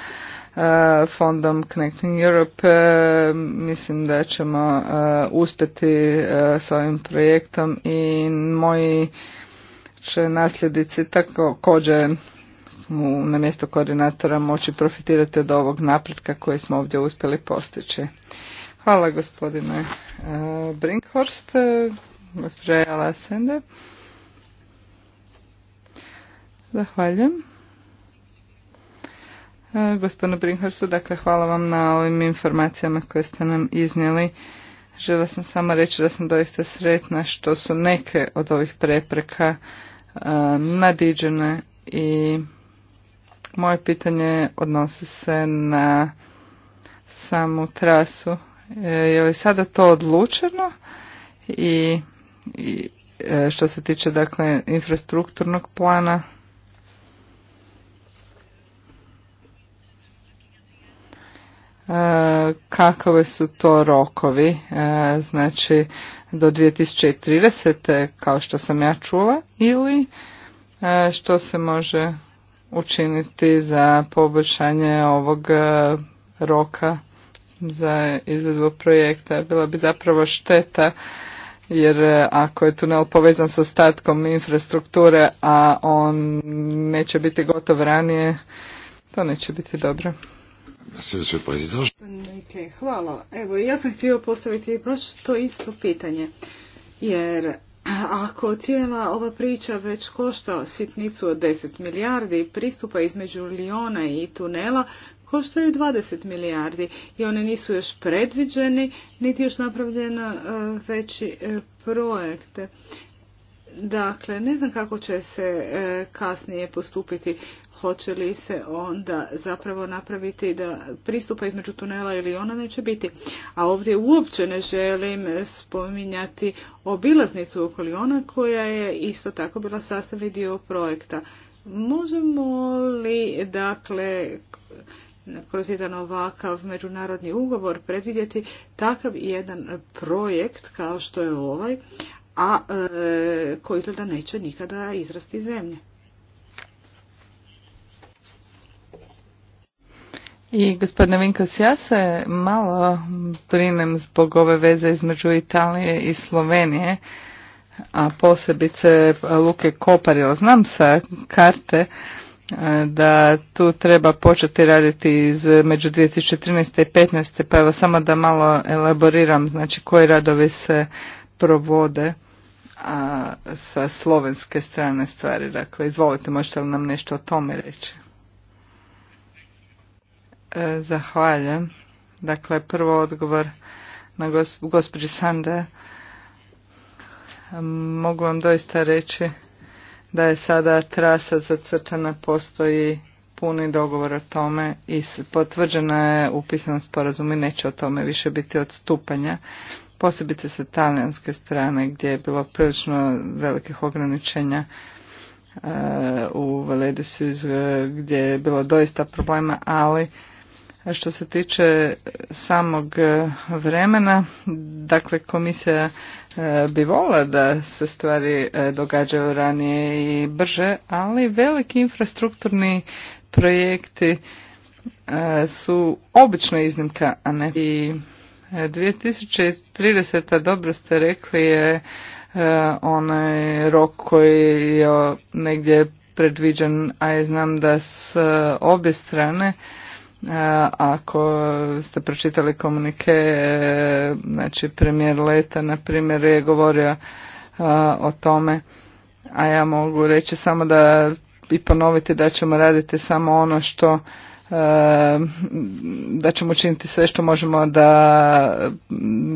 fondom Connecting Europe. Mislim da ćemo uspjeti s ovim projektom i moji će nasljednici također na mjesto koordinatora moći profitirati od ovog napretka koji smo ovdje uspjeli postići. Hvala gospodine e, Brinkhorst, e, gospođa Jala Sende. Zahvaljujem. E, gospodine Brinkhorst, dakle hvala vam na ovim informacijama koje ste nam iznijeli. Žela sam samo reći da sam doista sretna što su neke od ovih prepreka nadiđene i moje pitanje odnosi se na samu trasu. E, je li sada to odlučeno i, i e, što se tiče dakle infrastrukturnog plana E, kakove su to rokovi, e, znači do 2030. kao što sam ja čula ili e, što se može učiniti za poboljšanje ovog roka za izvedbu projekta. Bila bi zapravo šteta jer ako je tunel povezan s ostatkom infrastrukture, a on neće biti gotov ranije, to neće biti dobro hvala. Evo, ja sam htio postaviti baš to isto pitanje. Jer ako cijela ova priča već košta sitnicu od 10 milijardi, pristupa između lijona i tunela koštaju 20 milijardi i one nisu još predviđeni, niti još napravljena e, veći e, projekte. Dakle, ne znam kako će se e, kasnije postupiti hoće li se onda zapravo napraviti da pristupa između tunela ili ona neće biti. A ovdje uopće ne želim spominjati obilaznicu oko koja je isto tako bila sastavni dio projekta. Možemo li dakle kroz jedan ovakav međunarodni ugovor predvidjeti takav jedan projekt kao što je ovaj, a e, koji izgleda neće nikada izrasti zemlje. I gospodine Vinkos, ja se malo prinem zbog ove veze između Italije i Slovenije, a posebice Luke Kopar, jer znam sa karte e, da tu treba početi raditi iz među 2013. i 2015. pa evo samo da malo elaboriram znači koji radovi se provode a sa slovenske strane stvari. Dakle, izvolite, možete li nam nešto o tome reći? E, zahvaljujem. Dakle, prvo odgovor na gospođi Sande. Mogu vam doista reći da je sada trasa zacrtana, postoji puni dogovor o tome i potvrđena je upisan sporazum i neće o tome više biti odstupanja, posebice sa talijanske strane gdje je bilo prilično velikih ograničenja e, u Valedisu gdje je bilo doista problema, ali što se tiče samog e, vremena, dakle komisija e, bi volila da se stvari e, događaju ranije i brže, ali veliki infrastrukturni projekti su obično iznimka, a ne i 2030. dobro ste rekli je onaj rok koji je negdje predviđen, a ja znam da s obje strane ako ste pročitali komunike, e, znači premijer Leta, na primjer, je govorio e, o tome, a ja mogu reći samo da i ponoviti da ćemo raditi samo ono što e, da ćemo učiniti sve što možemo da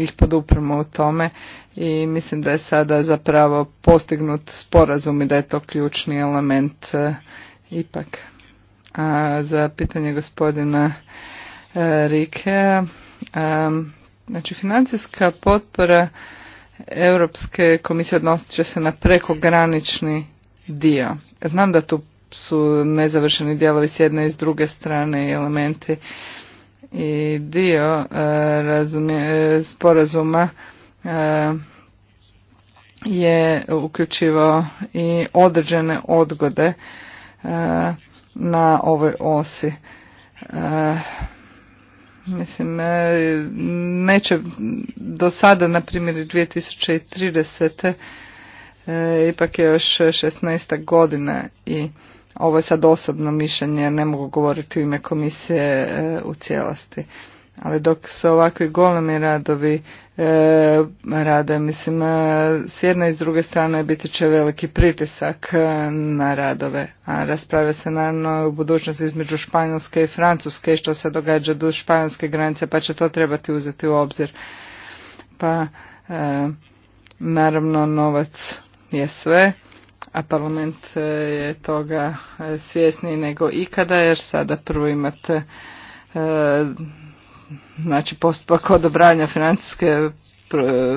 ih podupremo u tome i mislim da je sada zapravo postignut sporazum i da je to ključni element ipak. A za pitanje gospodina e, Rike. E, znači financijska potpora Europske komisije odnosit će se na prekogranični dio. Znam da tu su nezavršeni dijelovi s jedne i s druge strane i elementi i dio e, sporazuma je uključivo i određene odgode na ovoj osi. E, mislim, e, neće do sada, na primjer 2030. E, ipak je još 16. godina i ovo je sad osobno mišljenje, ne mogu govoriti u ime komisije e, u cijelosti ali dok se ovakvi golemi radovi e, rade, mislim, e, s jedne i s druge strane biti će veliki pritisak e, na radove. A raspravlja se naravno u budućnosti između Španjolske i Francuske što se događa do španjolske granice, pa će to trebati uzeti u obzir. Pa e, naravno novac je sve, a parlament e, je toga svjesniji nego ikada jer sada prvo imate znači postupak odobranja financijske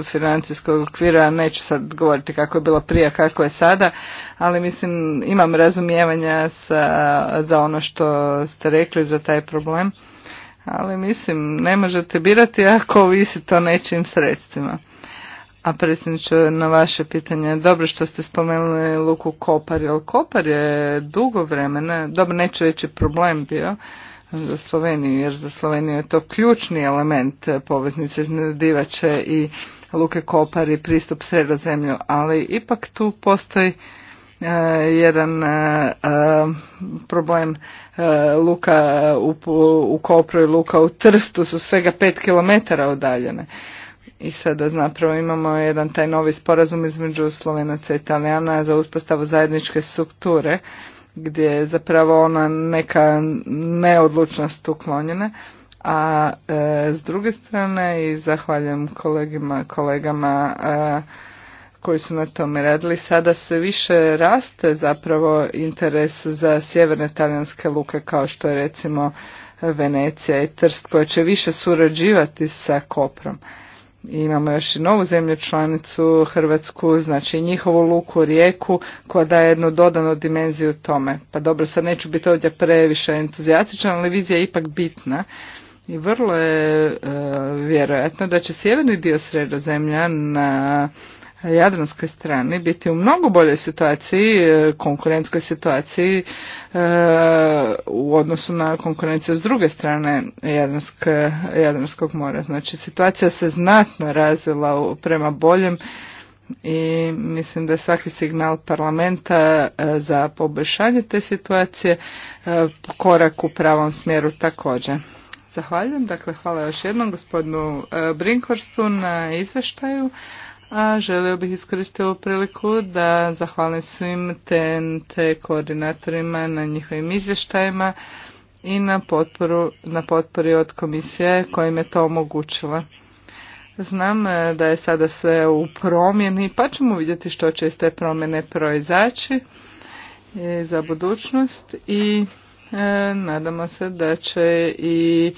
financijskog okvira, neću sad govoriti kako je bilo prije, kako je sada, ali mislim imam razumijevanja sa, za ono što ste rekli za taj problem, ali mislim ne možete birati ako visi to nečijim sredstvima. A predsjedniče, na vaše pitanje, dobro što ste spomenuli Luku Kopar, jer Kopar je dugo vremena, dobro neću reći problem bio, za Sloveniju, jer za Sloveniju je to ključni element poveznice između Divače i Luke Kopar i pristup sredozemlju, ali ipak tu postoji e, jedan e, e, problem Luka u, u Kopru i Luka u Trstu su svega pet km udaljene. I sada zapravo imamo jedan taj novi sporazum između Slovenaca i Italijana za uspostavu zajedničke strukture gdje je zapravo ona neka neodlučnost uklonjena. A e, s druge strane i zahvaljujem kolegima, kolegama e, koji su na tome radili, sada se više raste zapravo interes za sjeverne talijanske luke kao što je recimo Venecija i Trst koja će više surađivati sa Koprom imamo još i novu zemlju članicu Hrvatsku, znači njihovu luku, rijeku, koja daje jednu dodanu dimenziju tome. Pa dobro, sad neću biti ovdje previše entuzijastičan, ali vizija je ipak bitna. I vrlo je e, vjerojatno da će sjeverni dio sredozemlja na jadranskoj strani biti u mnogo boljoj situaciji, e, konkurentskoj situaciji e, u odnosu na konkurenciju s druge strane Jadranskog mora. Znači situacija se znatno razvila prema boljem i mislim da je svaki signal parlamenta e, za poboljšanje te situacije korak u pravom smjeru također. Zahvaljujem, dakle hvala još jednom gospodinu Brinkhorstu na izveštaju. A želio bih iskoristiti ovu priliku da zahvalim svim TNT koordinatorima na njihovim izvještajima i na, potporu, na potpori od komisije koja im je to omogućila. Znam e, da je sada sve u promjeni, pa ćemo vidjeti što će iz te promjene proizaći e, za budućnost i e, nadamo se da će i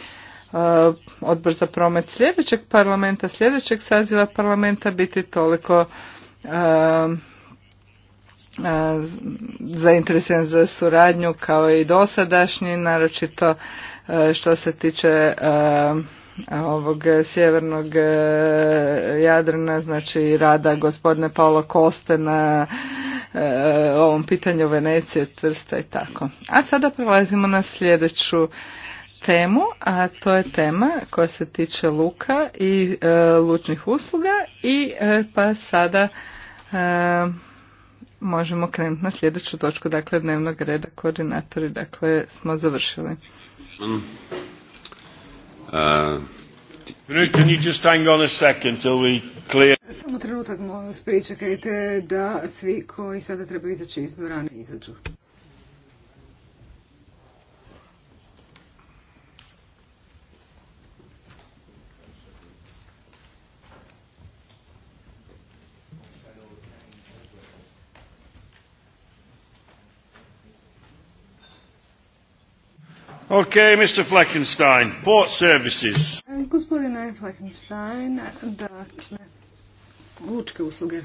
Uh, odbor za promet sljedećeg parlamenta, sljedećeg saziva parlamenta biti toliko uh, uh, zainteresiran za suradnju kao i dosadašnji, naročito što se tiče ovog sjevernog Jadrana, znači rada gospodine Paolo Koste na ovom pitanju Venecije, Trsta i tako. A sada prelazimo na sljedeću temu, a to je tema koja se tiče luka i e, lučnih usluga i e, pa sada e, možemo krenuti na sljedeću točku dakle dnevnog reda koordinatori dakle smo završili. Samo trenutak molim vas pričekajte da svi koji sada trebaju izaći iz dvorane izađu. Ok, Mr. Fleckenstein, port services. Gospodine Fleckenstein, dakle, lučke usluge.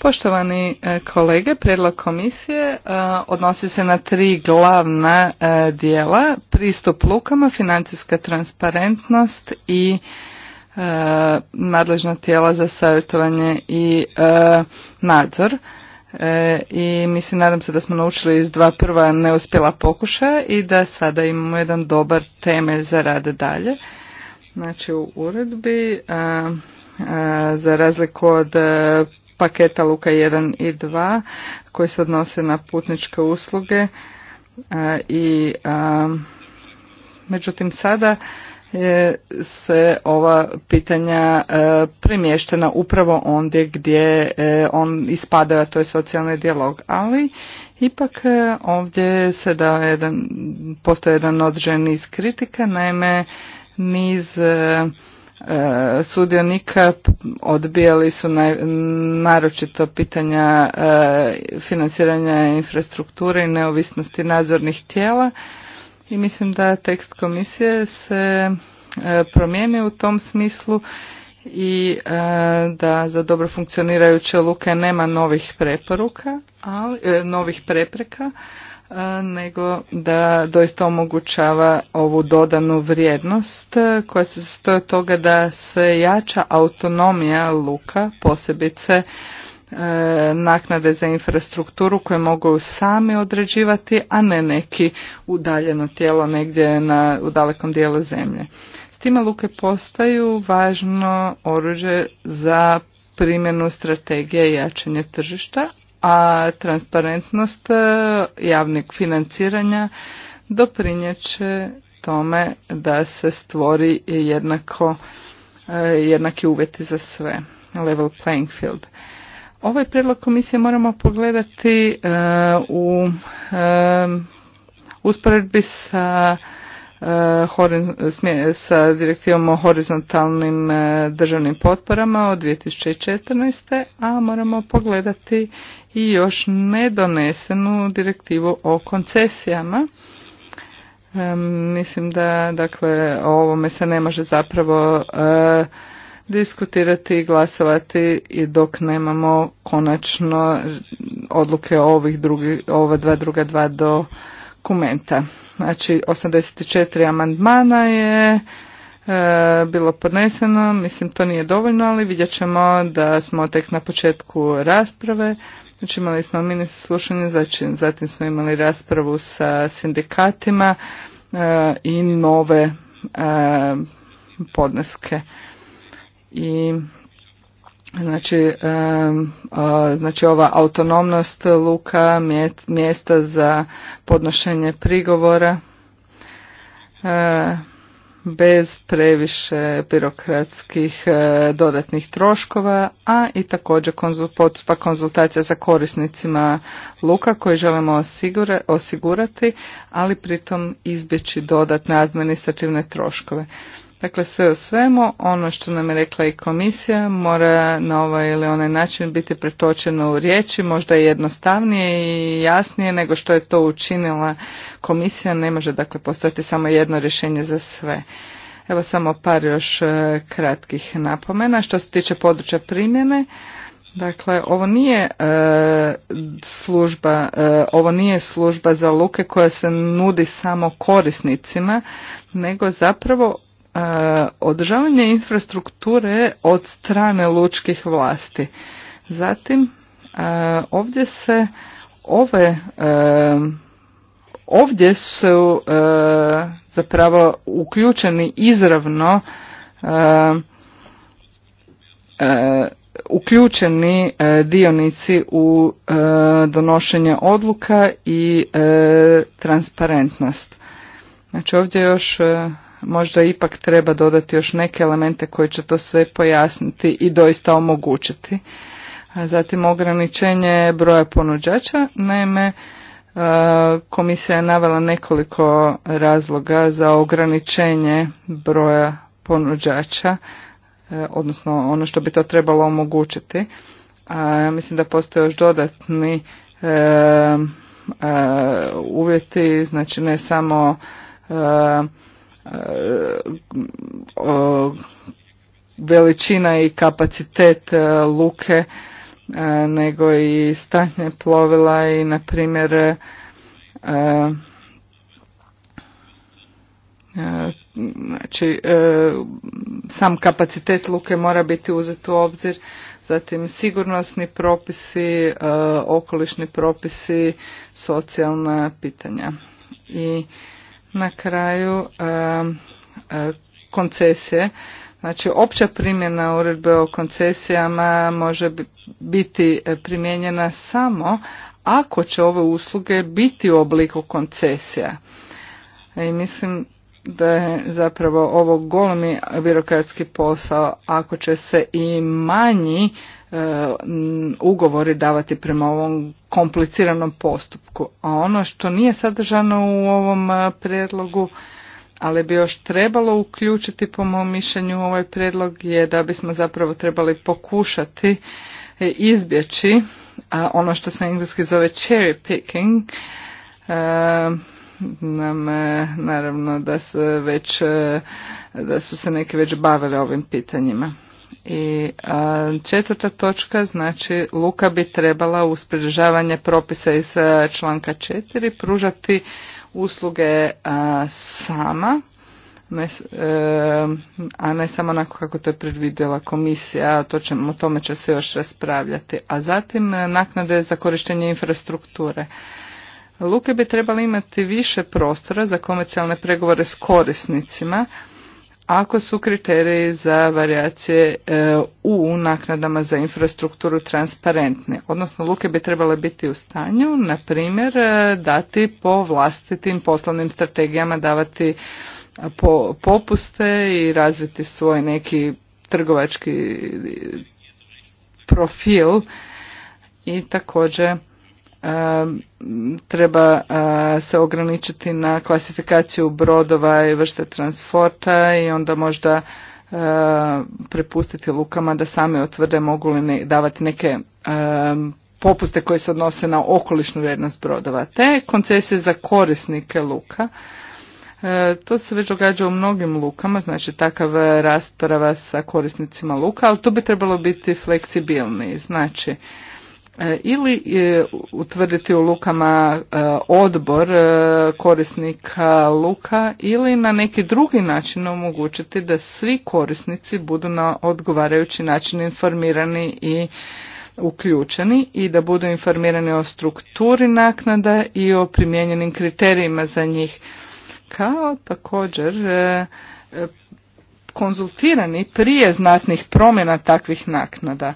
Poštovani e, kolege, predlog komisije e, odnosi se na tri glavna e, dijela, pristup lukama, financijska transparentnost i nadležna tijela za savjetovanje i nadzor. E, I mislim, nadam se da smo naučili iz dva prva neuspjela pokušaja i da sada imamo jedan dobar temelj za rad dalje. Znači u uredbi e, e, za razliku od e, paketa Luka 1 i 2 koji se odnose na putničke usluge i međutim sada se ova pitanja e, premještena upravo ondje gdje e, on ispada, a to je socijalni dijalog. Ali ipak e, ovdje se da jedan, postoje jedan određen niz kritika, naime niz E, sudionika odbijali su naročito pitanja financiranja infrastrukture i neovisnosti nadzornih tijela i mislim da tekst komisije se e, promijeni u tom smislu i e, da za dobro funkcionirajuće luke nema novih preporuka, ali, e, novih prepreka, nego da doista omogućava ovu dodanu vrijednost koja se sastoji od toga da se jača autonomija luka, posebice E, naknade za infrastrukturu koje mogu sami određivati, a ne neki udaljeno tijelo negdje na, u dalekom dijelu zemlje. S time luke postaju važno oruđe za primjenu strategije i jačanje tržišta, a transparentnost e, javnog financiranja doprinjeće tome da se stvori jednako, e, jednaki uvjeti za sve, level playing field. Ovaj predlog komisije moramo pogledati e, u e, usporedbi sa e, sa direktivom o horizontalnim državnim potporama od 2014. a moramo pogledati i još nedonesenu direktivu o koncesijama. Mislim da dakle o ovome se ne može zapravo diskutirati i glasovati i dok nemamo konačno odluke ovih drugi, ova dva druga dva dokumenta. Znači 84 amandmana je e, bilo podneseno, mislim to nije dovoljno, ali vidjet ćemo da smo tek na početku rasprave. Znači imali smo mini slušanje, znači, zatim smo imali raspravu sa sindikatima e, i nove e, podneske i Znači, znači ova autonomnost luka, mjesta za podnošenje prigovora e, bez previše birokratskih e, dodatnih troškova, a i također pa konzultacija za korisnicima luka koje želimo osigurati, ali pritom izbjeći dodatne administrativne troškove. Dakle, sve o svemu, ono što nam je rekla i komisija mora na ovaj ili onaj način biti pretočeno u riječi, možda jednostavnije i jasnije nego što je to učinila komisija, ne može dakle postojati samo jedno rješenje za sve. Evo samo par još e, kratkih napomena. Što se tiče područja primjene, Dakle, ovo nije e, služba, e, ovo nije služba za luke koja se nudi samo korisnicima, nego zapravo E, održavanje infrastrukture od strane lučkih vlasti. Zatim, e, ovdje se ove e, ovdje su zapravo uključeni izravno uključeni dionici u donošenje odluka i transparentnost. Znači ovdje još možda ipak treba dodati još neke elemente koji će to sve pojasniti i doista omogućiti. Zatim ograničenje broja ponuđača. Naime, e, komisija je navela nekoliko razloga za ograničenje broja ponuđača, e, odnosno ono što bi to trebalo omogućiti. mislim da postoje još dodatni e, uvjeti, znači ne samo veličina i kapacitet e, luke e, nego i stanje plovila i na primjer e, znači sam kapacitet luke mora biti uzet u obzir zatim sigurnosni propisi okolišni propisi socijalna pitanja i na kraju koncesije. Znači, opća primjena uredbe o koncesijama može biti primijenjena samo ako će ove usluge biti u obliku koncesija. I mislim da je zapravo ovo golemi birokratski posao ako će se i manji E, ugovori davati prema ovom kompliciranom postupku. A ono što nije sadržano u ovom e, predlogu ali bi još trebalo uključiti po mom mišljenju ovaj predlog je da bismo zapravo trebali pokušati e, izbjeći ono što se engleski zove cherry picking, nam naravno da se već da su se neki već bavili ovim pitanjima. I a, četvrta točka, znači Luka bi trebala uz pridržavanje propisa iz e, članka četiri, pružati usluge e, sama, e, a ne samo onako kako to je predvidjela komisija, to o tome će se još raspravljati. A zatim naknade za korištenje infrastrukture. Luke bi trebali imati više prostora za komercijalne pregovore s korisnicima, ako su kriteriji za varijacije e, u naknadama za infrastrukturu transparentni. Odnosno, luke bi trebale biti u stanju, na primjer, e, dati po vlastitim poslovnim strategijama, davati popuste i razviti svoj neki trgovački profil i također treba se ograničiti na klasifikaciju brodova i vrste transporta i onda možda prepustiti lukama da sami otvrde mogu li davati neke popuste koje se odnose na okolišnu vrijednost brodova. Te koncesije za korisnike luka, e, to se već događa u mnogim lukama, znači takav rasprava sa korisnicima luka, ali to bi trebalo biti fleksibilni. Znači, E, ili e, utvrditi u lukama e, odbor korisnika luka ili na neki drugi način omogućiti da svi korisnici budu na odgovarajući način informirani i uključeni i da budu informirani o strukturi naknada i o primijenjenim kriterijima za njih kao također konzultirani prije znatnih promjena takvih naknada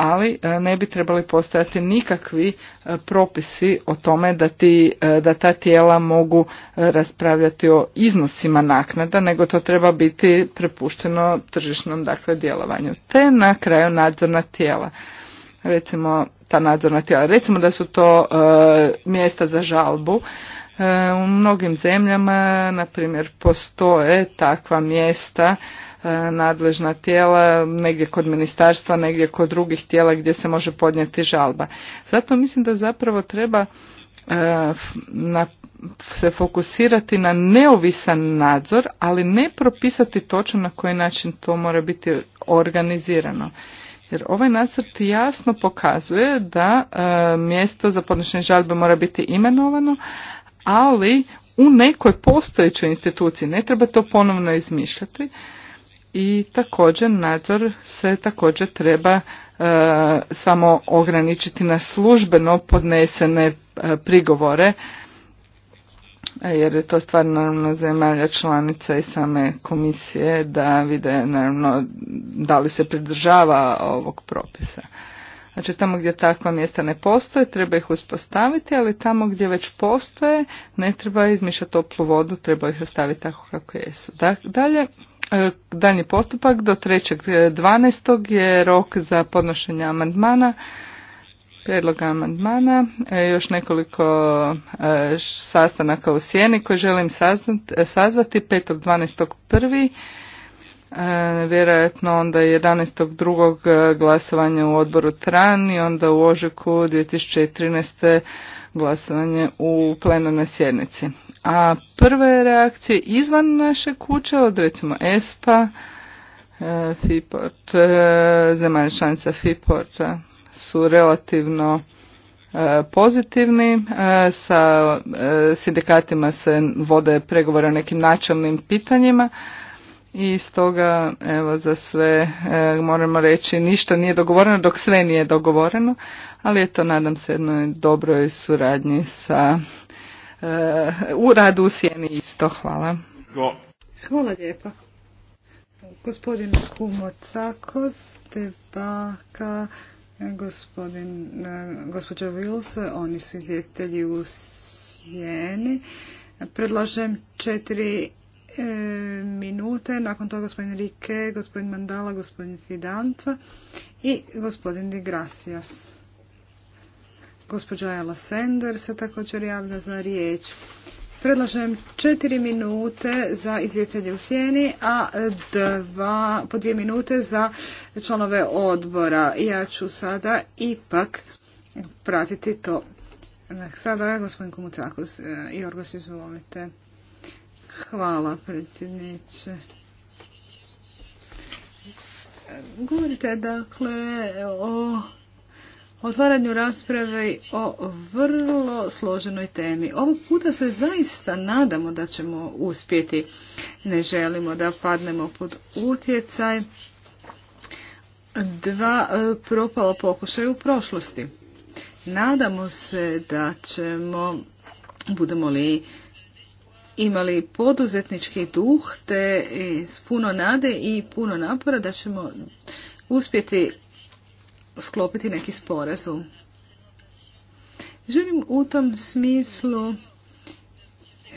ali e, ne bi trebali postojati nikakvi e, propisi o tome da, ti, e, da ta tijela mogu raspravljati o iznosima naknada, nego to treba biti prepušteno tržišnom dakle, djelovanju. Te na kraju nadzorna tijela. Recimo, ta nadzorna tijela. Recimo da su to mjesta za žalbu E, u mnogim zemljama, na primjer, postoje takva mjesta, e, nadležna tijela, negdje kod ministarstva, negdje kod drugih tijela gdje se može podnijeti žalba. Zato mislim da zapravo treba e, na se fokusirati na neovisan nadzor, ali ne propisati točno na koji način to mora biti organizirano. Jer ovaj nacrt jasno pokazuje da mjesto za podnošenje žalbe mora biti imenovano, ali u nekoj postojećoj instituciji, ne treba to ponovno izmišljati i također nadzor se također treba e, samo ograničiti na službeno podnesene e, prigovore e, jer je to stvar naravno zemalja članica i same komisije da vide naravno da li se pridržava ovog propisa. Znači tamo gdje takva mjesta ne postoje, treba ih uspostaviti, ali tamo gdje već postoje, ne treba izmišljati toplu vodu, treba ih ostaviti tako kako jesu. Dalje, e, daljnji postupak do 3.12. E, je rok za podnošenje amandmana, prijedloga amandmana, e, još nekoliko sastanaka u sjeni koje želim sazvati 5.12.1. E, vjerojatno onda 11.2. E, glasovanje u odboru TRAN i onda u ožeku 2013. glasovanje u plenarnoj sjednici. A prve reakcije izvan naše kuće od recimo ESPA, e, FIPORT, zemalja članica FIPORTA su relativno pozitivni. Sa sindikatima se vode pregovore o nekim načelnim pitanjima i stoga evo za sve e, moramo reći ništa nije dogovoreno dok sve nije dogovoreno, ali eto nadam se jednoj dobroj suradnji sa e, u radu u sjeni isto. Hvala. Go. Hvala lijepa. Gospodin Kumo Tebaka, gospodin, e, gospođa Wills, oni su izvjestitelji u sjeni. Predlažem četiri E, minute, nakon toga gospodin Rike, gospodin Mandala, gospodin Fidanca i gospodin de Gracias. Gospođa Ela Sender se također javlja za riječ. Predlažem četiri minute za izvjestitelje u sjeni, a dva, po dvije minute za članove odbora. Ja ću sada ipak pratiti to. Sada gospodin i e, Jorgos, izvolite. Hvala predsjedniče. Govorite dakle o otvaranju rasprave o vrlo složenoj temi. Ovog puta se zaista nadamo da ćemo uspjeti. Ne želimo da padnemo pod utjecaj dva e, propala pokušaja u prošlosti. Nadamo se da ćemo, budemo li imali poduzetnički duh te s puno nade i puno napora da ćemo uspjeti sklopiti neki sporazum. Želim u tom smislu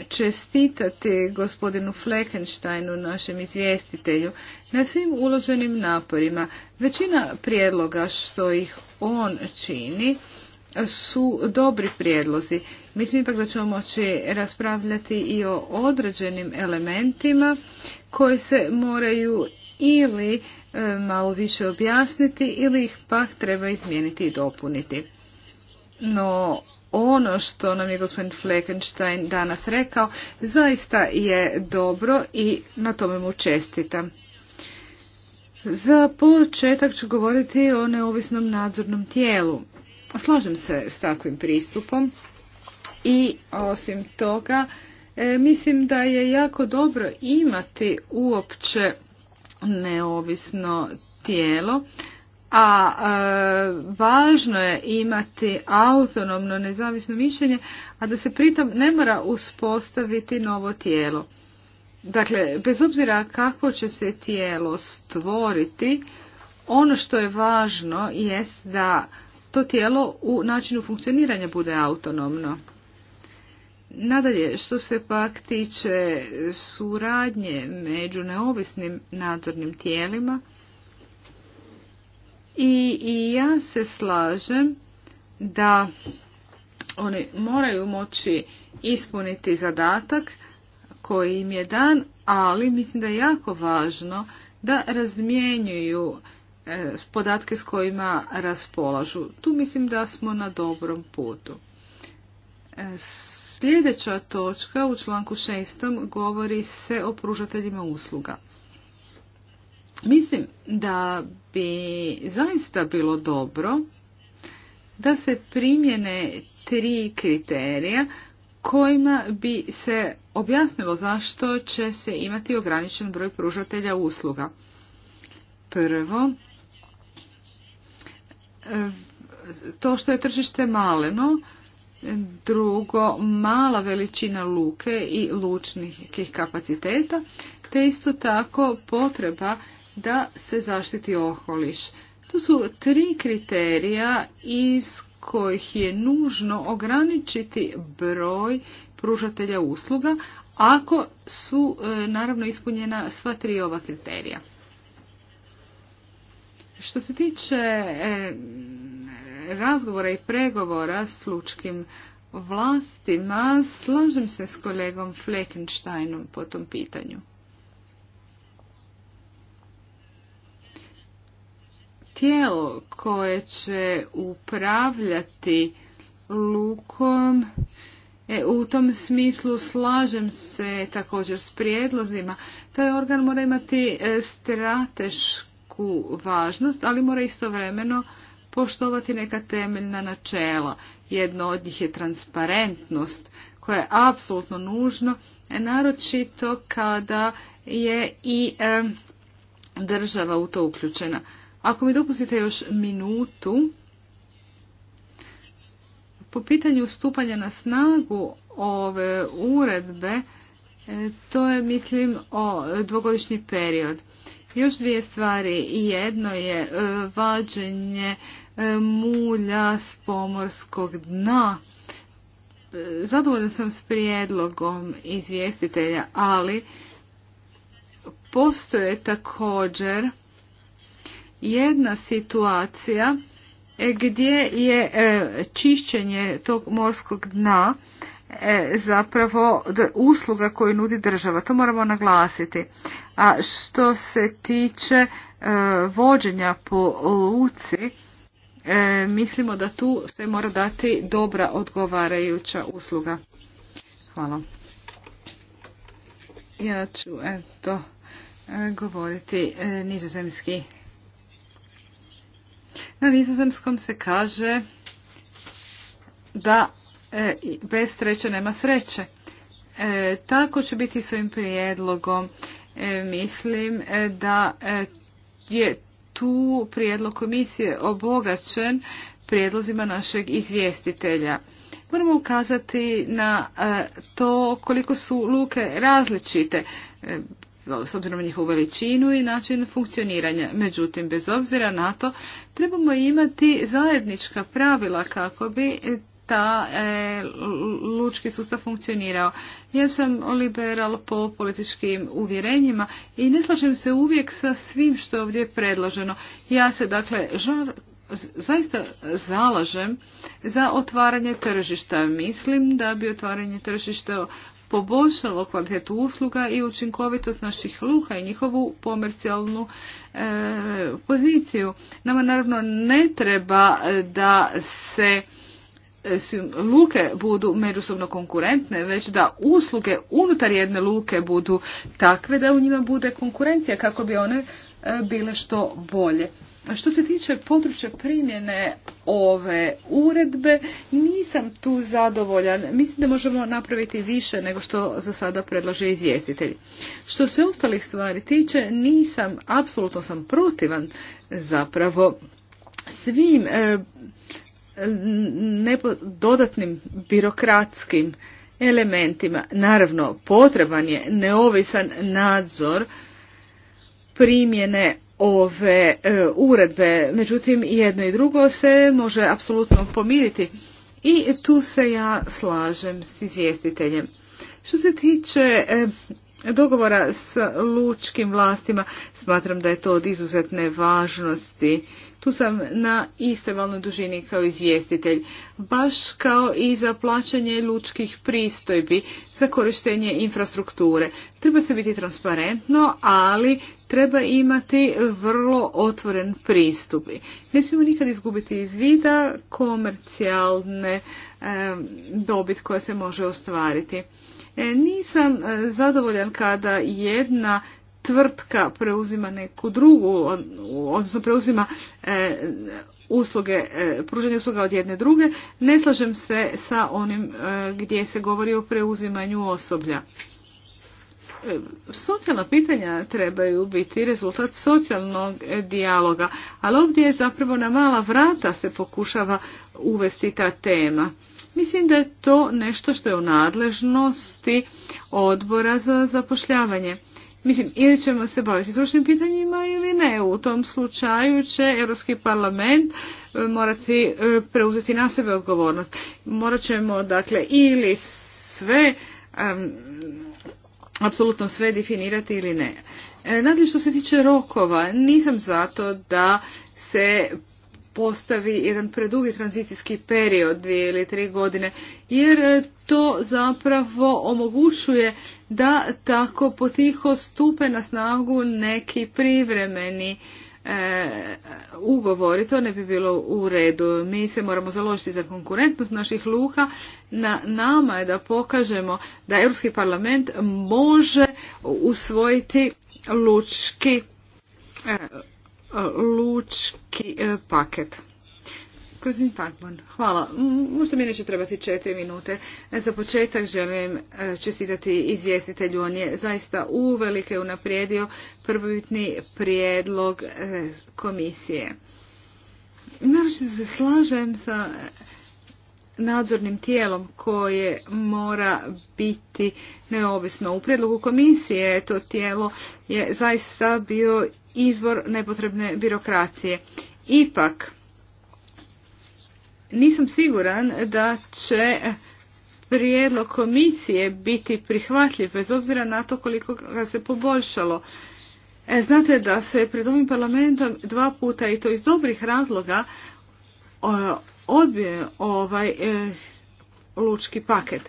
čestitati gospodinu Fleckensteinu, našem izvjestitelju, na svim uloženim naporima. Većina prijedloga što ih on čini su dobri prijedlozi. Mislim ipak da ćemo moći raspravljati i o određenim elementima koji se moraju ili e, malo više objasniti ili ih pak treba izmijeniti i dopuniti. No, ono što nam je gospodin Fleckenstein danas rekao zaista je dobro i na tome mu čestitam. Za početak ću govoriti o neovisnom nadzornom tijelu. Slažem se s takvim pristupom i osim toga e, mislim da je jako dobro imati uopće neovisno tijelo, a e, važno je imati autonomno nezavisno mišljenje, a da se pritom ne mora uspostaviti novo tijelo. Dakle, bez obzira kako će se tijelo stvoriti, ono što je važno jest da to tijelo u načinu funkcioniranja bude autonomno. Nadalje, što se pak tiče suradnje među neovisnim nadzornim tijelima, i, i ja se slažem da oni moraju moći ispuniti zadatak koji im je dan, ali mislim da je jako važno da razmjenjuju E, podatke s kojima raspolažu. Tu mislim da smo na dobrom putu. E, sljedeća točka u članku 6. govori se o pružateljima usluga. Mislim da bi zaista bilo dobro da se primjene tri kriterija kojima bi se objasnilo zašto će se imati ograničen broj pružatelja usluga. Prvo, to što je tržište maleno, drugo mala veličina luke i lučnih kapaciteta, te isto tako potreba da se zaštiti okoliš. To su tri kriterija iz kojih je nužno ograničiti broj pružatelja usluga ako su e, naravno ispunjena sva tri ova kriterija. Što se tiče e, razgovora i pregovora s lučkim vlastima, slažem se s kolegom Fleckensteinom po tom pitanju. Tijelo koje će upravljati lukom, e, u tom smislu slažem se također s prijedlozima. Taj organ mora imati e, stratešku veliku važnost, ali mora istovremeno poštovati neka temeljna načela. Jedno od njih je transparentnost koja je apsolutno nužno, naročito kada je i država u to uključena. Ako mi dopustite još minutu, po pitanju stupanja na snagu ove uredbe, e, to je mislim o dvogodišnji period. Još dvije stvari. Jedno je e, vađenje e, mulja s pomorskog dna. E, Zadovoljna sam s prijedlogom izvjestitelja, ali postoje također jedna situacija gdje je čišćenje tog morskog dna E, zapravo usluga koju nudi država. To moramo naglasiti. A što se tiče e, vođenja po luci, e, mislimo da tu se mora dati dobra odgovarajuća usluga. Hvala. Ja ću eto govoriti nizozemski. Na nizozemskom se kaže da E, bez sreće nema sreće. E, tako će biti s ovim prijedlogom. E, mislim da je tu prijedlog komisije obogaćen prijedlozima našeg izvjestitelja. Moramo ukazati na to koliko su luke različite s obzirom na njihovu veličinu i način funkcioniranja. Međutim, bez obzira na to, trebamo imati zajednička pravila kako bi ta e, lučki sustav funkcionirao. Ja sam liberal po političkim uvjerenjima i ne slažem se uvijek sa svim što je ovdje predloženo. Ja se dakle zaista zalažem za otvaranje tržišta. Mislim da bi otvaranje tržišta poboljšalo kvalitetu usluga i učinkovitost naših luha i njihovu komercijalnu e, poziciju. Nama naravno ne treba da se E, luke budu međusobno konkurentne, već da usluge unutar jedne luke budu takve da u njima bude konkurencija kako bi one e, bile što bolje. Što se tiče područja primjene ove uredbe, nisam tu zadovoljan. Mislim da možemo napraviti više nego što za sada predlaže izvjestitelj. Što se ostalih stvari tiče, nisam, apsolutno sam protivan zapravo svim e, nepo, dodatnim birokratskim elementima. Naravno, potreban je neovisan nadzor primjene ove e, uredbe. Međutim, jedno i drugo se može apsolutno pomiriti. I tu se ja slažem s izvjestiteljem. Što se tiče e, dogovora s lučkim vlastima, smatram da je to od izuzetne važnosti tu sam na istoj valnoj dužini kao izvjestitelj, baš kao i za plaćanje lučkih pristojbi za korištenje infrastrukture. Treba se biti transparentno, ali treba imati vrlo otvoren pristup. Ne smijemo nikad izgubiti iz vida komercijalne dobit koja se može ostvariti. E, nisam e, zadovoljan kada jedna tvrtka preuzima neku drugu, odnosno preuzima e, usluge, e, pružanje usluga od jedne druge, ne slažem se sa onim e, gdje se govori o preuzimanju osoblja. E, socijalna pitanja trebaju biti rezultat socijalnog dijaloga, ali ovdje je zapravo na mala vrata se pokušava uvesti ta tema. Mislim da je to nešto što je u nadležnosti odbora za zapošljavanje. Mislim, ili ćemo se baviti stručnim pitanjima ili ne. U tom slučaju će Europski parlament e, morati e, preuzeti na sebe odgovornost. Morat ćemo, dakle, ili sve, apsolutno sve definirati ili ne. E, nadalje što se tiče rokova, nisam zato da se postavi jedan predugi tranzicijski period, dvije ili tri godine, jer e, to zapravo omogućuje da tako potiho stupe na snagu neki privremeni e, ugovori. To ne bi bilo u redu. Mi se moramo založiti za konkurentnost naših luka. Na nama je da pokažemo da Europski parlament može usvojiti lučki e, lučki e, paket. hvala. Možda mi neće trebati četiri minute. E, za početak želim e, čestitati izvjestitelju. On je zaista uvelike unaprijedio prvobitni prijedlog komisije. Naravno se slažem sa nadzornim tijelom koje mora biti neovisno. U prijedlogu komisije to tijelo je zaista bio izvor nepotrebne birokracije. Ipak, nisam siguran da će prijedlog komisije biti prihvatljiv, bez obzira na to koliko ga se poboljšalo. E, znate da se pred ovim parlamentom dva puta i to iz dobrih razloga odbije ovaj e, lučki paket.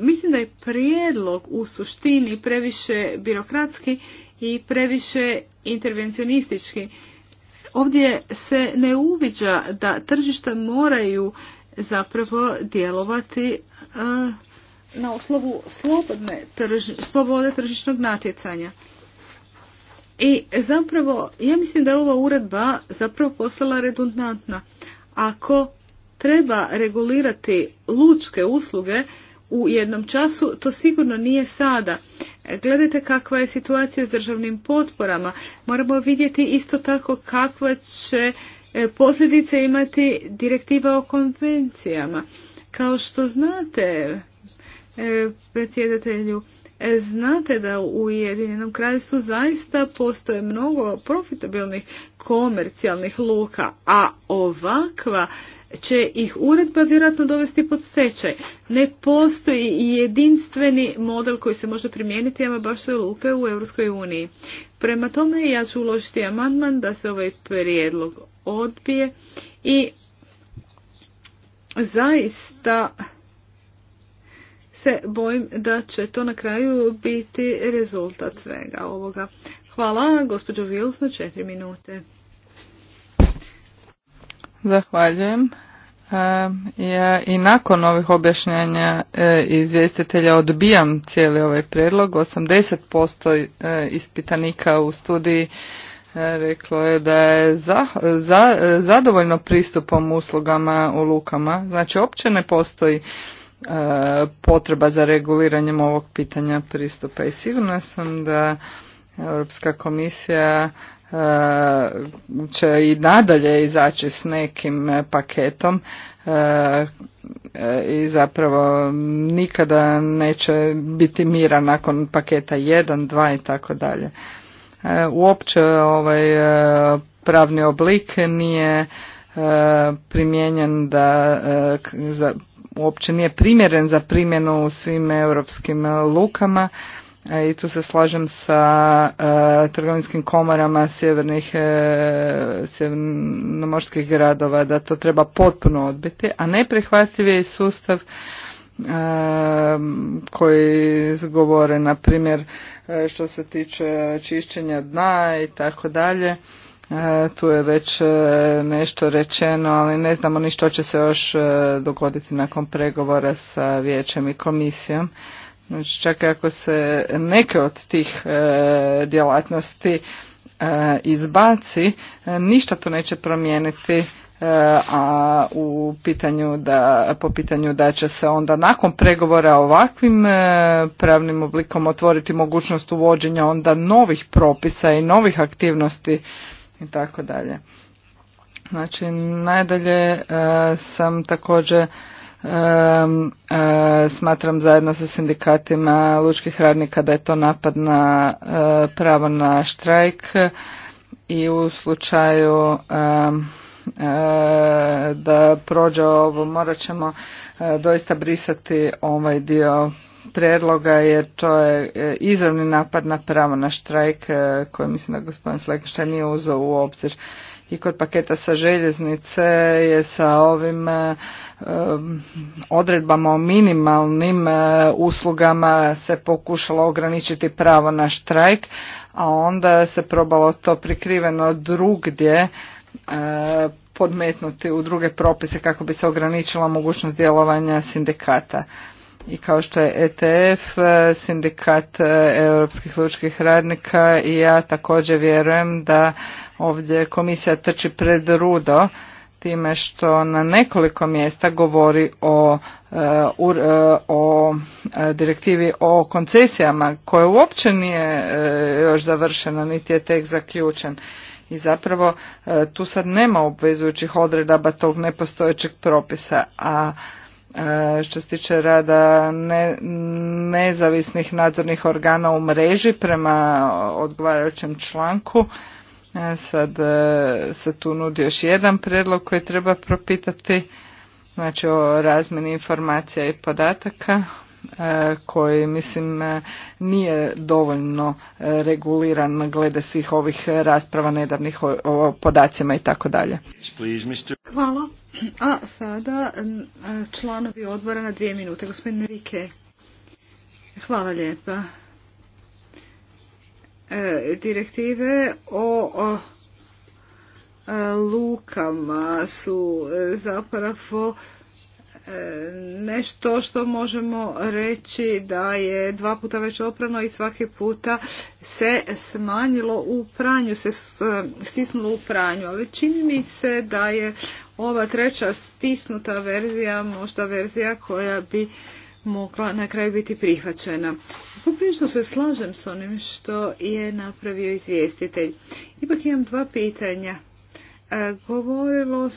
Mislim da je prijedlog u suštini previše birokratski i previše intervencionistički. Ovdje se ne uviđa da tržišta moraju zapravo djelovati e, na oslovu slobodne trž, slobode tržišnog natjecanja. I zapravo, ja mislim da je ova uredba zapravo postala redundantna. Ako treba regulirati lučke usluge, u jednom času, to sigurno nije sada. Gledajte kakva je situacija s državnim potporama. Moramo vidjeti isto tako kakva će e, posljedice imati direktiva o konvencijama. Kao što znate, e, predsjedatelju, e, znate da u Ujedinjenom kraljestvu zaista postoje mnogo profitabilnih komercijalnih luka, a ovakva će ih uredba vjerojatno dovesti pod stečaj. Ne postoji jedinstveni model koji se može primijeniti ama baš sve luke u Europskoj uniji. Prema tome ja ću uložiti amandman da se ovaj prijedlog odbije i zaista se bojim da će to na kraju biti rezultat svega ovoga. Hvala gospođo Vils na četiri minute. Zahvaljujem. E, ja i nakon ovih objašnjanja e, izvjestitelja odbijam cijeli ovaj predlog. 80% e, ispitanika u studiji reklo je da je za, zadovoljno pristupom uslugama u lukama. Znači, uopće ne postoji potreba za reguliranjem ovog pitanja pristupa i sigurna sam da Europska komisija E, će i nadalje izaći s nekim e, paketom e, i zapravo nikada neće biti mira nakon paketa 1, 2 i tako dalje. Uopće ovaj pravni oblik nije primijenjen da uopće nije primjeren za primjenu u svim europskim lukama E, i tu se slažem sa e, trgovinskim komorama sjevernih uh, sjevernomorskih gradova da to treba potpuno odbiti, a neprihvatljiv je i sustav koji govore na primjer što se tiče čišćenja dna i tako dalje. Tu je već nešto rečeno, ali ne znamo ni što će se još dogoditi nakon pregovora sa vijećem i komisijom. Znači čak i ako se neke od tih e, djelatnosti e, izbaci, e, ništa to neće promijeniti a u pitanju da, po pitanju da će se onda nakon pregovora ovakvim pravnim oblikom otvoriti mogućnost uvođenja onda novih propisa i novih aktivnosti i tako dalje. Znači, najdalje sam također E, smatram zajedno sa sindikatima lučkih radnika da je to napad na e, pravo na štrajk i u slučaju e, da prođe ovo morat ćemo doista brisati ovaj dio predloga jer to je izravni napad na pravo na štrajk koji mislim da gospodin Fleckenstein nije uzeo u obzir i kod paketa sa željeznice je sa ovim e, odredbama o minimalnim e, uslugama se pokušalo ograničiti pravo na štrajk, a onda se probalo to prikriveno drugdje e, podmetnuti u druge propise kako bi se ograničila mogućnost djelovanja sindikata i kao što je ETF, e, sindikat e, europskih lučkih radnika i ja također vjerujem da ovdje komisija trči pred rudo time što na nekoliko mjesta govori o, e, o direktivi o koncesijama koja uopće nije još završena niti je tek zaključen. I zapravo tu sad nema obvezujućih odredaba tog nepostojećeg propisa, a E, što se tiče rada ne, nezavisnih nadzornih organa u mreži prema odgovarajućem članku. E, sad e, se tu nudi još jedan predlog koji treba propitati, znači o razmjeni informacija i podataka E, koji mislim e, nije dovoljno e, reguliran glede svih ovih rasprava nedavnih o podacima i tako dalje. Hvala. A sada članovi odbora na dvije minute. Gospodin Rike. Hvala lijepa. Direktive o lukama su zapravo nešto što možemo reći da je dva puta već oprano i svaki puta se smanjilo u pranju, se e, stisnulo u pranju, ali čini mi se da je ova treća stisnuta verzija možda verzija koja bi mogla na kraju biti prihvaćena. Poprilično se slažem s onim što je napravio izvjestitelj. Ipak imam dva pitanja. E, govorilo,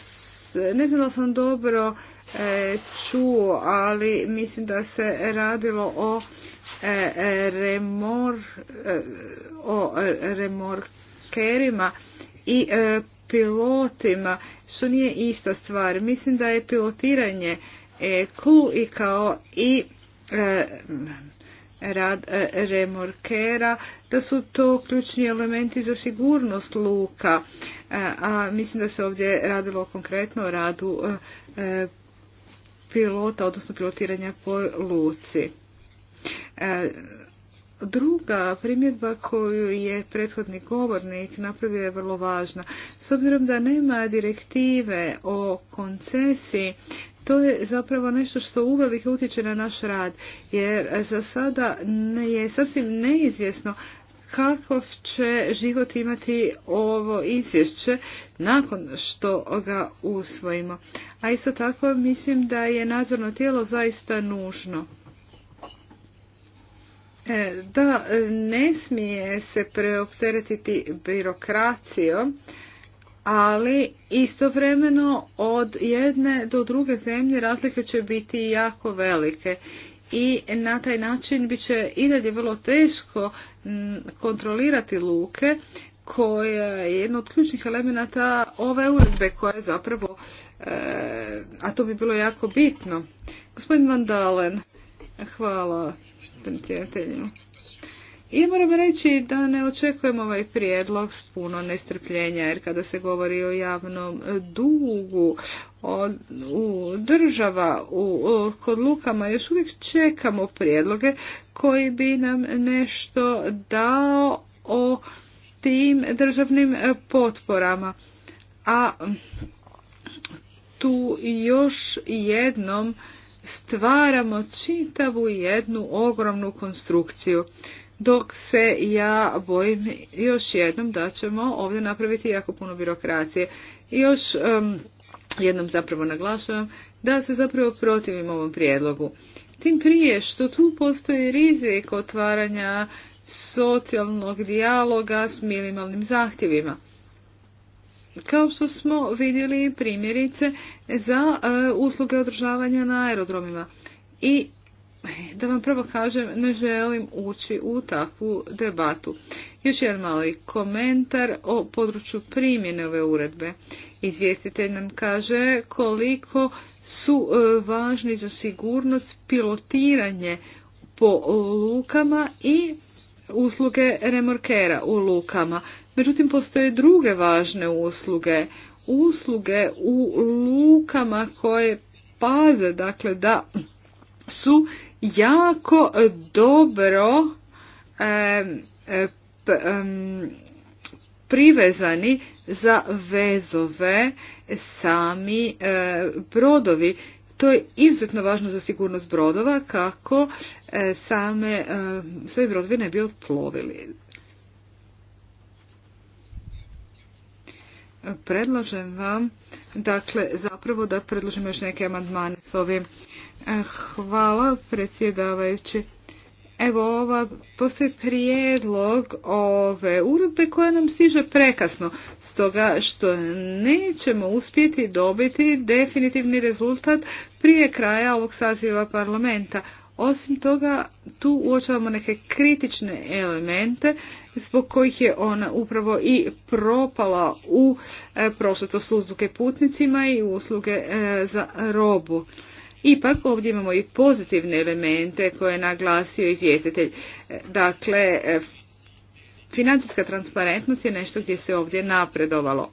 ne da sam dobro E, čuo, ali mislim da se radilo o e, e, remor o remorkerima i pilotima, što nije ista stvar. Mislim da je pilotiranje klu i kao i rad remorkera, da su to ključni elementi za sigurnost luka. A mislim da se ovdje radilo konkretno o radu pilota, odnosno pilotiranja po luci. E, druga primjedba koju je prethodni govornik napravio je vrlo važna. S obzirom da nema direktive o koncesiji, to je zapravo nešto što uvelike utječe na naš rad, jer za sada je sasvim neizvjesno kakav će život imati ovo izvješće nakon što ga usvojimo. A isto tako mislim da je nadzorno tijelo zaista nužno. E, da, ne smije se preopteretiti birokracijom, ali istovremeno od jedne do druge zemlje razlike će biti jako velike i na taj način bit će i dalje vrlo teško kontrolirati luke koja je jedna od ključnih elemenata ove uredbe koja je zapravo, e, a to bi bilo jako bitno. Gospodin Vandalen, hvala prijateljima. I moram reći da ne očekujem ovaj prijedlog s puno nestrpljenja, jer kada se govori o javnom dugu, država u, kod lukama još uvijek čekamo prijedloge koji bi nam nešto dao o tim državnim e, potporama. A tu još jednom stvaramo čitavu jednu ogromnu konstrukciju. Dok se ja bojim još jednom da ćemo ovdje napraviti jako puno birokracije. Još jednom zapravo naglašavam, da se zapravo protivim ovom prijedlogu. Tim prije što tu postoji rizik otvaranja socijalnog dijaloga s minimalnim zahtjevima. Kao što smo vidjeli primjerice za e, usluge održavanja na aerodromima. I da vam prvo kažem, ne želim ući u takvu debatu. Još jedan mali komentar o području primjene ove uredbe. Izvjestitelj nam kaže koliko su e, važni za sigurnost pilotiranje po lukama i usluge remorkera u lukama. Međutim, postoje druge važne usluge. Usluge u lukama koje paze, dakle, da su jako dobro privezani za vezove sami brodovi. To je izuzetno važno za sigurnost brodova kako same sve brodovi ne bi otplovili. Predlažem vam, dakle, zapravo da predložimo još neke amandmane s ovim Eh, hvala predsjedavajući. Evo ova, postoji prijedlog ove uredbe koja nam stiže prekasno, stoga što nećemo uspjeti dobiti definitivni rezultat prije kraja ovog saziva parlamenta. Osim toga, tu uočavamo neke kritične elemente zbog kojih je ona upravo i propala u eh, prošlost usluge putnicima i usluge eh, za robu. Ipak ovdje imamo i pozitivne elemente koje je naglasio izvjestitelj. Dakle, financijska transparentnost je nešto gdje se ovdje napredovalo.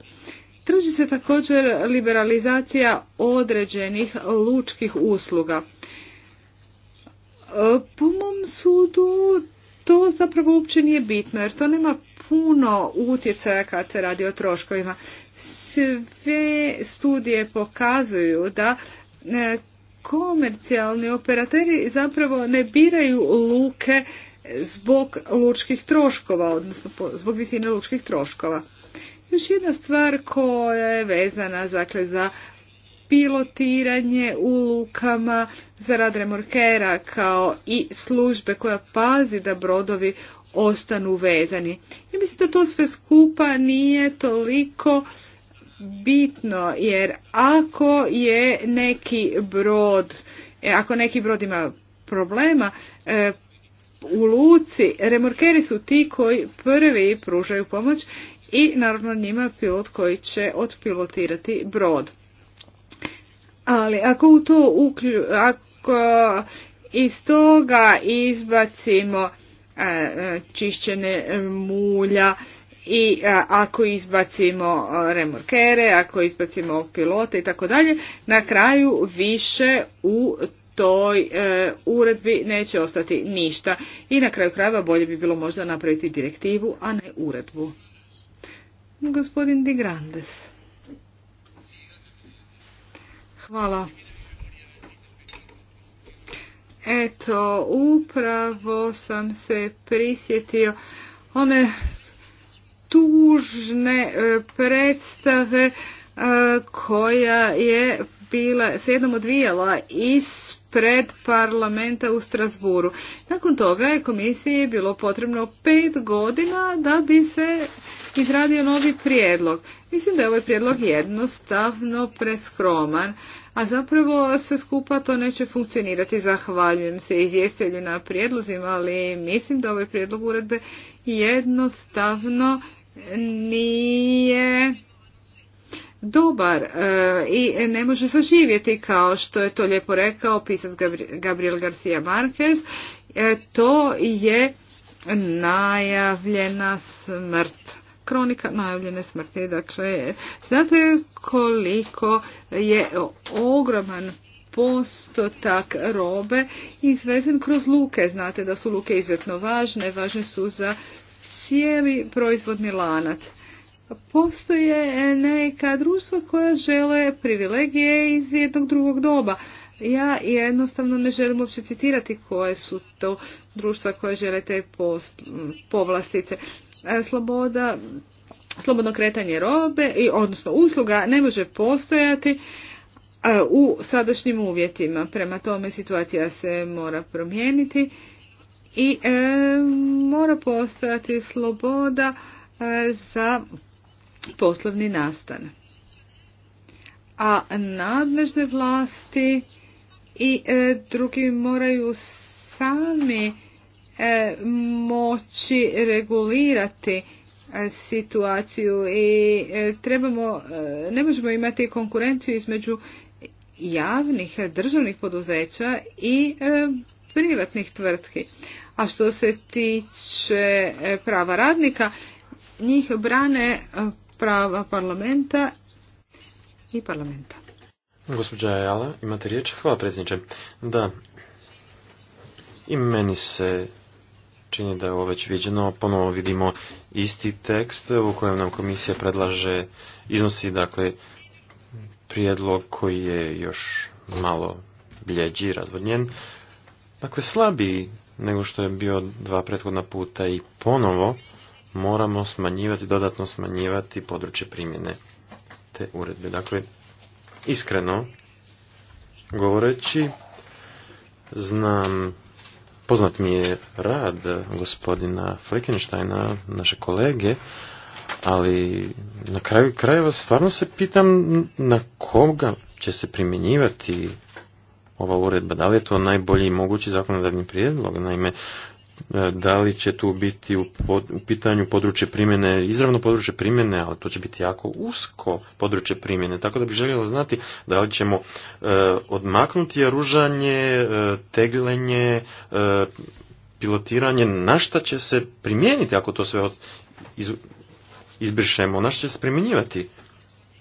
Trži se također liberalizacija određenih lučkih usluga. Po mom sudu to zapravo uopće nije bitno jer to nema puno utjecaja kad se radi o troškovima. Sve studije pokazuju da e, komercijalni operateri zapravo ne biraju luke zbog lučkih troškova, odnosno zbog visine lučkih troškova. Još jedna stvar koja je vezana dakle, za pilotiranje u lukama za rad remorkera kao i službe koja pazi da brodovi ostanu vezani. Ja mislim da to sve skupa nije toliko bitno jer ako je neki brod, e, ako neki brod ima problema e, u luci, remorkeri su ti koji prvi pružaju pomoć i naravno njima pilot koji će otpilotirati brod. Ali ako u to uklju, ako iz toga izbacimo e, e čišćene mulja, i ako izbacimo remorkere, ako izbacimo pilote i tako dalje, na kraju više u toj e, uredbi neće ostati ništa. I na kraju krajeva bolje bi bilo možda napraviti direktivu, a ne uredbu. Gospodin Di Grandes. Hvala. Eto, upravo sam se prisjetio one tužne e, predstave e, koja je bila, se jednom odvijala ispred parlamenta u Strasburu. Nakon toga je komisiji bilo potrebno pet godina da bi se izradio novi prijedlog. Mislim da je ovaj prijedlog jednostavno preskroman, a zapravo sve skupa to neće funkcionirati. Zahvaljujem se izvjestelju na prijedlozima, ali mislim da ovaj prijedlog uredbe jednostavno nije dobar e, i ne može saživjeti kao što je to lijepo rekao pisac Gabriel Garcia Marquez. E, to je najavljena smrt kronika najavljene smrti. Dakle, znate koliko je ogroman postotak robe izvezen kroz luke. Znate da su luke izuzetno važne, važne su za cijeli proizvodni lanac. Postoje neka društva koja žele privilegije iz jednog drugog doba. Ja jednostavno ne želim uopće citirati koje su to društva koje žele te povlastice. E, sloboda, slobodno kretanje robe, odnosno usluga, ne može postojati e, u sadašnjim uvjetima. Prema tome situacija se mora promijeniti i e, mora postojati sloboda e, za poslovni nastan. A nadležne vlasti i e, drugi moraju sami moći regulirati situaciju i trebamo, ne možemo imati konkurenciju između javnih državnih poduzeća i privatnih tvrtki. A što se tiče e, prava radnika, njih brane e, prava parlamenta i parlamenta. Gospođa Jala, imate riječ? Hvala predsjedniče. Da, i meni se čini da je ovo već viđeno. Ponovo vidimo isti tekst u kojem nam komisija predlaže, iznosi dakle prijedlog koji je još malo bljeđi, razvodnjen dakle slabiji nego što je bio dva prethodna puta i ponovo moramo smanjivati, dodatno smanjivati područje primjene te uredbe. Dakle, iskreno govoreći, znam, poznat mi je rad gospodina Flekensteina, naše kolege, ali na kraju krajeva stvarno se pitam na koga će se primjenjivati ova uredba. Da li je to najbolji mogući zakonodavni prijedlog? Naime, e, da li će tu biti u, pitanju područje primjene, izravno područje primjene, ali to će biti jako usko područje primjene, tako da bih željela znati da li ćemo e, odmaknuti oružanje, e, teglenje, e, pilotiranje, na šta će se primijeniti ako to sve od, iz, izbrišemo, na šta će se primjenjivati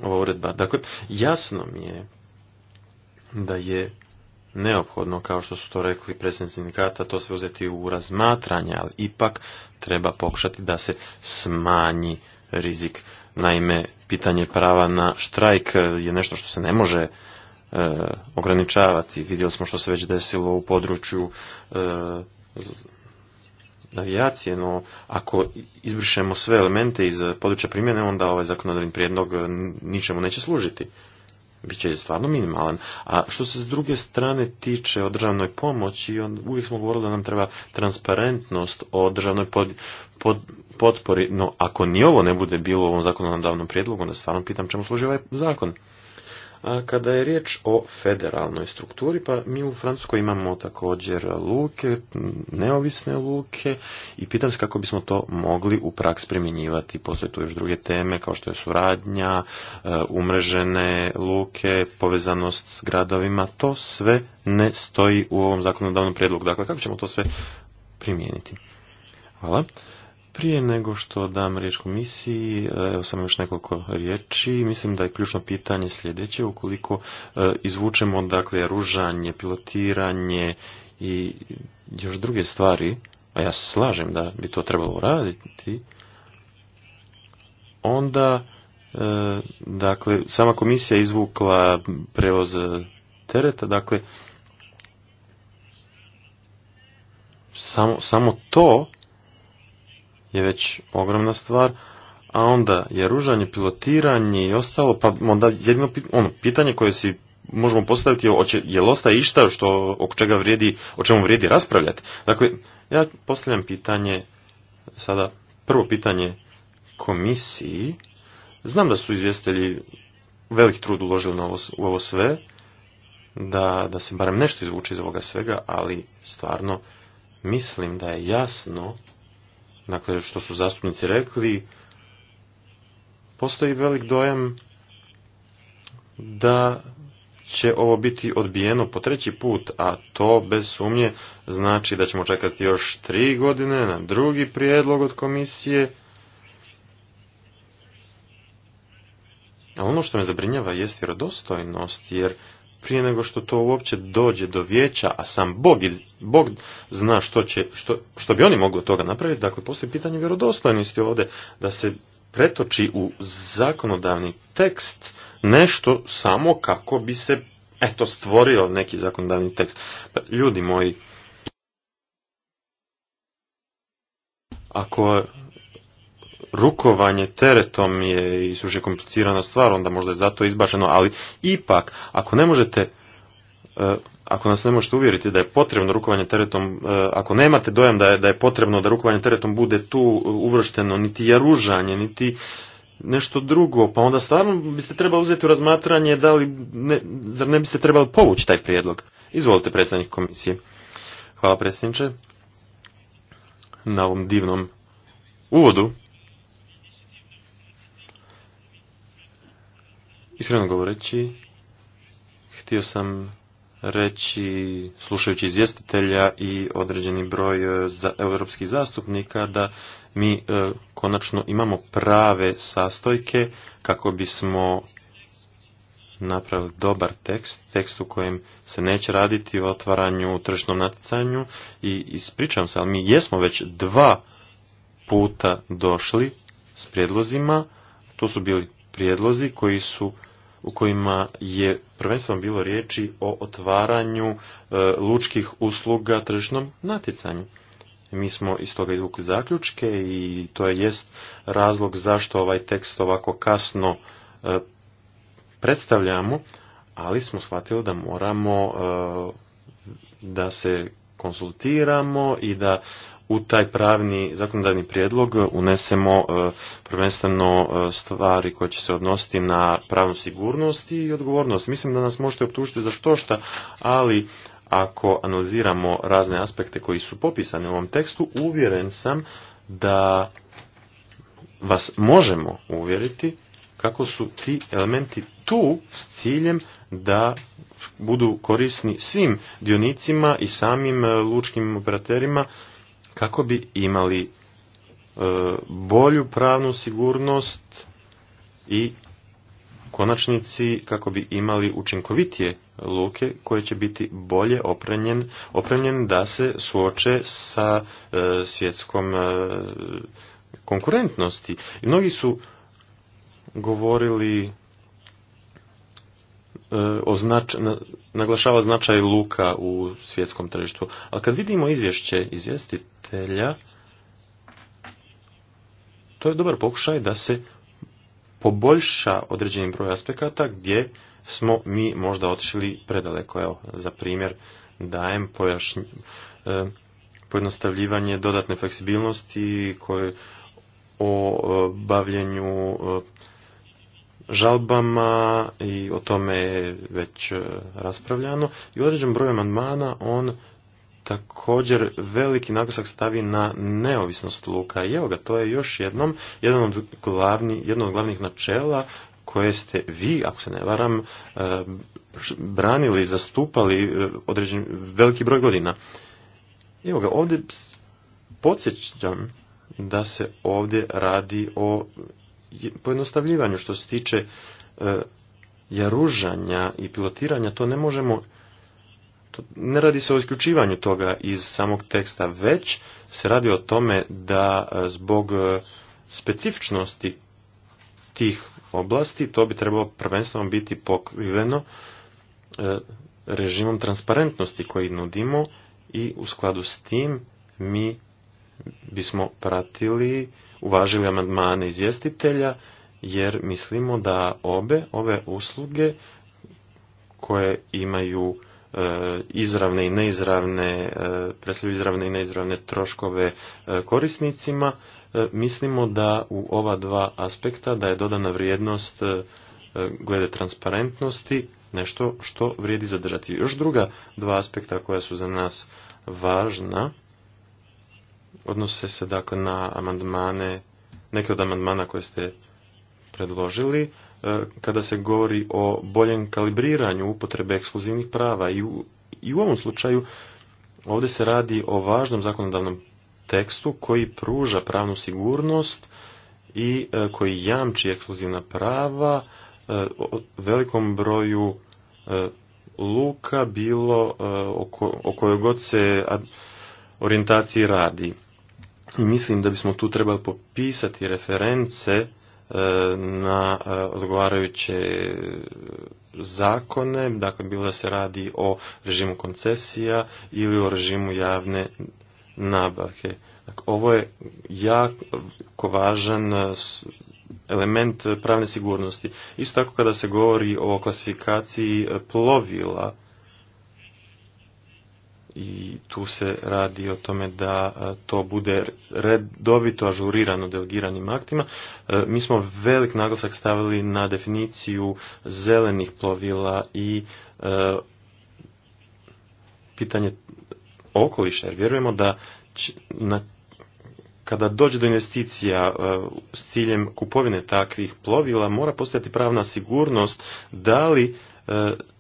ova uredba. Dakle, jasno mi je da je neophodno, kao što su to rekli predsjednici sindikata, to sve uzeti u razmatranje, ali ipak treba pokušati da se smanji rizik. Naime, pitanje prava na štrajk je nešto što se ne može e, ograničavati. Vidjeli smo što se već desilo u području e, avijacije, no ako izbrišemo sve elemente iz područja primjene, onda ovaj zakonodavni prijedlog ničemu neće služiti. Biće stvarno minimalan. A što se s druge strane tiče o državnoj pomoći, on, uvijek smo govorili da nam treba transparentnost o državnoj potpori. No, ako ni ovo ne bude bilo u ovom zakonodavnom prijedlogu, onda stvarno pitam čemu služi ovaj zakon. A Kada je riječ o federalnoj strukturi, pa mi u Francuskoj imamo također luke, neovisne luke i pitam se kako bismo to mogli u praks primjenjivati. Postoje tu još druge teme kao što je suradnja, e, umrežene luke, povezanost s gradovima, to sve ne stoji u ovom zakonodavnom prijedlogu. Dakle, kako ćemo to sve primijeniti? Hvala. Prije nego što dam riječ komisiji, eh, evo sam još nekoliko riječi, mislim da je ključno pitanje sljedeće, ukoliko eh, izvučemo dakle ružanje, pilotiranje i još druge stvari, a ja se slažem da bi to trebalo raditi, onda eh, dakle sama komisija izvukla prevoz tereta, dakle samo to je već ogromna stvar, a onda je ružanje, pilotiranje i ostalo, pa onda jedino ono, pitanje koje si možemo postaviti je jel ostaje išta što, oko čega vrijedi, o čemu vrijedi raspravljati. Dakle, ja postavljam pitanje, sada prvo pitanje komisiji. Znam da su izvjestitelji velik trud uložili na ovo, u ovo sve, da, da se barem nešto izvuče iz ovoga svega, ali stvarno mislim da je jasno dakle što su zastupnici rekli, postoji velik dojam da će ovo biti odbijeno po treći put, a to bez sumnje znači da ćemo čekati još tri godine na drugi prijedlog od komisije. A ono što me zabrinjava jest vjerodostojnost, jer prije nego što to uopće dođe do vijeća, a sam Bog, Bog zna što, će, što, što bi oni mogli od toga napraviti, dakle postoji pitanje vjerodostojnosti ovdje, da se pretoči u zakonodavni tekst nešto samo kako bi se eto stvorio neki zakonodavni tekst. Pa, ljudi moji, ako rukovanje teretom je isuše komplicirana stvar, onda možda je zato izbačeno, ali ipak, ako ne možete e, ako nas ne možete uvjeriti da je potrebno rukovanje teretom, e, ako nemate dojam da je, da je potrebno da rukovanje teretom bude tu uvršteno, niti jaružanje, niti nešto drugo, pa onda stvarno biste trebali uzeti u razmatranje da li, ne, zar ne biste trebali povući taj prijedlog? Izvolite predstavnik komisije. Hvala predsjedniče na ovom divnom uvodu Iskreno govoreći, htio sam reći, slušajući izvjestitelja i određeni broj e, za europskih zastupnika, da mi e, konačno imamo prave sastojke kako bismo napravili dobar tekst, tekst u kojem se neće raditi o otvaranju tržišnom natjecanju i ispričavam se, ali mi jesmo već dva puta došli s prijedlozima, to su bili prijedlozi koji su u kojima je prvenstveno bilo riječi o otvaranju e, lučkih usluga tržišnom natjecanju. Mi smo iz toga izvukli zaključke i to je jest razlog zašto ovaj tekst ovako kasno e, predstavljamo, ali smo shvatili da moramo e, da se konsultiramo i da u taj pravni zakonodavni prijedlog unesemo e, prvenstveno e, stvari koje će se odnositi na pravnu sigurnost i odgovornost. Mislim da nas možete optužiti za što šta, ali ako analiziramo razne aspekte koji su popisani u ovom tekstu, uvjeren sam da vas možemo uvjeriti kako su ti elementi tu s ciljem da budu korisni svim dionicima i samim e, lučkim operaterima kako bi imali e, bolju pravnu sigurnost i konačnici kako bi imali učinkovitije luke koje će biti bolje opremljen, opremljen da se suoče sa e, svjetskom e, konkurentnosti. I mnogi su govorili E, označ, naglašava značaj luka u svjetskom tržištu. Ali kad vidimo izvješće izvjestitelja, to je dobar pokušaj da se poboljša određeni broj aspekata gdje smo mi možda otišli predaleko. Evo, za primjer dajem pojašnj, e, pojednostavljivanje dodatne fleksibilnosti koje o e, bavljenju žalbama i o tome je već e, raspravljano. I određen broj broju amandmana on također veliki naglasak stavi na neovisnost luka. I evo ga, to je još jednom jedan od glavni, jedno od glavnih načela koje ste vi, ako se ne varam, e, branili, zastupali e, određen veliki broj godina. Evo ga, ovdje podsjećam da se ovdje radi o pojednostavljivanju. Što se tiče e, jaružanja i pilotiranja, to ne možemo ne radi se o isključivanju toga iz samog teksta, već se radi o tome da e, zbog e, specifičnosti tih oblasti to bi trebalo prvenstveno biti pokriveno režimom transparentnosti koji nudimo i u skladu s tim mi bismo pratili uvažili amandmane izvjestitelja jer mislimo da obe ove usluge koje imaju e, izravne i neizravne, e, predstavljaju izravne i neizravne troškove e, korisnicima, mislimo da u ova dva aspekta da je dodana vrijednost glede transparentnosti nešto što vrijedi zadržati. Još druga dva aspekta koja su za nas važna odnose se dakle na amandmane, neke od amandmana koje ste predložili, e, kada se govori o boljem kalibriranju upotrebe ekskluzivnih prava i u, i u ovom slučaju ovdje se radi o važnom zakonodavnom tekstu koji pruža pravnu sigurnost i e, koji jamči ekskluzivna prava e, velikom broju luka bilo o kojoj god se orijentaciji radi i mislim da bismo tu trebali popisati reference e, na e, odgovarajuće e, zakone, dakle bilo da se radi o režimu koncesija ili o režimu javne nabavke. Dakle, ovo je jako važan element pravne sigurnosti. Isto tako kada se govori o klasifikaciji plovila, i tu se radi o tome da e, to bude redovito ažurirano delegiranim aktima. E, mi smo velik naglasak stavili na definiciju zelenih plovila i e, pitanje okoliša, jer vjerujemo da na kada dođe do investicija s ciljem kupovine takvih plovila, mora postojati pravna sigurnost da li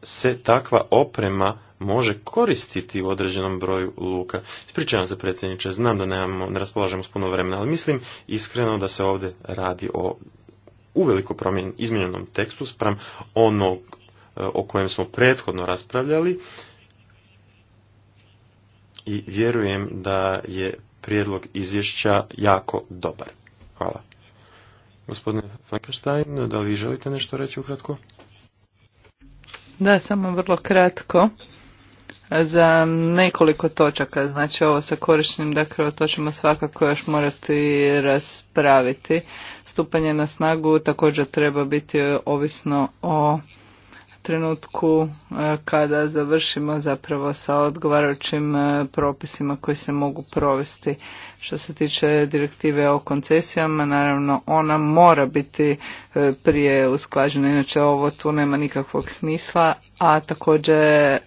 se takva oprema može koristiti u određenom broju luka. Ispričavam se predsjedniče, znam da nemamo, ne raspolažemo s puno vremena, ali mislim iskreno da se ovdje radi o uveliko promjen, izmijenjenom tekstu spram onog e, o kojem smo prethodno raspravljali i vjerujem da je prijedlog izvješća jako dobar. Hvala. Gospodine Frankenstein, da li vi želite nešto reći ukratko? Da, samo vrlo kratko za nekoliko točaka. Znači ovo sa korištenjem, dakle to ćemo svakako još morati raspraviti. Stupanje na snagu također treba biti ovisno o trenutku e, kada završimo zapravo sa odgovarajućim e, propisima koji se mogu provesti. Što se tiče direktive o koncesijama, naravno ona mora biti e, prije usklađena, inače ovo tu nema nikakvog smisla, a također e,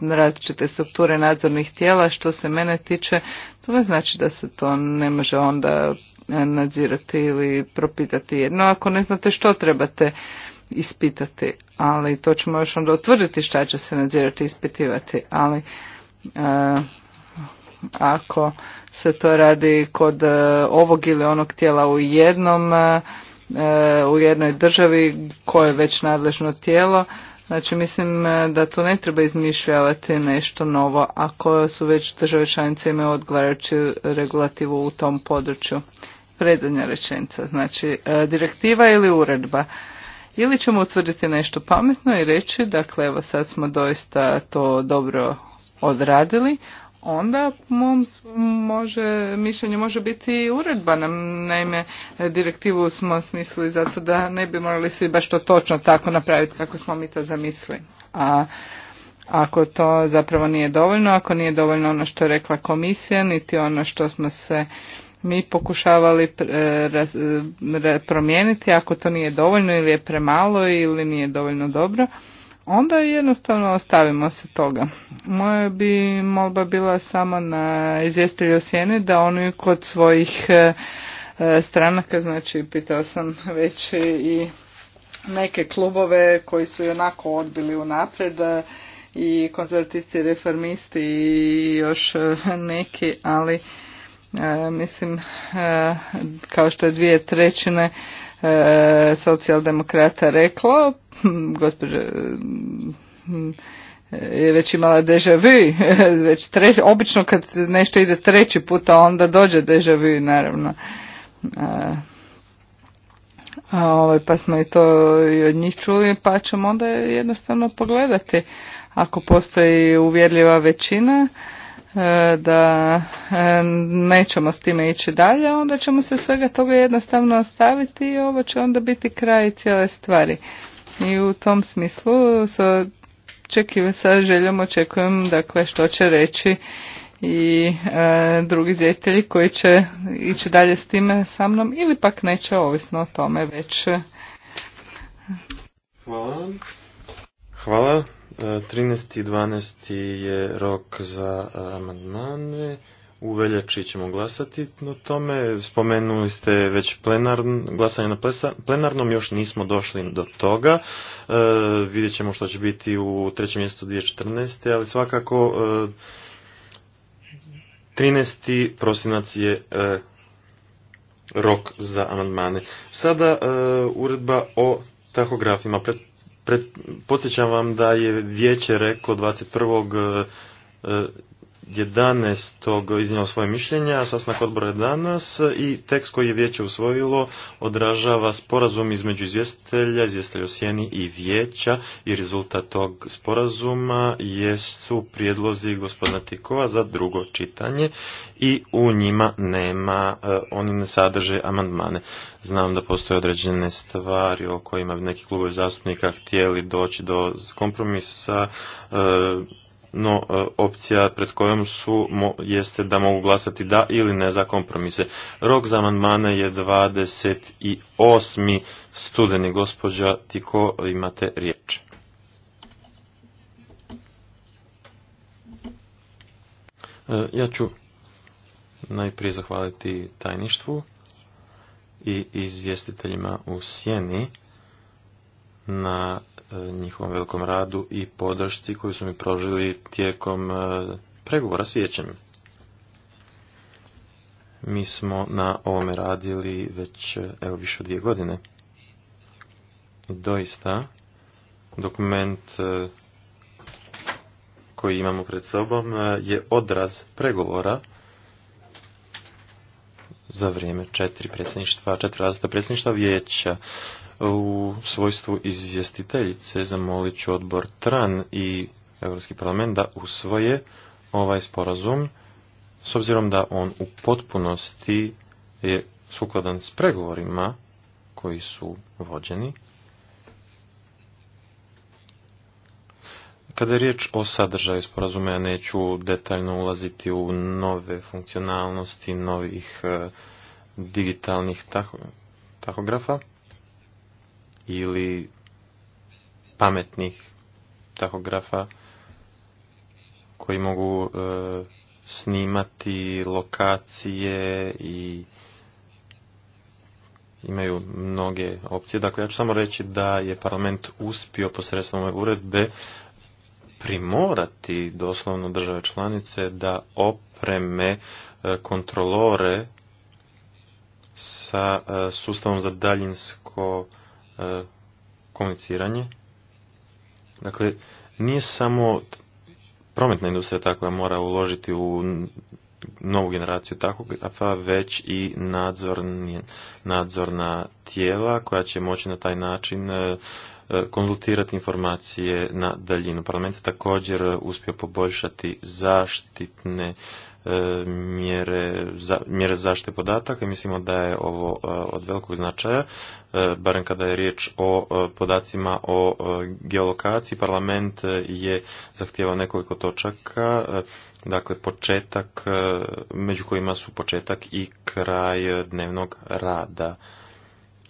različite strukture nadzornih tijela. Što se mene tiče, to ne znači da se to ne može onda e, nadzirati ili propitati jedno ako ne znate što trebate ispitati, ali to ćemo još onda utvrditi šta će se nadzirati i ispitivati, ali e, ako se to radi kod ovog ili onog tijela u jednom u jednoj državi koje je već nadležno tijelo Znači mislim e, da tu ne treba izmišljavati nešto novo ako su već države članice imaju odgovarajuću regulativu u tom području. Predanja rečenica, znači e, direktiva ili uredba. Ili ćemo utvrditi nešto pametno i reći, dakle evo sad smo doista to dobro odradili, onda mom može, mišljenje može biti i uredba. naime, direktivu smo smislili zato da ne bi morali svi baš to točno tako napraviti kako smo mi to zamislili. A ako to zapravo nije dovoljno, ako nije dovoljno ono što je rekla komisija, niti ono što smo se mi pokušavali promijeniti, ako to nije dovoljno ili je premalo ili nije dovoljno dobro, onda jednostavno ostavimo se toga. Moja bi molba bila samo na izvjestelju sjeni da oni kod svojih e, e, stranaka, znači pitao sam već i neke klubove koji su i onako odbili unaprijed e, i konzervativci, reformisti i još neki, ali mislim kao što je dvije trećine E, socijaldemokrata reklo, hm, gospođa hm, e, je već imala deja vu, već obično kad nešto ide treći puta onda dođe deja vu naravno. E, a, ovaj, pa smo i to i od njih čuli, pa ćemo onda jednostavno pogledati ako postoji uvjerljiva većina. E, da e, nećemo s time ići dalje, onda ćemo se svega toga jednostavno ostaviti i ovo će onda biti kraj cijele stvari. I u tom smislu sa, sa željom očekujem dakle, što će reći i e, drugi izvjestitelji koji će ići dalje s time sa mnom ili pak neće ovisno o tome već. Hvala. Hvala. 13.12. je rok za e, amandmane. U veljači ćemo glasati na tome. Spomenuli ste već glasanje na plenarnom, još nismo došli do toga. E, vidjet ćemo što će biti u trećem mjestu 2014. Ali svakako 13. E, prosinac je rok za amandmane. Sada uredba o tahografima. Podsjećam vam da je vijeće reklo 21. 11. iznijelo svoje mišljenja, sasnak odbora je danas i tekst koji je vijeće usvojilo odražava sporazum između izvjestitelja, izvjestitelja o sjeni i vijeća i rezultat tog sporazuma jesu prijedlozi gospodina Tikova za drugo čitanje i u njima nema, e, oni ne sadrže amandmane. Znam da postoje određene stvari o kojima bi neki klubovi zastupnika htjeli doći do kompromisa, e, no e, opcija pred kojom su jeste da mogu glasati da ili ne za kompromise. Rok za amandmane je 28. studeni. Gospođa Tiko, imate riječ. E, ja ću najprije zahvaliti tajništvu i izvjestiteljima u Sjeni na E, njihovom velikom radu i podršci koju su mi prožili tijekom e, pregovora s vijećem. Mi smo na ovome radili već e, evo više od dvije godine. I doista dokument koji imamo pred sobom je odraz pregovora za vrijeme četiri predsjedništva, četiri predsjedništva vijeća. U svojstvu izvjestiteljice zamolit ću odbor TRAN i Europski parlament da usvoje ovaj sporazum s obzirom da on u potpunosti je sukladan s pregovorima koji su vođeni. Kada je riječ o sadržaju sporazuma, ja neću detaljno ulaziti u nove funkcionalnosti novih eh, digitalnih tahografa ili pametnih tahografa koji mogu e, snimati lokacije i imaju mnoge opcije. Dakle, ja ću samo reći da je parlament uspio posredstvom ove uredbe primorati doslovno države članice da opreme e, kontrolore sa e, sustavom za daljinsko E, komuniciranje. Dakle, nije samo prometna industrija ta koja mora uložiti u novu generaciju pa već i nadzorna tijela koja će moći na taj način e, E, konzultirati informacije na daljinu. Parlament je također uspio poboljšati zaštitne e, mjere, za, mjere zaštite podataka i mislimo da je ovo e, od velikog značaja, barem kada je riječ o podacima o geolokaciji. Parlament je zahtijevao nekoliko točaka, dakle početak, među kojima su početak i kraj dnevnog rada.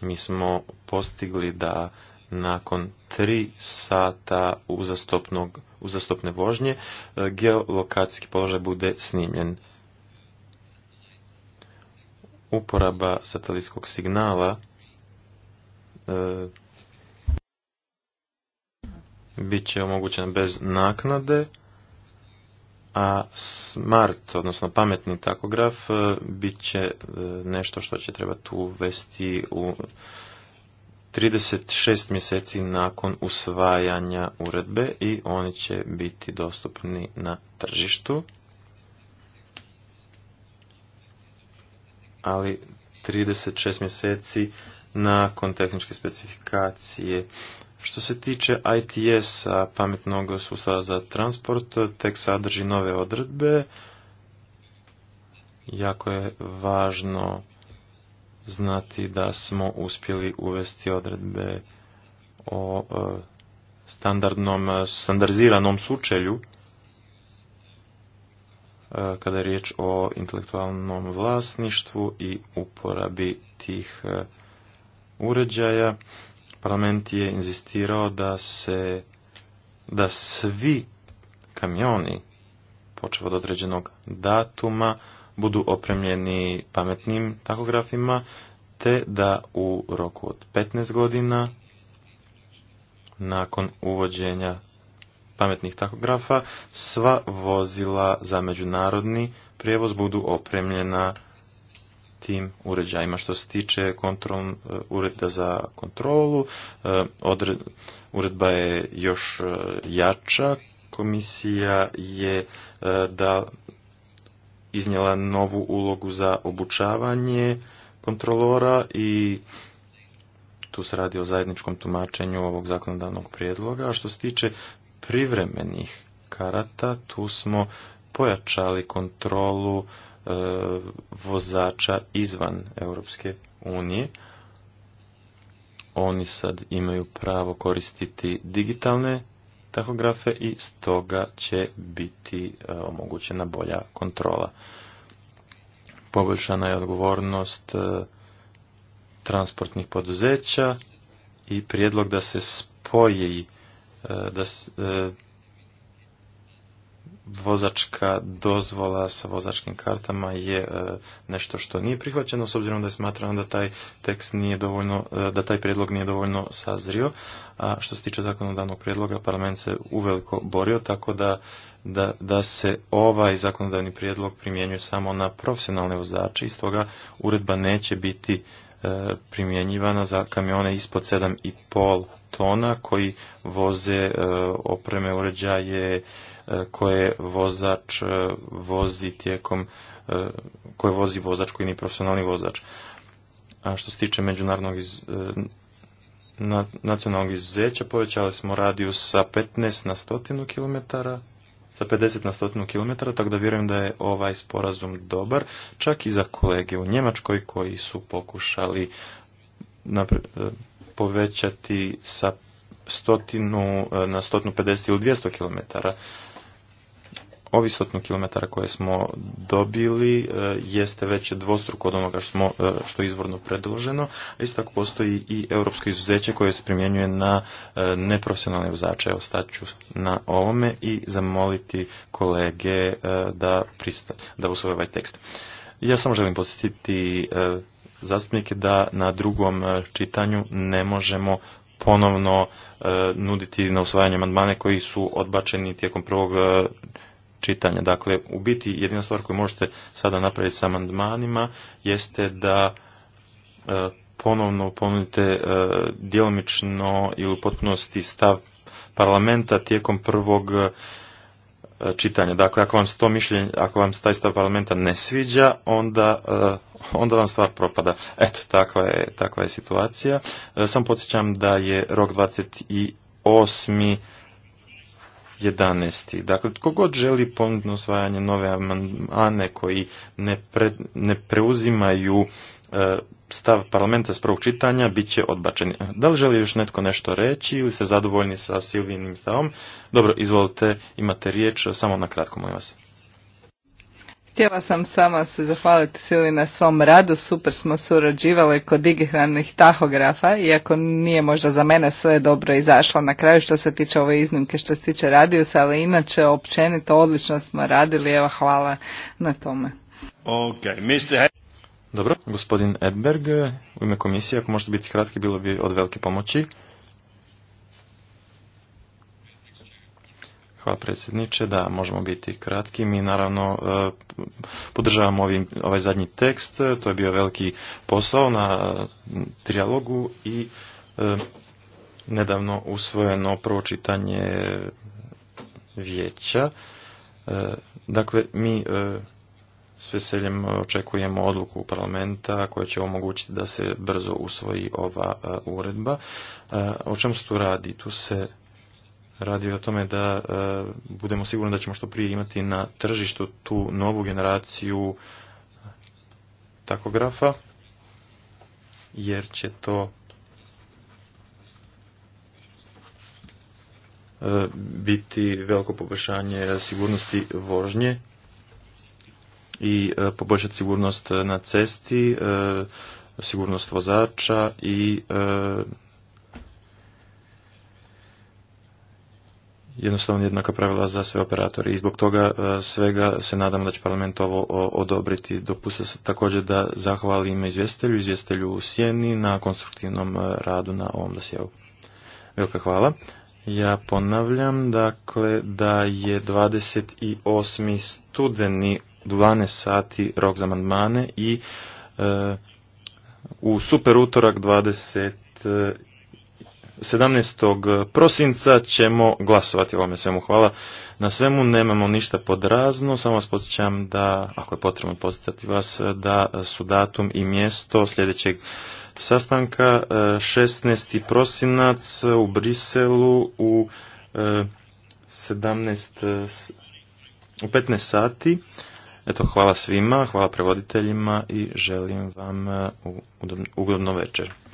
Mi smo postigli da nakon tri sata uzastopnog, uzastopne vožnje e, geolokacijski položaj bude snimljen. Uporaba satelitskog signala e, bit će omogućena bez naknade, a smart, odnosno pametni takograf, e, bit će e, nešto što će trebati uvesti u 36 mjeseci nakon usvajanja uredbe i oni će biti dostupni na tržištu. Ali 36 mjeseci nakon tehničke specifikacije. Što se tiče its pametnog sustava za transport, tek sadrži nove odredbe. Jako je važno znati da smo uspjeli uvesti odredbe o e, standardnom, e, standardiziranom sučelju e, kada je riječ o intelektualnom vlasništvu i uporabi tih uređaja. Parlament je inzistirao da se da svi kamioni počeo od određenog datuma budu opremljeni pametnim takografima, te da u roku od 15 godina nakon uvođenja pametnih tahografa sva vozila za međunarodni prijevoz budu opremljena tim uređajima. Što se tiče kontrol, e, ureda za kontrolu, e, uredba je još e, jača. Komisija je da iznijela novu ulogu za obučavanje kontrolora i tu se radi o zajedničkom tumačenju ovog zakonodavnog prijedloga. A što se tiče privremenih karata, tu smo pojačali kontrolu e, vozača izvan Europske unije. Oni sad imaju pravo koristiti digitalne tahografe i stoga će biti e, omogućena bolja kontrola. Poboljšana je odgovornost e, transportnih poduzeća i prijedlog da se spoji e, da se vozačka dozvola sa vozačkim kartama je e, nešto što nije prihvaćeno s obzirom da je smatrano da taj tekst nije dovoljno, e, da taj prijedlog nije dovoljno sazrio, a što se tiče zakonodavnog prijedloga parlament se uveliko borio tako da, da, da se ovaj zakonodavni prijedlog primjenjuje samo na profesionalne vozače i stoga uredba neće biti e, primjenjivana za kamione ispod 7,5 tona koji voze opreme, uređaje, E, koje vozač e, vozi tijekom e, koje vozi vozač koji nije profesionalni vozač. A što se tiče međunarodnog iz, nacionalnog izuzeća povećali smo radiju sa 15 na 100 km sa 50 na 100 km, tako da vjerujem da je ovaj sporazum dobar, čak i za kolege u Njemačkoj koji su pokušali povećati sa stotinu na 150 ili 200 km ovih kilometara koje smo dobili e, jeste već dvostruko od onoga što, smo, e, što je izvorno predloženo, isto tako postoji i europsko izuzeće koje se primjenjuje na e, neprofesionalne vozače. Evo ću na ovome i zamoliti kolege da, prista, usvoje ovaj tekst. Ja samo želim podsjetiti zastupnike da na drugom čitanju ne možemo ponovno nuditi na usvajanje amandmane koji su odbačeni tijekom prvog čitanja. Dakle, u biti jedina stvar koju možete sada napraviti sa amandmanima jeste da e, ponovno ponudite e, djelomično ili u potpunosti stav parlamenta tijekom prvog e, čitanja. Dakle, ako vam se mišljenje, ako vam taj stav parlamenta ne sviđa, onda, e, onda vam stvar propada. Eto, takva je, takva je situacija. Sam podsjećam da je rok 28. 11. Dakle, tko god želi ponudno osvajanje nove amandmane koji ne, ne preuzimaju e, stav parlamenta s prvog čitanja, bit će odbačeni. Da li želi još netko nešto reći ili ste zadovoljni sa Silvinim stavom? Dobro, izvolite, imate riječ, samo na kratko, molim vas. Htjela sam samo se zahvaliti Sili na svom radu, super smo surađivali kod digitalnih tahografa, iako nije možda za mene sve dobro izašlo na kraju što se tiče ove iznimke, što se tiče radijusa, ali inače općenito odlično smo radili, evo hvala na tome. Dobro, gospodin Edberg, u ime komisije, ako možete biti kratki, bilo bi od velike pomoći. Hvala predsjedniče. Da, možemo biti kratki. Mi naravno e, podržavamo ovim, ovaj zadnji tekst. To je bio veliki posao na e, trijalogu i e, nedavno usvojeno prvo čitanje vijeća. Dakle, mi s veseljem očekujemo odluku parlamenta koja će omogućiti da se brzo usvoji ova uredba. O čem se tu radi? Tu se radi o tome da e, budemo sigurni da ćemo što prije imati na tržištu tu novu generaciju takografa jer će to e, biti veliko poboljšanje sigurnosti vožnje i e, poboljšati sigurnost na cesti, sigurnost vozača i jednostavno jednaka pravila za sve operatore i zbog toga e, svega se nadam da će parlament ovo odobriti. Dopusta se također da zahvalim izvjestelju, izvjestelju Sjeni na konstruktivnom e, radu na ovom dosjevu. Velika hvala. Ja ponavljam, dakle, da je 28. studeni 12 sati rok za amandmane i e, u super utorak 20 17. prosinca ćemo glasovati o ovome svemu. Hvala na svemu, nemamo ništa pod razno, samo vas podsjećam da, ako je potrebno podsjećati vas, da su datum i mjesto sljedećeg sastanka 16. E, prosinac u Briselu u 17 e, u 15 sati. Eto, hvala svima, hvala prevoditeljima i želim vam e, ugodno večer.